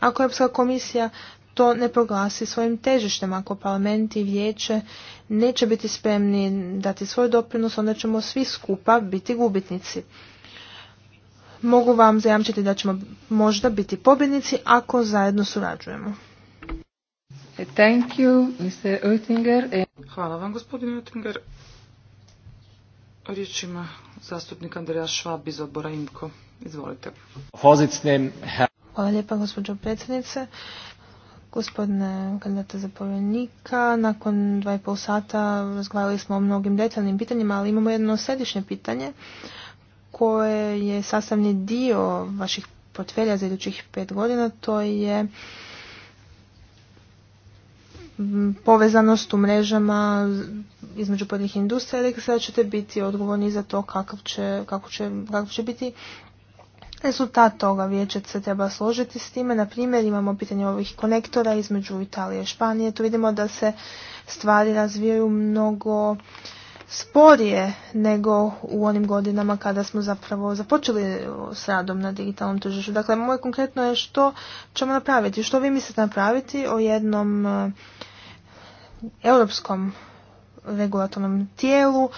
ako Europska komisija to ne proglasi svojim težištem, ako parlament i vijeće neće biti spremni dati svoj doprinos, onda ćemo svi skupa biti gubitnici. Mogu vam zajamčiti da ćemo možda biti pobjednici ako zajedno surađujemo. Thank you, Mr. Hvala vam, gospodine Oettinger. Riječ ima zastupnik Andreja Švab iz odbora IMKO. Izvolite. Hvala lijepa gospođo predsjednice. Gospodine kandidata zapovjednika, nakon dva i pol sata razgovarali smo o mnogim detaljnim pitanjima, ali imamo jedno središnje pitanje koje je sastavni dio vaših portfelja za idućih pet godina, to je povezanost u mrežama između pojedinih industrija, rekli sada ćete biti odgovorni za to kakav će, kako će, kako će biti rezultat toga. Vijeće se treba složiti s time. Na primjer, imamo pitanje ovih konektora između Italije i Španije. Tu vidimo da se stvari razvijaju mnogo sporije nego u onim godinama kada smo zapravo započeli s radom na digitalnom tržištu. Dakle, moje konkretno je što ćemo napraviti, što vi mislite napraviti o jednom eh, europskom regulatornom tijelu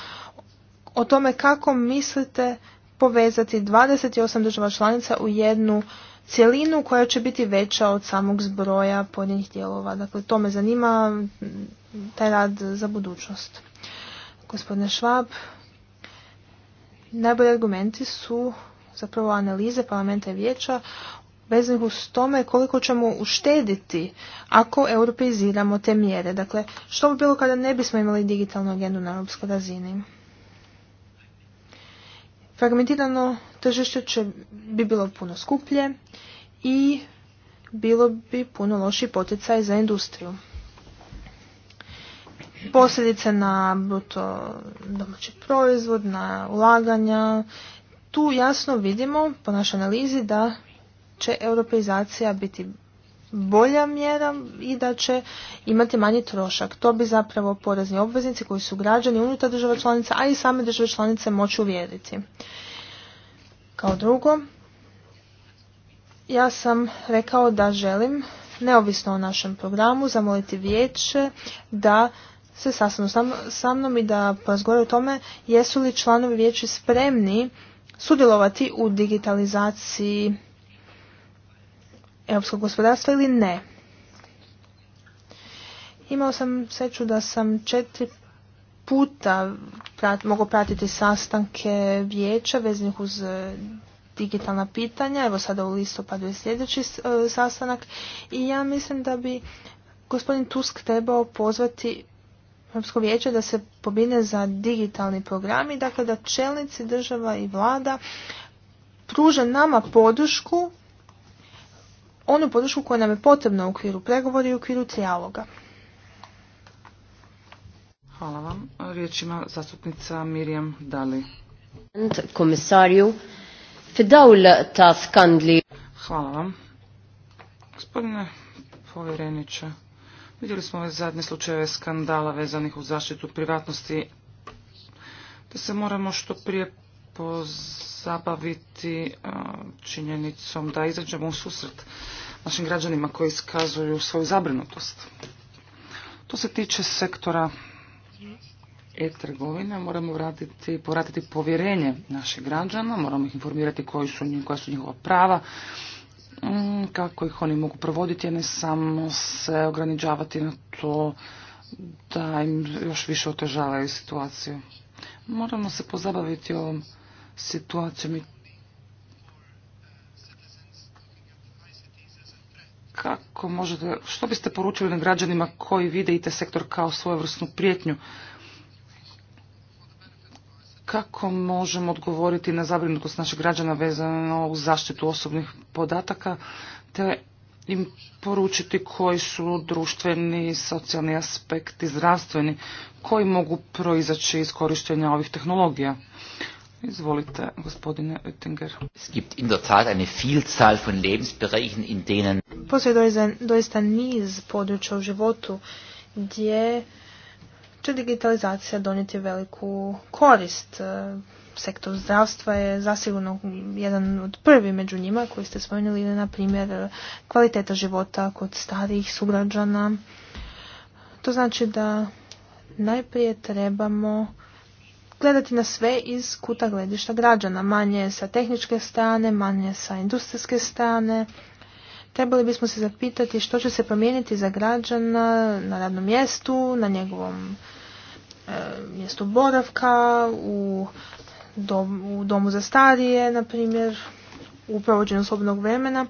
o tome kako mislite povezati 28 država članica u jednu cjelinu koja će biti veća od samog zbroja pojedinih dijelova. Dakle, to me zanima taj rad za budućnost. Gospodine Švab, najbolji argumenti su zapravo analize parlamenta i vijeća vezanih uz tome koliko ćemo uštediti ako europeiziramo te mjere. Dakle, što bi bilo kada ne bismo imali digitalnu agendu na europskoj razini? Fragmentirano tržište bi bilo puno skuplje i bilo bi puno loši poticaj za industriju. Posljedice na bruto domaći proizvod, na ulaganja. Tu jasno vidimo po našoj analizi da će europeizacija biti bolja mjera i da će imati manji trošak. To bi zapravo porezni obveznici koji su građani unutar država članica, a i same države članice moći uvjeriti. Kao drugo, ja sam rekao da želim, neovisno o našem programu, zamoliti vijeće da se sastanu sa mnom i da porazgovore o tome jesu li članovi vijeća spremni sudjelovati u digitalizaciji europskog gospodarstva ili ne. Imao sam sreću da sam četiri puta prat, mogu pratiti sastanke vijeća veznih uz e, digitalna pitanja. Evo sada u listopadu je sljedeći e, sastanak i ja mislim da bi gospodin Tusk trebao pozvati Europsko vijeće da se pobine za digitalni program i dakle da čelnici država i vlada pruže nama podršku onu podršku koja nam je potrebna u okviru pregovora i u okviru trijaloga. Hvala vam. Riječ ima zastupnica Mirjam Dali. Komisariju, ta skandli. Hvala vam. Gospodine povjereniče, vidjeli smo ove zadnje slučajeve skandala vezanih u zaštitu privatnosti, da se moramo što prije poz zabaviti e, činjenicom da izađemo u susret našim građanima koji iskazuju svoju zabrinutost. To se tiče sektora e-trgovine, moramo vratiti, povratiti povjerenje naših građana, moramo ih informirati koji su, koja su njihova prava, mm, kako ih oni mogu provoditi, a ne samo se ograničavati na to da im još više otežavaju situaciju. Moramo se pozabaviti ovom situacijom kako možete, što biste poručili na građanima koji vide IT sektor kao svojevrsnu prijetnju? Kako možemo odgovoriti na zabrinutost naših građana vezano u zaštitu osobnih podataka te im poručiti koji su društveni, socijalni aspekti, zdravstveni, koji mogu proizaći iz korištenja ovih tehnologija. Izvolite, gospodine Oettinger. Es gibt in der Tat eine Vielzahl von Lebensbereichen, in denen... Postoji doista, niz područja u životu gdje će digitalizacija donijeti veliku korist. Sektor zdravstva je zasigurno jedan od prvi među njima koji ste spomenuli, na primjer kvaliteta života kod starijih sugrađana. To znači da najprije trebamo gledati na sve iz kuta gledišta građana, manje sa tehničke strane, manje sa industrijske strane. Trebali bismo se zapitati što će se promijeniti za građana na radnom mjestu, na njegovom e, mjestu boravka, u, domu za starije, na primjer, u provođenju slobodnog vremena,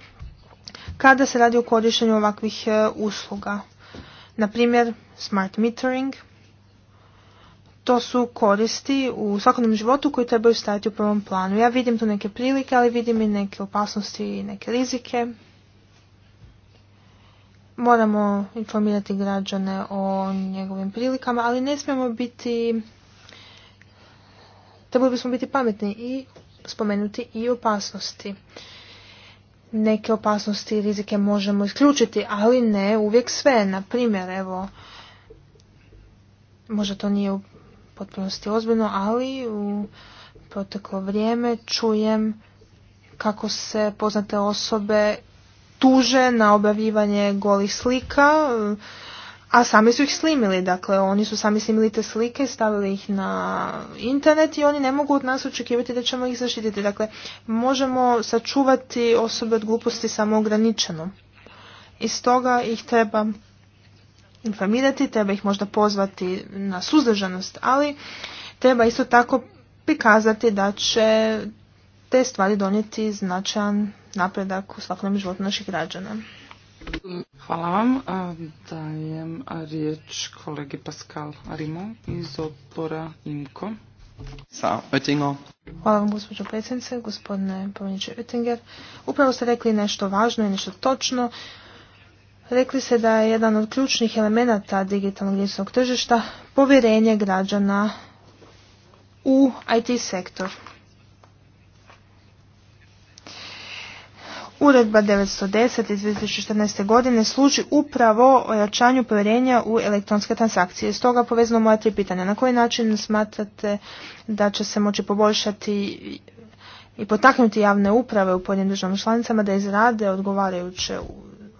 kada se radi o korištenju ovakvih e, usluga. Na primjer, smart metering – to su koristi u svakodnevnom životu koji trebaju staviti u prvom planu. Ja vidim tu neke prilike, ali vidim i neke opasnosti i neke rizike. Moramo informirati građane o njegovim prilikama, ali ne smijemo biti, trebali bismo biti pametni i spomenuti i opasnosti. Neke opasnosti i rizike možemo isključiti, ali ne uvijek sve. Na primjer, evo, možda to nije u potpunosti ozbiljno, ali u proteklo vrijeme čujem kako se poznate osobe tuže na objavljivanje golih slika, a sami su ih slimili, dakle oni su sami slimili te slike, stavili ih na internet i oni ne mogu od nas očekivati da ćemo ih zaštititi. Dakle, možemo sačuvati osobe od gluposti samo ograničeno. I stoga ih treba informirati, treba ih možda pozvati na suzdržanost, ali treba isto tako prikazati da će te stvari donijeti značajan napredak u svakodnevnom životu naših građana. Hvala vam. Dajem riječ kolegi Pascal Arimo iz odbora Hvala vam gospođo predsjednice, gospodine pomoćniče Oettinger. Upravo ste rekli nešto važno i nešto točno. Rekli ste da je jedan od ključnih elemenata digitalnog ljesnog tržišta povjerenje građana u IT sektor. Uredba 910 iz 2014. godine služi upravo ojačanju povjerenja u elektronske transakcije. Stoga povezano moja tri pitanja. Na koji način smatrate da će se moći poboljšati i potaknuti javne uprave u pojedinim državnim članicama da izrade odgovarajuće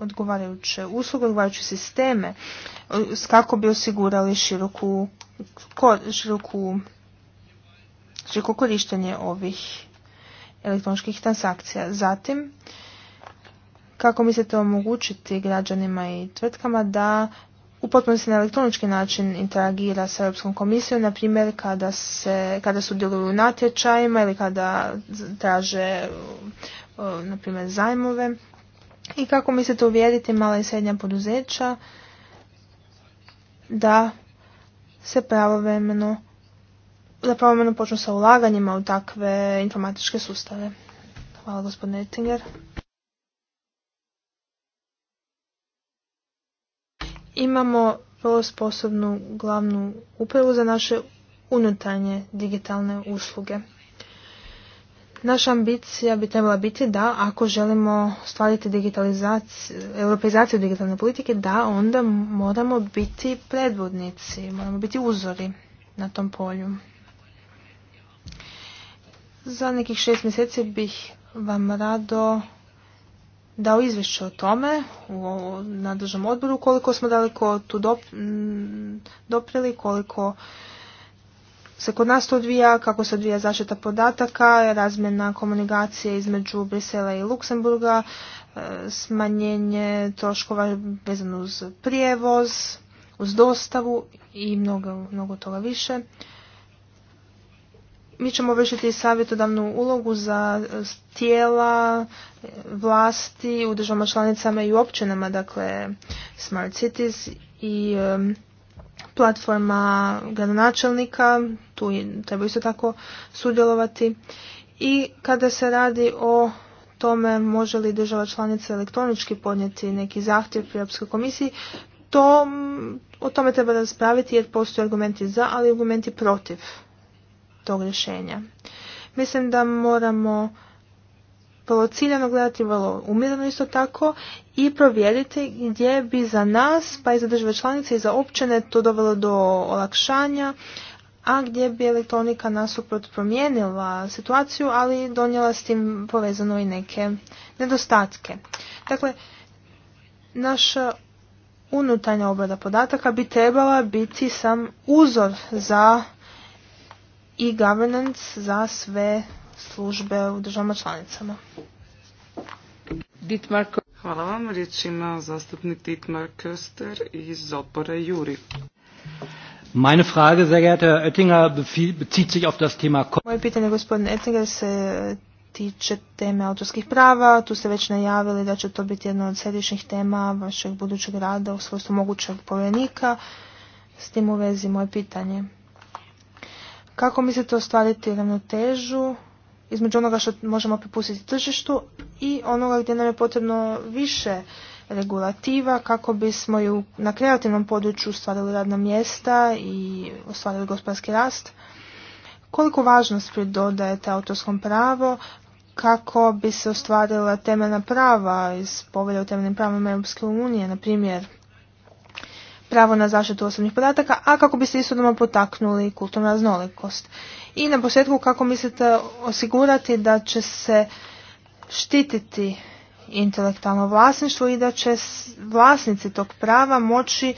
odgovarajuće usluge, odgovarajuće sisteme e, kako bi osigurali široku, široku, široko korištenje ovih elektroničkih transakcija. Zatim, kako mislite omogućiti građanima i tvrtkama da u se na elektronički način interagira sa Europskom komisijom, na primjer kada, se, kada sudjeluju u natječajima ili kada traže na primjer zajmove i kako mislite uvjeriti mala i srednja poduzeća da se pravovremeno da pravovremeno počnu sa ulaganjima u takve informatičke sustave. Hvala gospodine Ettinger. Imamo vrlo sposobnu glavnu upravu za naše unutarnje digitalne usluge. Naša ambicija bi trebala biti da ako želimo stvariti digitalizaciju, europeizaciju digitalne politike, da onda moramo biti predvodnici, moramo biti uzori na tom polju. Za nekih šest mjeseci bih vam rado dao izvješće o tome u nadležnom odboru koliko smo daleko tu doprili, koliko se kod nas to odvija, kako se odvija zaštita podataka, razmjena komunikacije između Brisela i Luksemburga, e, smanjenje troškova vezano uz prijevoz, uz dostavu i mnogo, mnogo toga više. Mi ćemo vršiti savjetodavnu ulogu za tijela, vlasti u državama članicama i u općinama, dakle Smart Cities i platforma gradonačelnika, tu treba isto tako sudjelovati. I kada se radi o tome može li država članica elektronički podnijeti neki zahtjev pri Europskoj komisiji, to, o tome treba raspraviti jer postoje argumenti za, ali argumenti protiv tog rješenja. Mislim da moramo vrlo ciljeno gledati, vrlo umjereno isto tako i provjeriti gdje bi za nas, pa i za države članice i za općine to dovelo do olakšanja, a gdje bi elektronika nasuprot promijenila situaciju, ali donijela s tim povezano i neke nedostatke. Dakle, naša unutarnja obrada podataka bi trebala biti sam uzor za i governance za sve službe u državama članicama. Hvala vam. Riječ ima zastupnik Dietmar Köster iz odbora Juri. Meine Frage, sehr geehrter bezieht sich auf das Thema... Moje pitanje, gospodine Oettinger, se e, tiče teme autorskih prava. Tu ste već najavili da će to biti jedna od središnjih tema vašeg budućeg rada u svojstvu mogućeg povjerenika. S tim u vezi moje pitanje. Kako mislite ostvariti ravnotežu između onoga što možemo prepustiti tržištu i onoga gdje nam je potrebno više regulativa kako bismo ju na kreativnom području stvarili radna mjesta i ostvarili gospodarski rast. Koliko važnost pridodajete autorskom pravo kako bi se ostvarila temeljna prava iz povelja o temeljnim pravima Europske unije, na primjer pravo na zaštitu osobnih podataka, a kako bi se istodobno potaknuli kulturnu raznolikost. I na posljedku kako mislite osigurati da će se štititi intelektualno vlasništvo i da će vlasnici tog prava moći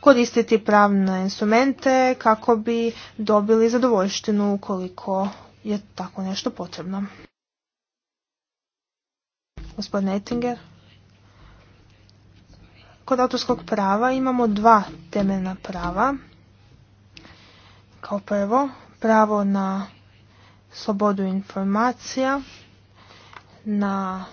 koristiti pravne instrumente kako bi dobili zadovoljštinu ukoliko je tako nešto potrebno. Gospodin Ettinger. Kod autorskog prava imamo dva temeljna prava. Kao prvo, pravo na slobodu informacija, na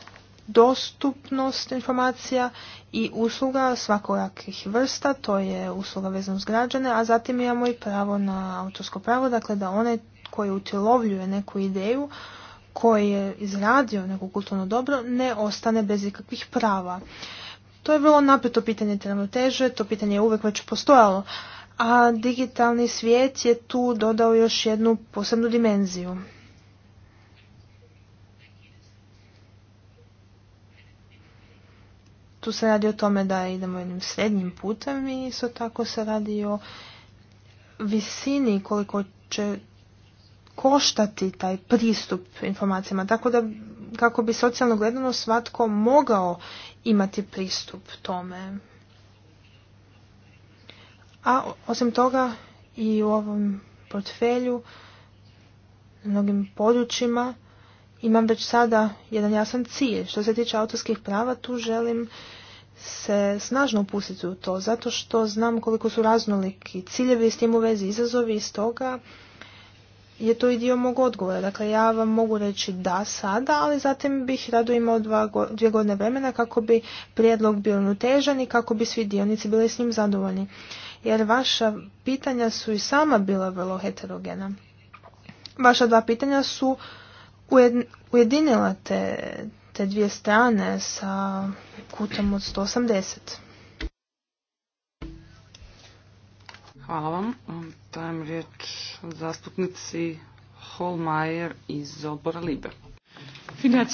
dostupnost informacija i usluga svakojakih vrsta, to je usluga vezana uz građane, a zatim imamo i pravo na autorsko pravo, dakle da one koji utjelovljuje neku ideju, koji je izradio neko kulturno dobro, ne ostane bez ikakvih prava. To je vrlo napeto pitanje teže, to pitanje je uvek već postojalo, a digitalni svijet je tu dodao još jednu posebnu dimenziju. Tu se radi o tome da idemo jednim srednjim putem i isto tako se radi o visini koliko će koštati taj pristup informacijama. Tako da kako bi socijalno gledano svatko mogao imati pristup tome. A osim toga i u ovom portfelju, na mnogim područjima, imam već sada jedan jasan cilj. Što se tiče autorskih prava, tu želim se snažno upustiti u to, zato što znam koliko su raznoliki ciljevi s tim u vezi izazovi i stoga je to i dio mog odgovora. Dakle, ja vam mogu reći da sada, ali zatim bih rado imao dvije godine vremena kako bi prijedlog bio nutežan i kako bi svi dionici bili s njim zadovoljni jer vaša pitanja su i sama bila vrlo heterogena. Vaša dva pitanja su ujedinila te, te dvije strane sa kutom od 180. Hvala vam. Um, dajem riječ zastupnici Holmeier iz odbora Libe. Hvala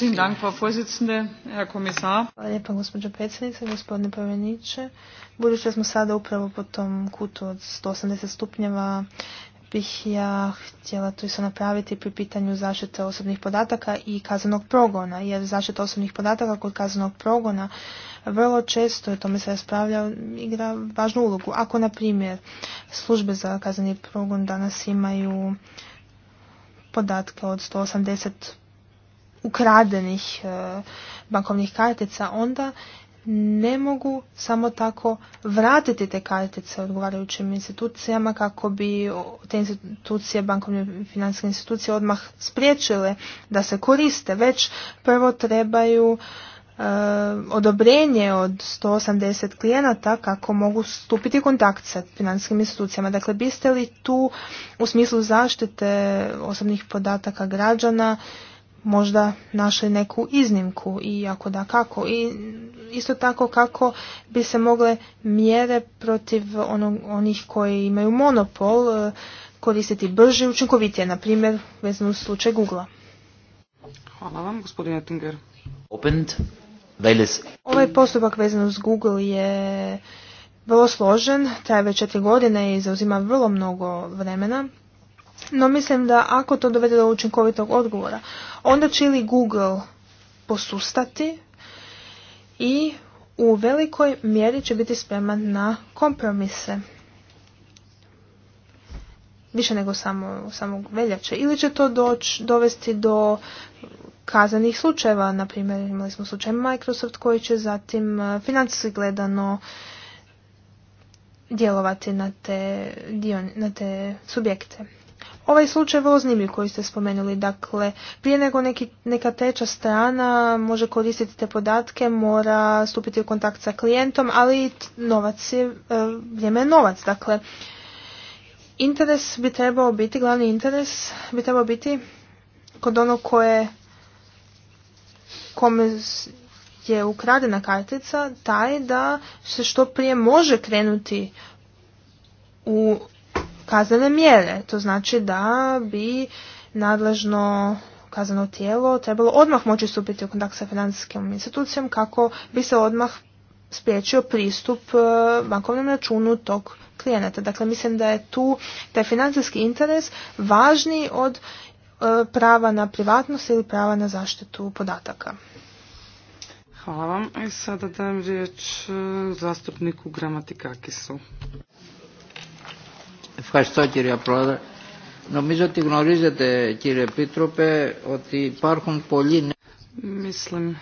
lijepa gospođo predsjednice, gospodine povjereniče. Budući da smo sada upravo po tom kutu od 180 stupnjeva bih ja htjela tu isto napraviti pri pitanju zaštite osobnih podataka i kaznenog progona, jer zaštita osobnih podataka kod kaznenog progona vrlo često, o tome se raspravlja, igra važnu ulogu. Ako, na primjer, službe za kazneni progon danas imaju podatke od 180 ukradenih e, bankovnih kartica, onda ne mogu samo tako vratiti te kartice odgovarajućim institucijama kako bi te institucije, bankovne financijske institucije odmah spriječile da se koriste, već prvo trebaju e, odobrenje od 180 klijenata kako mogu stupiti u kontakt sa financijskim institucijama. Dakle, biste li tu u smislu zaštite osobnih podataka građana možda našli neku iznimku i ako da kako. I isto tako kako bi se mogle mjere protiv onog, onih koji imaju monopol e, koristiti brže i učinkovitije, na primjer vezano u slučaj Google-a. Hvala vam, gospodin Ettinger. Ovaj postupak vezan uz Google je vrlo složen, traje već četiri godine i zauzima vrlo mnogo vremena. No mislim da ako to dovede do učinkovitog odgovora, onda će ili Google posustati i u velikoj mjeri će biti spreman na kompromise. Više nego samo, samog veljače. Ili će to doć, dovesti do kazanih slučajeva. Naprimjer, imali smo slučaj Microsoft koji će zatim e, financijski gledano djelovati na te, na te subjekte. Ovaj slučaj vrlo koji ste spomenuli, dakle, prije nego neki, neka treća strana može koristiti te podatke, mora stupiti u kontakt sa klijentom, ali novac je, e, vrijeme je novac, dakle, interes bi trebao biti, glavni interes bi trebao biti kod onog koje kome je ukradena kartica taj da se što prije može krenuti u kaznene mjere. To znači da bi nadležno kazano tijelo trebalo odmah moći stupiti u kontakt sa financijskim institucijom kako bi se odmah spriječio pristup e, bankovnom računu tog klijenata. Dakle, mislim da je tu taj financijski interes važniji od e, prava na privatnost ili prava na zaštitu podataka. Hvala vam. I sada dajem riječ e, zastupniku Gramatikakisu. Ευχαριστώ κύριε Πρόεδρε. Νομίζω ότι γνωρίζετε κύριε Mislim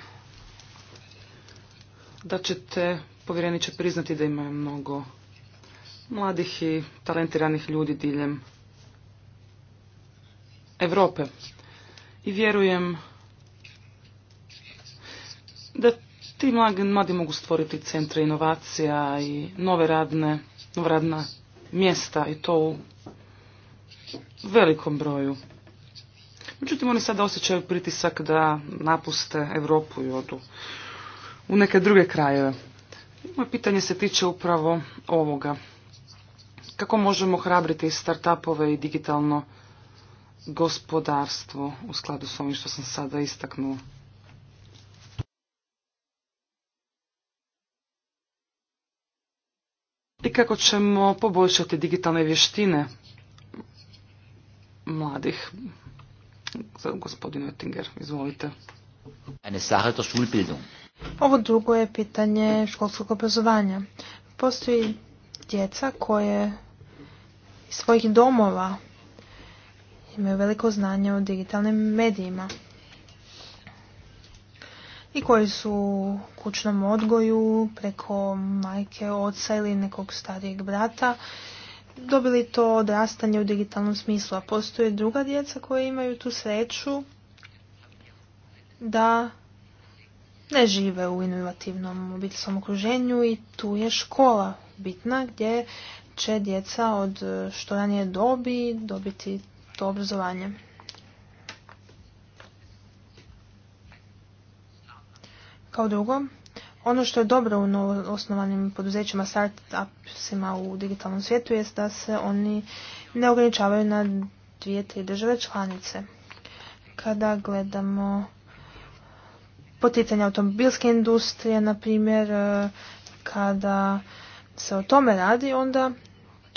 da ćete, povjereniće priznati da ima mnogo mladih i talentiranih ljudi diljem Europe. I vjerujem da ti mladi mogu stvoriti centra inovacija i nove radne, nove radna mjesta i to u velikom broju. Međutim, oni sada osjećaju pritisak da napuste Europu i odu u neke druge krajeve. Moje pitanje se tiče upravo ovoga. Kako možemo hrabriti startupove i digitalno gospodarstvo u skladu s ovim što sam sada istaknuo? i kako ćemo poboljšati digitalne vještine mladih. Gospodin Oettinger, izvolite. Ovo drugo je pitanje školskog obrazovanja. Postoji djeca koje iz svojih domova imaju veliko znanje o digitalnim medijima i koji su u kućnom odgoju preko majke, oca ili nekog starijeg brata dobili to odrastanje u digitalnom smislu. A postoje druga djeca koja imaju tu sreću da ne žive u inovativnom obiteljskom okruženju i tu je škola bitna gdje će djeca od što ranije dobi dobiti to obrazovanje. Kao drugo, ono što je dobro u osnovanim poduzećima, start-upsima u digitalnom svijetu je da se oni ne ograničavaju na dvije, tri države članice. Kada gledamo poticanje automobilske industrije, na primjer, eh, kada se o tome radi, onda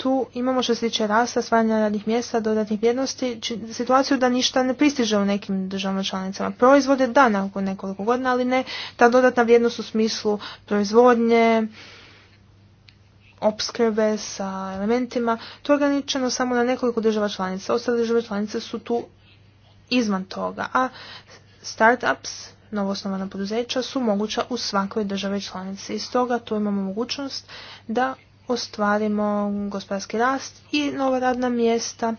tu imamo što se tiče rasta, stvaranja radnih mjesta, dodatnih vrijednosti, situaciju da ništa ne pristiže u nekim državama članicama. Proizvode da nakon nekoliko godina, ali ne ta dodatna vrijednost u smislu proizvodnje, opskrbe sa elementima, to je ograničeno samo na nekoliko država članica. Ostale države članice su tu izvan toga, a startups, novoosnovana poduzeća, su moguća u svakoj državi članici. I toga tu imamo mogućnost da ostvarimo gospodarski rast i nova radna mjesta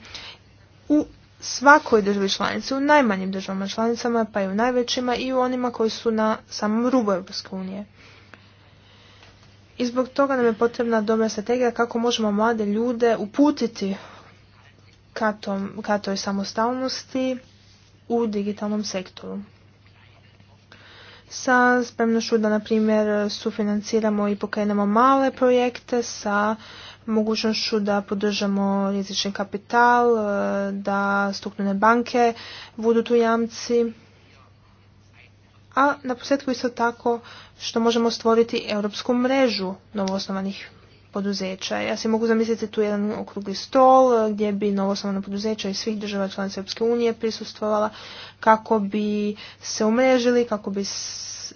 u svakoj državi članici, u najmanjim državama članicama, pa i u najvećima i u onima koji su na samom rubu Europske unije. I zbog toga nam je potrebna dobra strategija kako možemo mlade ljude uputiti ka, ka toj samostalnosti u digitalnom sektoru sa spremnošću da, na primjer, sufinanciramo i pokrenemo male projekte sa mogućnošću da podržamo rizični kapital, e, da strukturne banke budu tu jamci. A na posljedku isto tako što možemo stvoriti europsku mrežu novoosnovanih poduzeća. Ja se mogu zamisliti tu jedan okrugli stol eh, gdje bi novoslovna poduzeća iz svih država članica Europske unije prisustvovala kako bi se umrežili, kako bi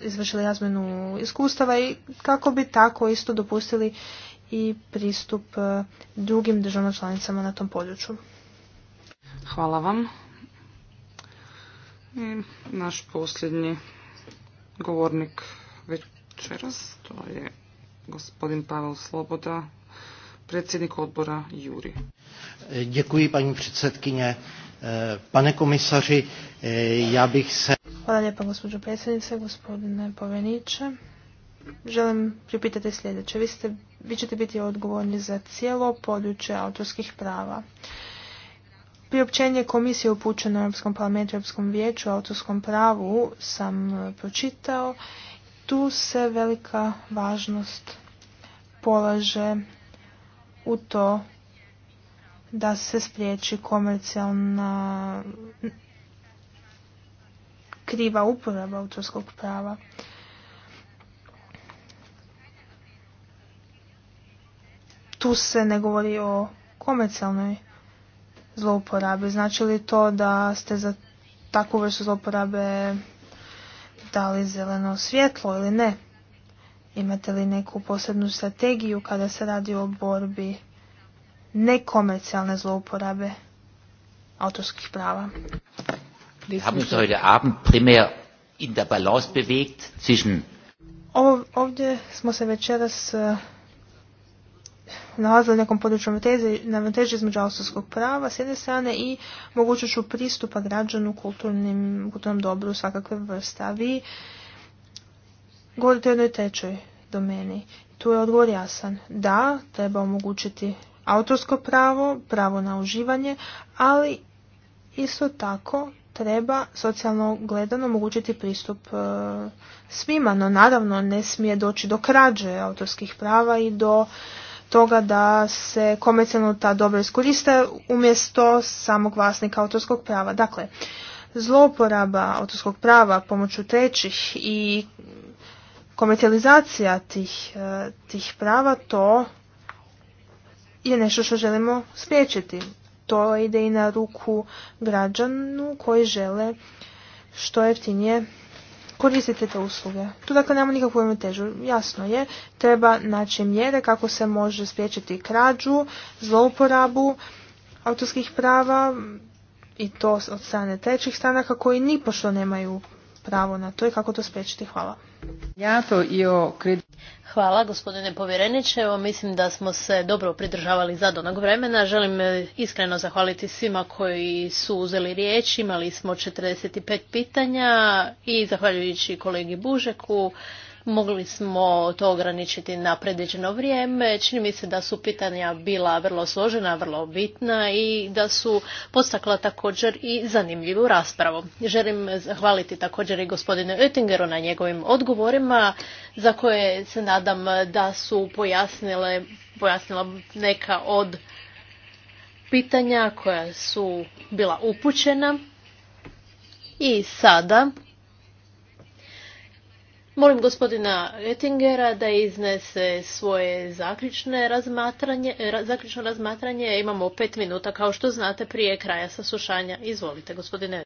izvršili razmenu iskustava i kako bi tako isto dopustili i pristup eh, drugim državama članicama na tom području. Hvala vam. I naš posljednji govornik večeras, to je gospodin Pavel Sloboda, predsjednik odbora Juri. Děkuji, paní předsedkyně. Eh, pane komisaři, eh, ja bih se... Hvala lijepa, gospođo predsjednice, gospodine poveniče. Želim pripitati sljedeće. Vi, ste, vi ćete biti odgovorni za cijelo područje autorskih prava. Priopćenje komisije upućeno Europskom parlamentu i Europskom vijeću o autorskom pravu sam eh, pročitao tu se velika važnost polaže u to da se spriječi komercijalna kriva uporaba autorskog prava. Tu se ne govori o komercijalnoj zlouporabi. Znači li to da ste za takvu vrstu zlouporabe dali zeleno svjetlo ili ne? Imate li neku posebnu strategiju kada se radi o borbi nekomercijalne zlouporabe autorskih prava? ovdje smo se večeras eh, nalazili u nekom području ravnoteže između autorskog prava s jedne strane i mogućuću pristupa građanu kulturnim, kulturnom dobru svakakve vrste. A vi govorite o jednoj trećoj domeni. Tu je odgovor jasan. Da, treba omogućiti autorsko pravo, pravo na uživanje, ali isto tako treba socijalno gledano omogućiti pristup e, svima, no naravno ne smije doći do krađe autorskih prava i do toga da se komercijalno ta dobra iskoriste umjesto samog vlasnika autorskog prava. Dakle, zlouporaba autorskog prava pomoću trećih i komercijalizacija tih, e, tih prava, to je nešto što želimo spriječiti. To ide i na ruku građanu koji žele što jeftinije koristite te usluge. Tu dakle nema nikakvu ravnotežu. Jasno je, treba naći mjere kako se može spriječiti krađu, zlouporabu autorskih prava i to od strane trećih stranaka koji nipošto nemaju pravo na to i kako to spriječiti. Hvala. Hvala gospodine povjereniče. Evo, mislim da smo se dobro pridržavali zadanog vremena. Želim e, iskreno zahvaliti svima koji su uzeli riječ. Imali smo 45 pitanja i zahvaljujući kolegi Bužeku Mogli smo to ograničiti na predviđeno vrijeme. Čini mi se da su pitanja bila vrlo složena, vrlo bitna i da su postakla također i zanimljivu raspravu. Želim zahvaliti također i gospodinu Oettingeru na njegovim odgovorima za koje se nadam da su pojasnile, pojasnila neka od pitanja koja su bila upućena. I sada Molim gospodina Ettingera da iznese svoje zaključne razmatranje, e, zaključno razmatranje. Imamo pet minuta, kao što znate, prije kraja saslušanja. Izvolite, gospodine.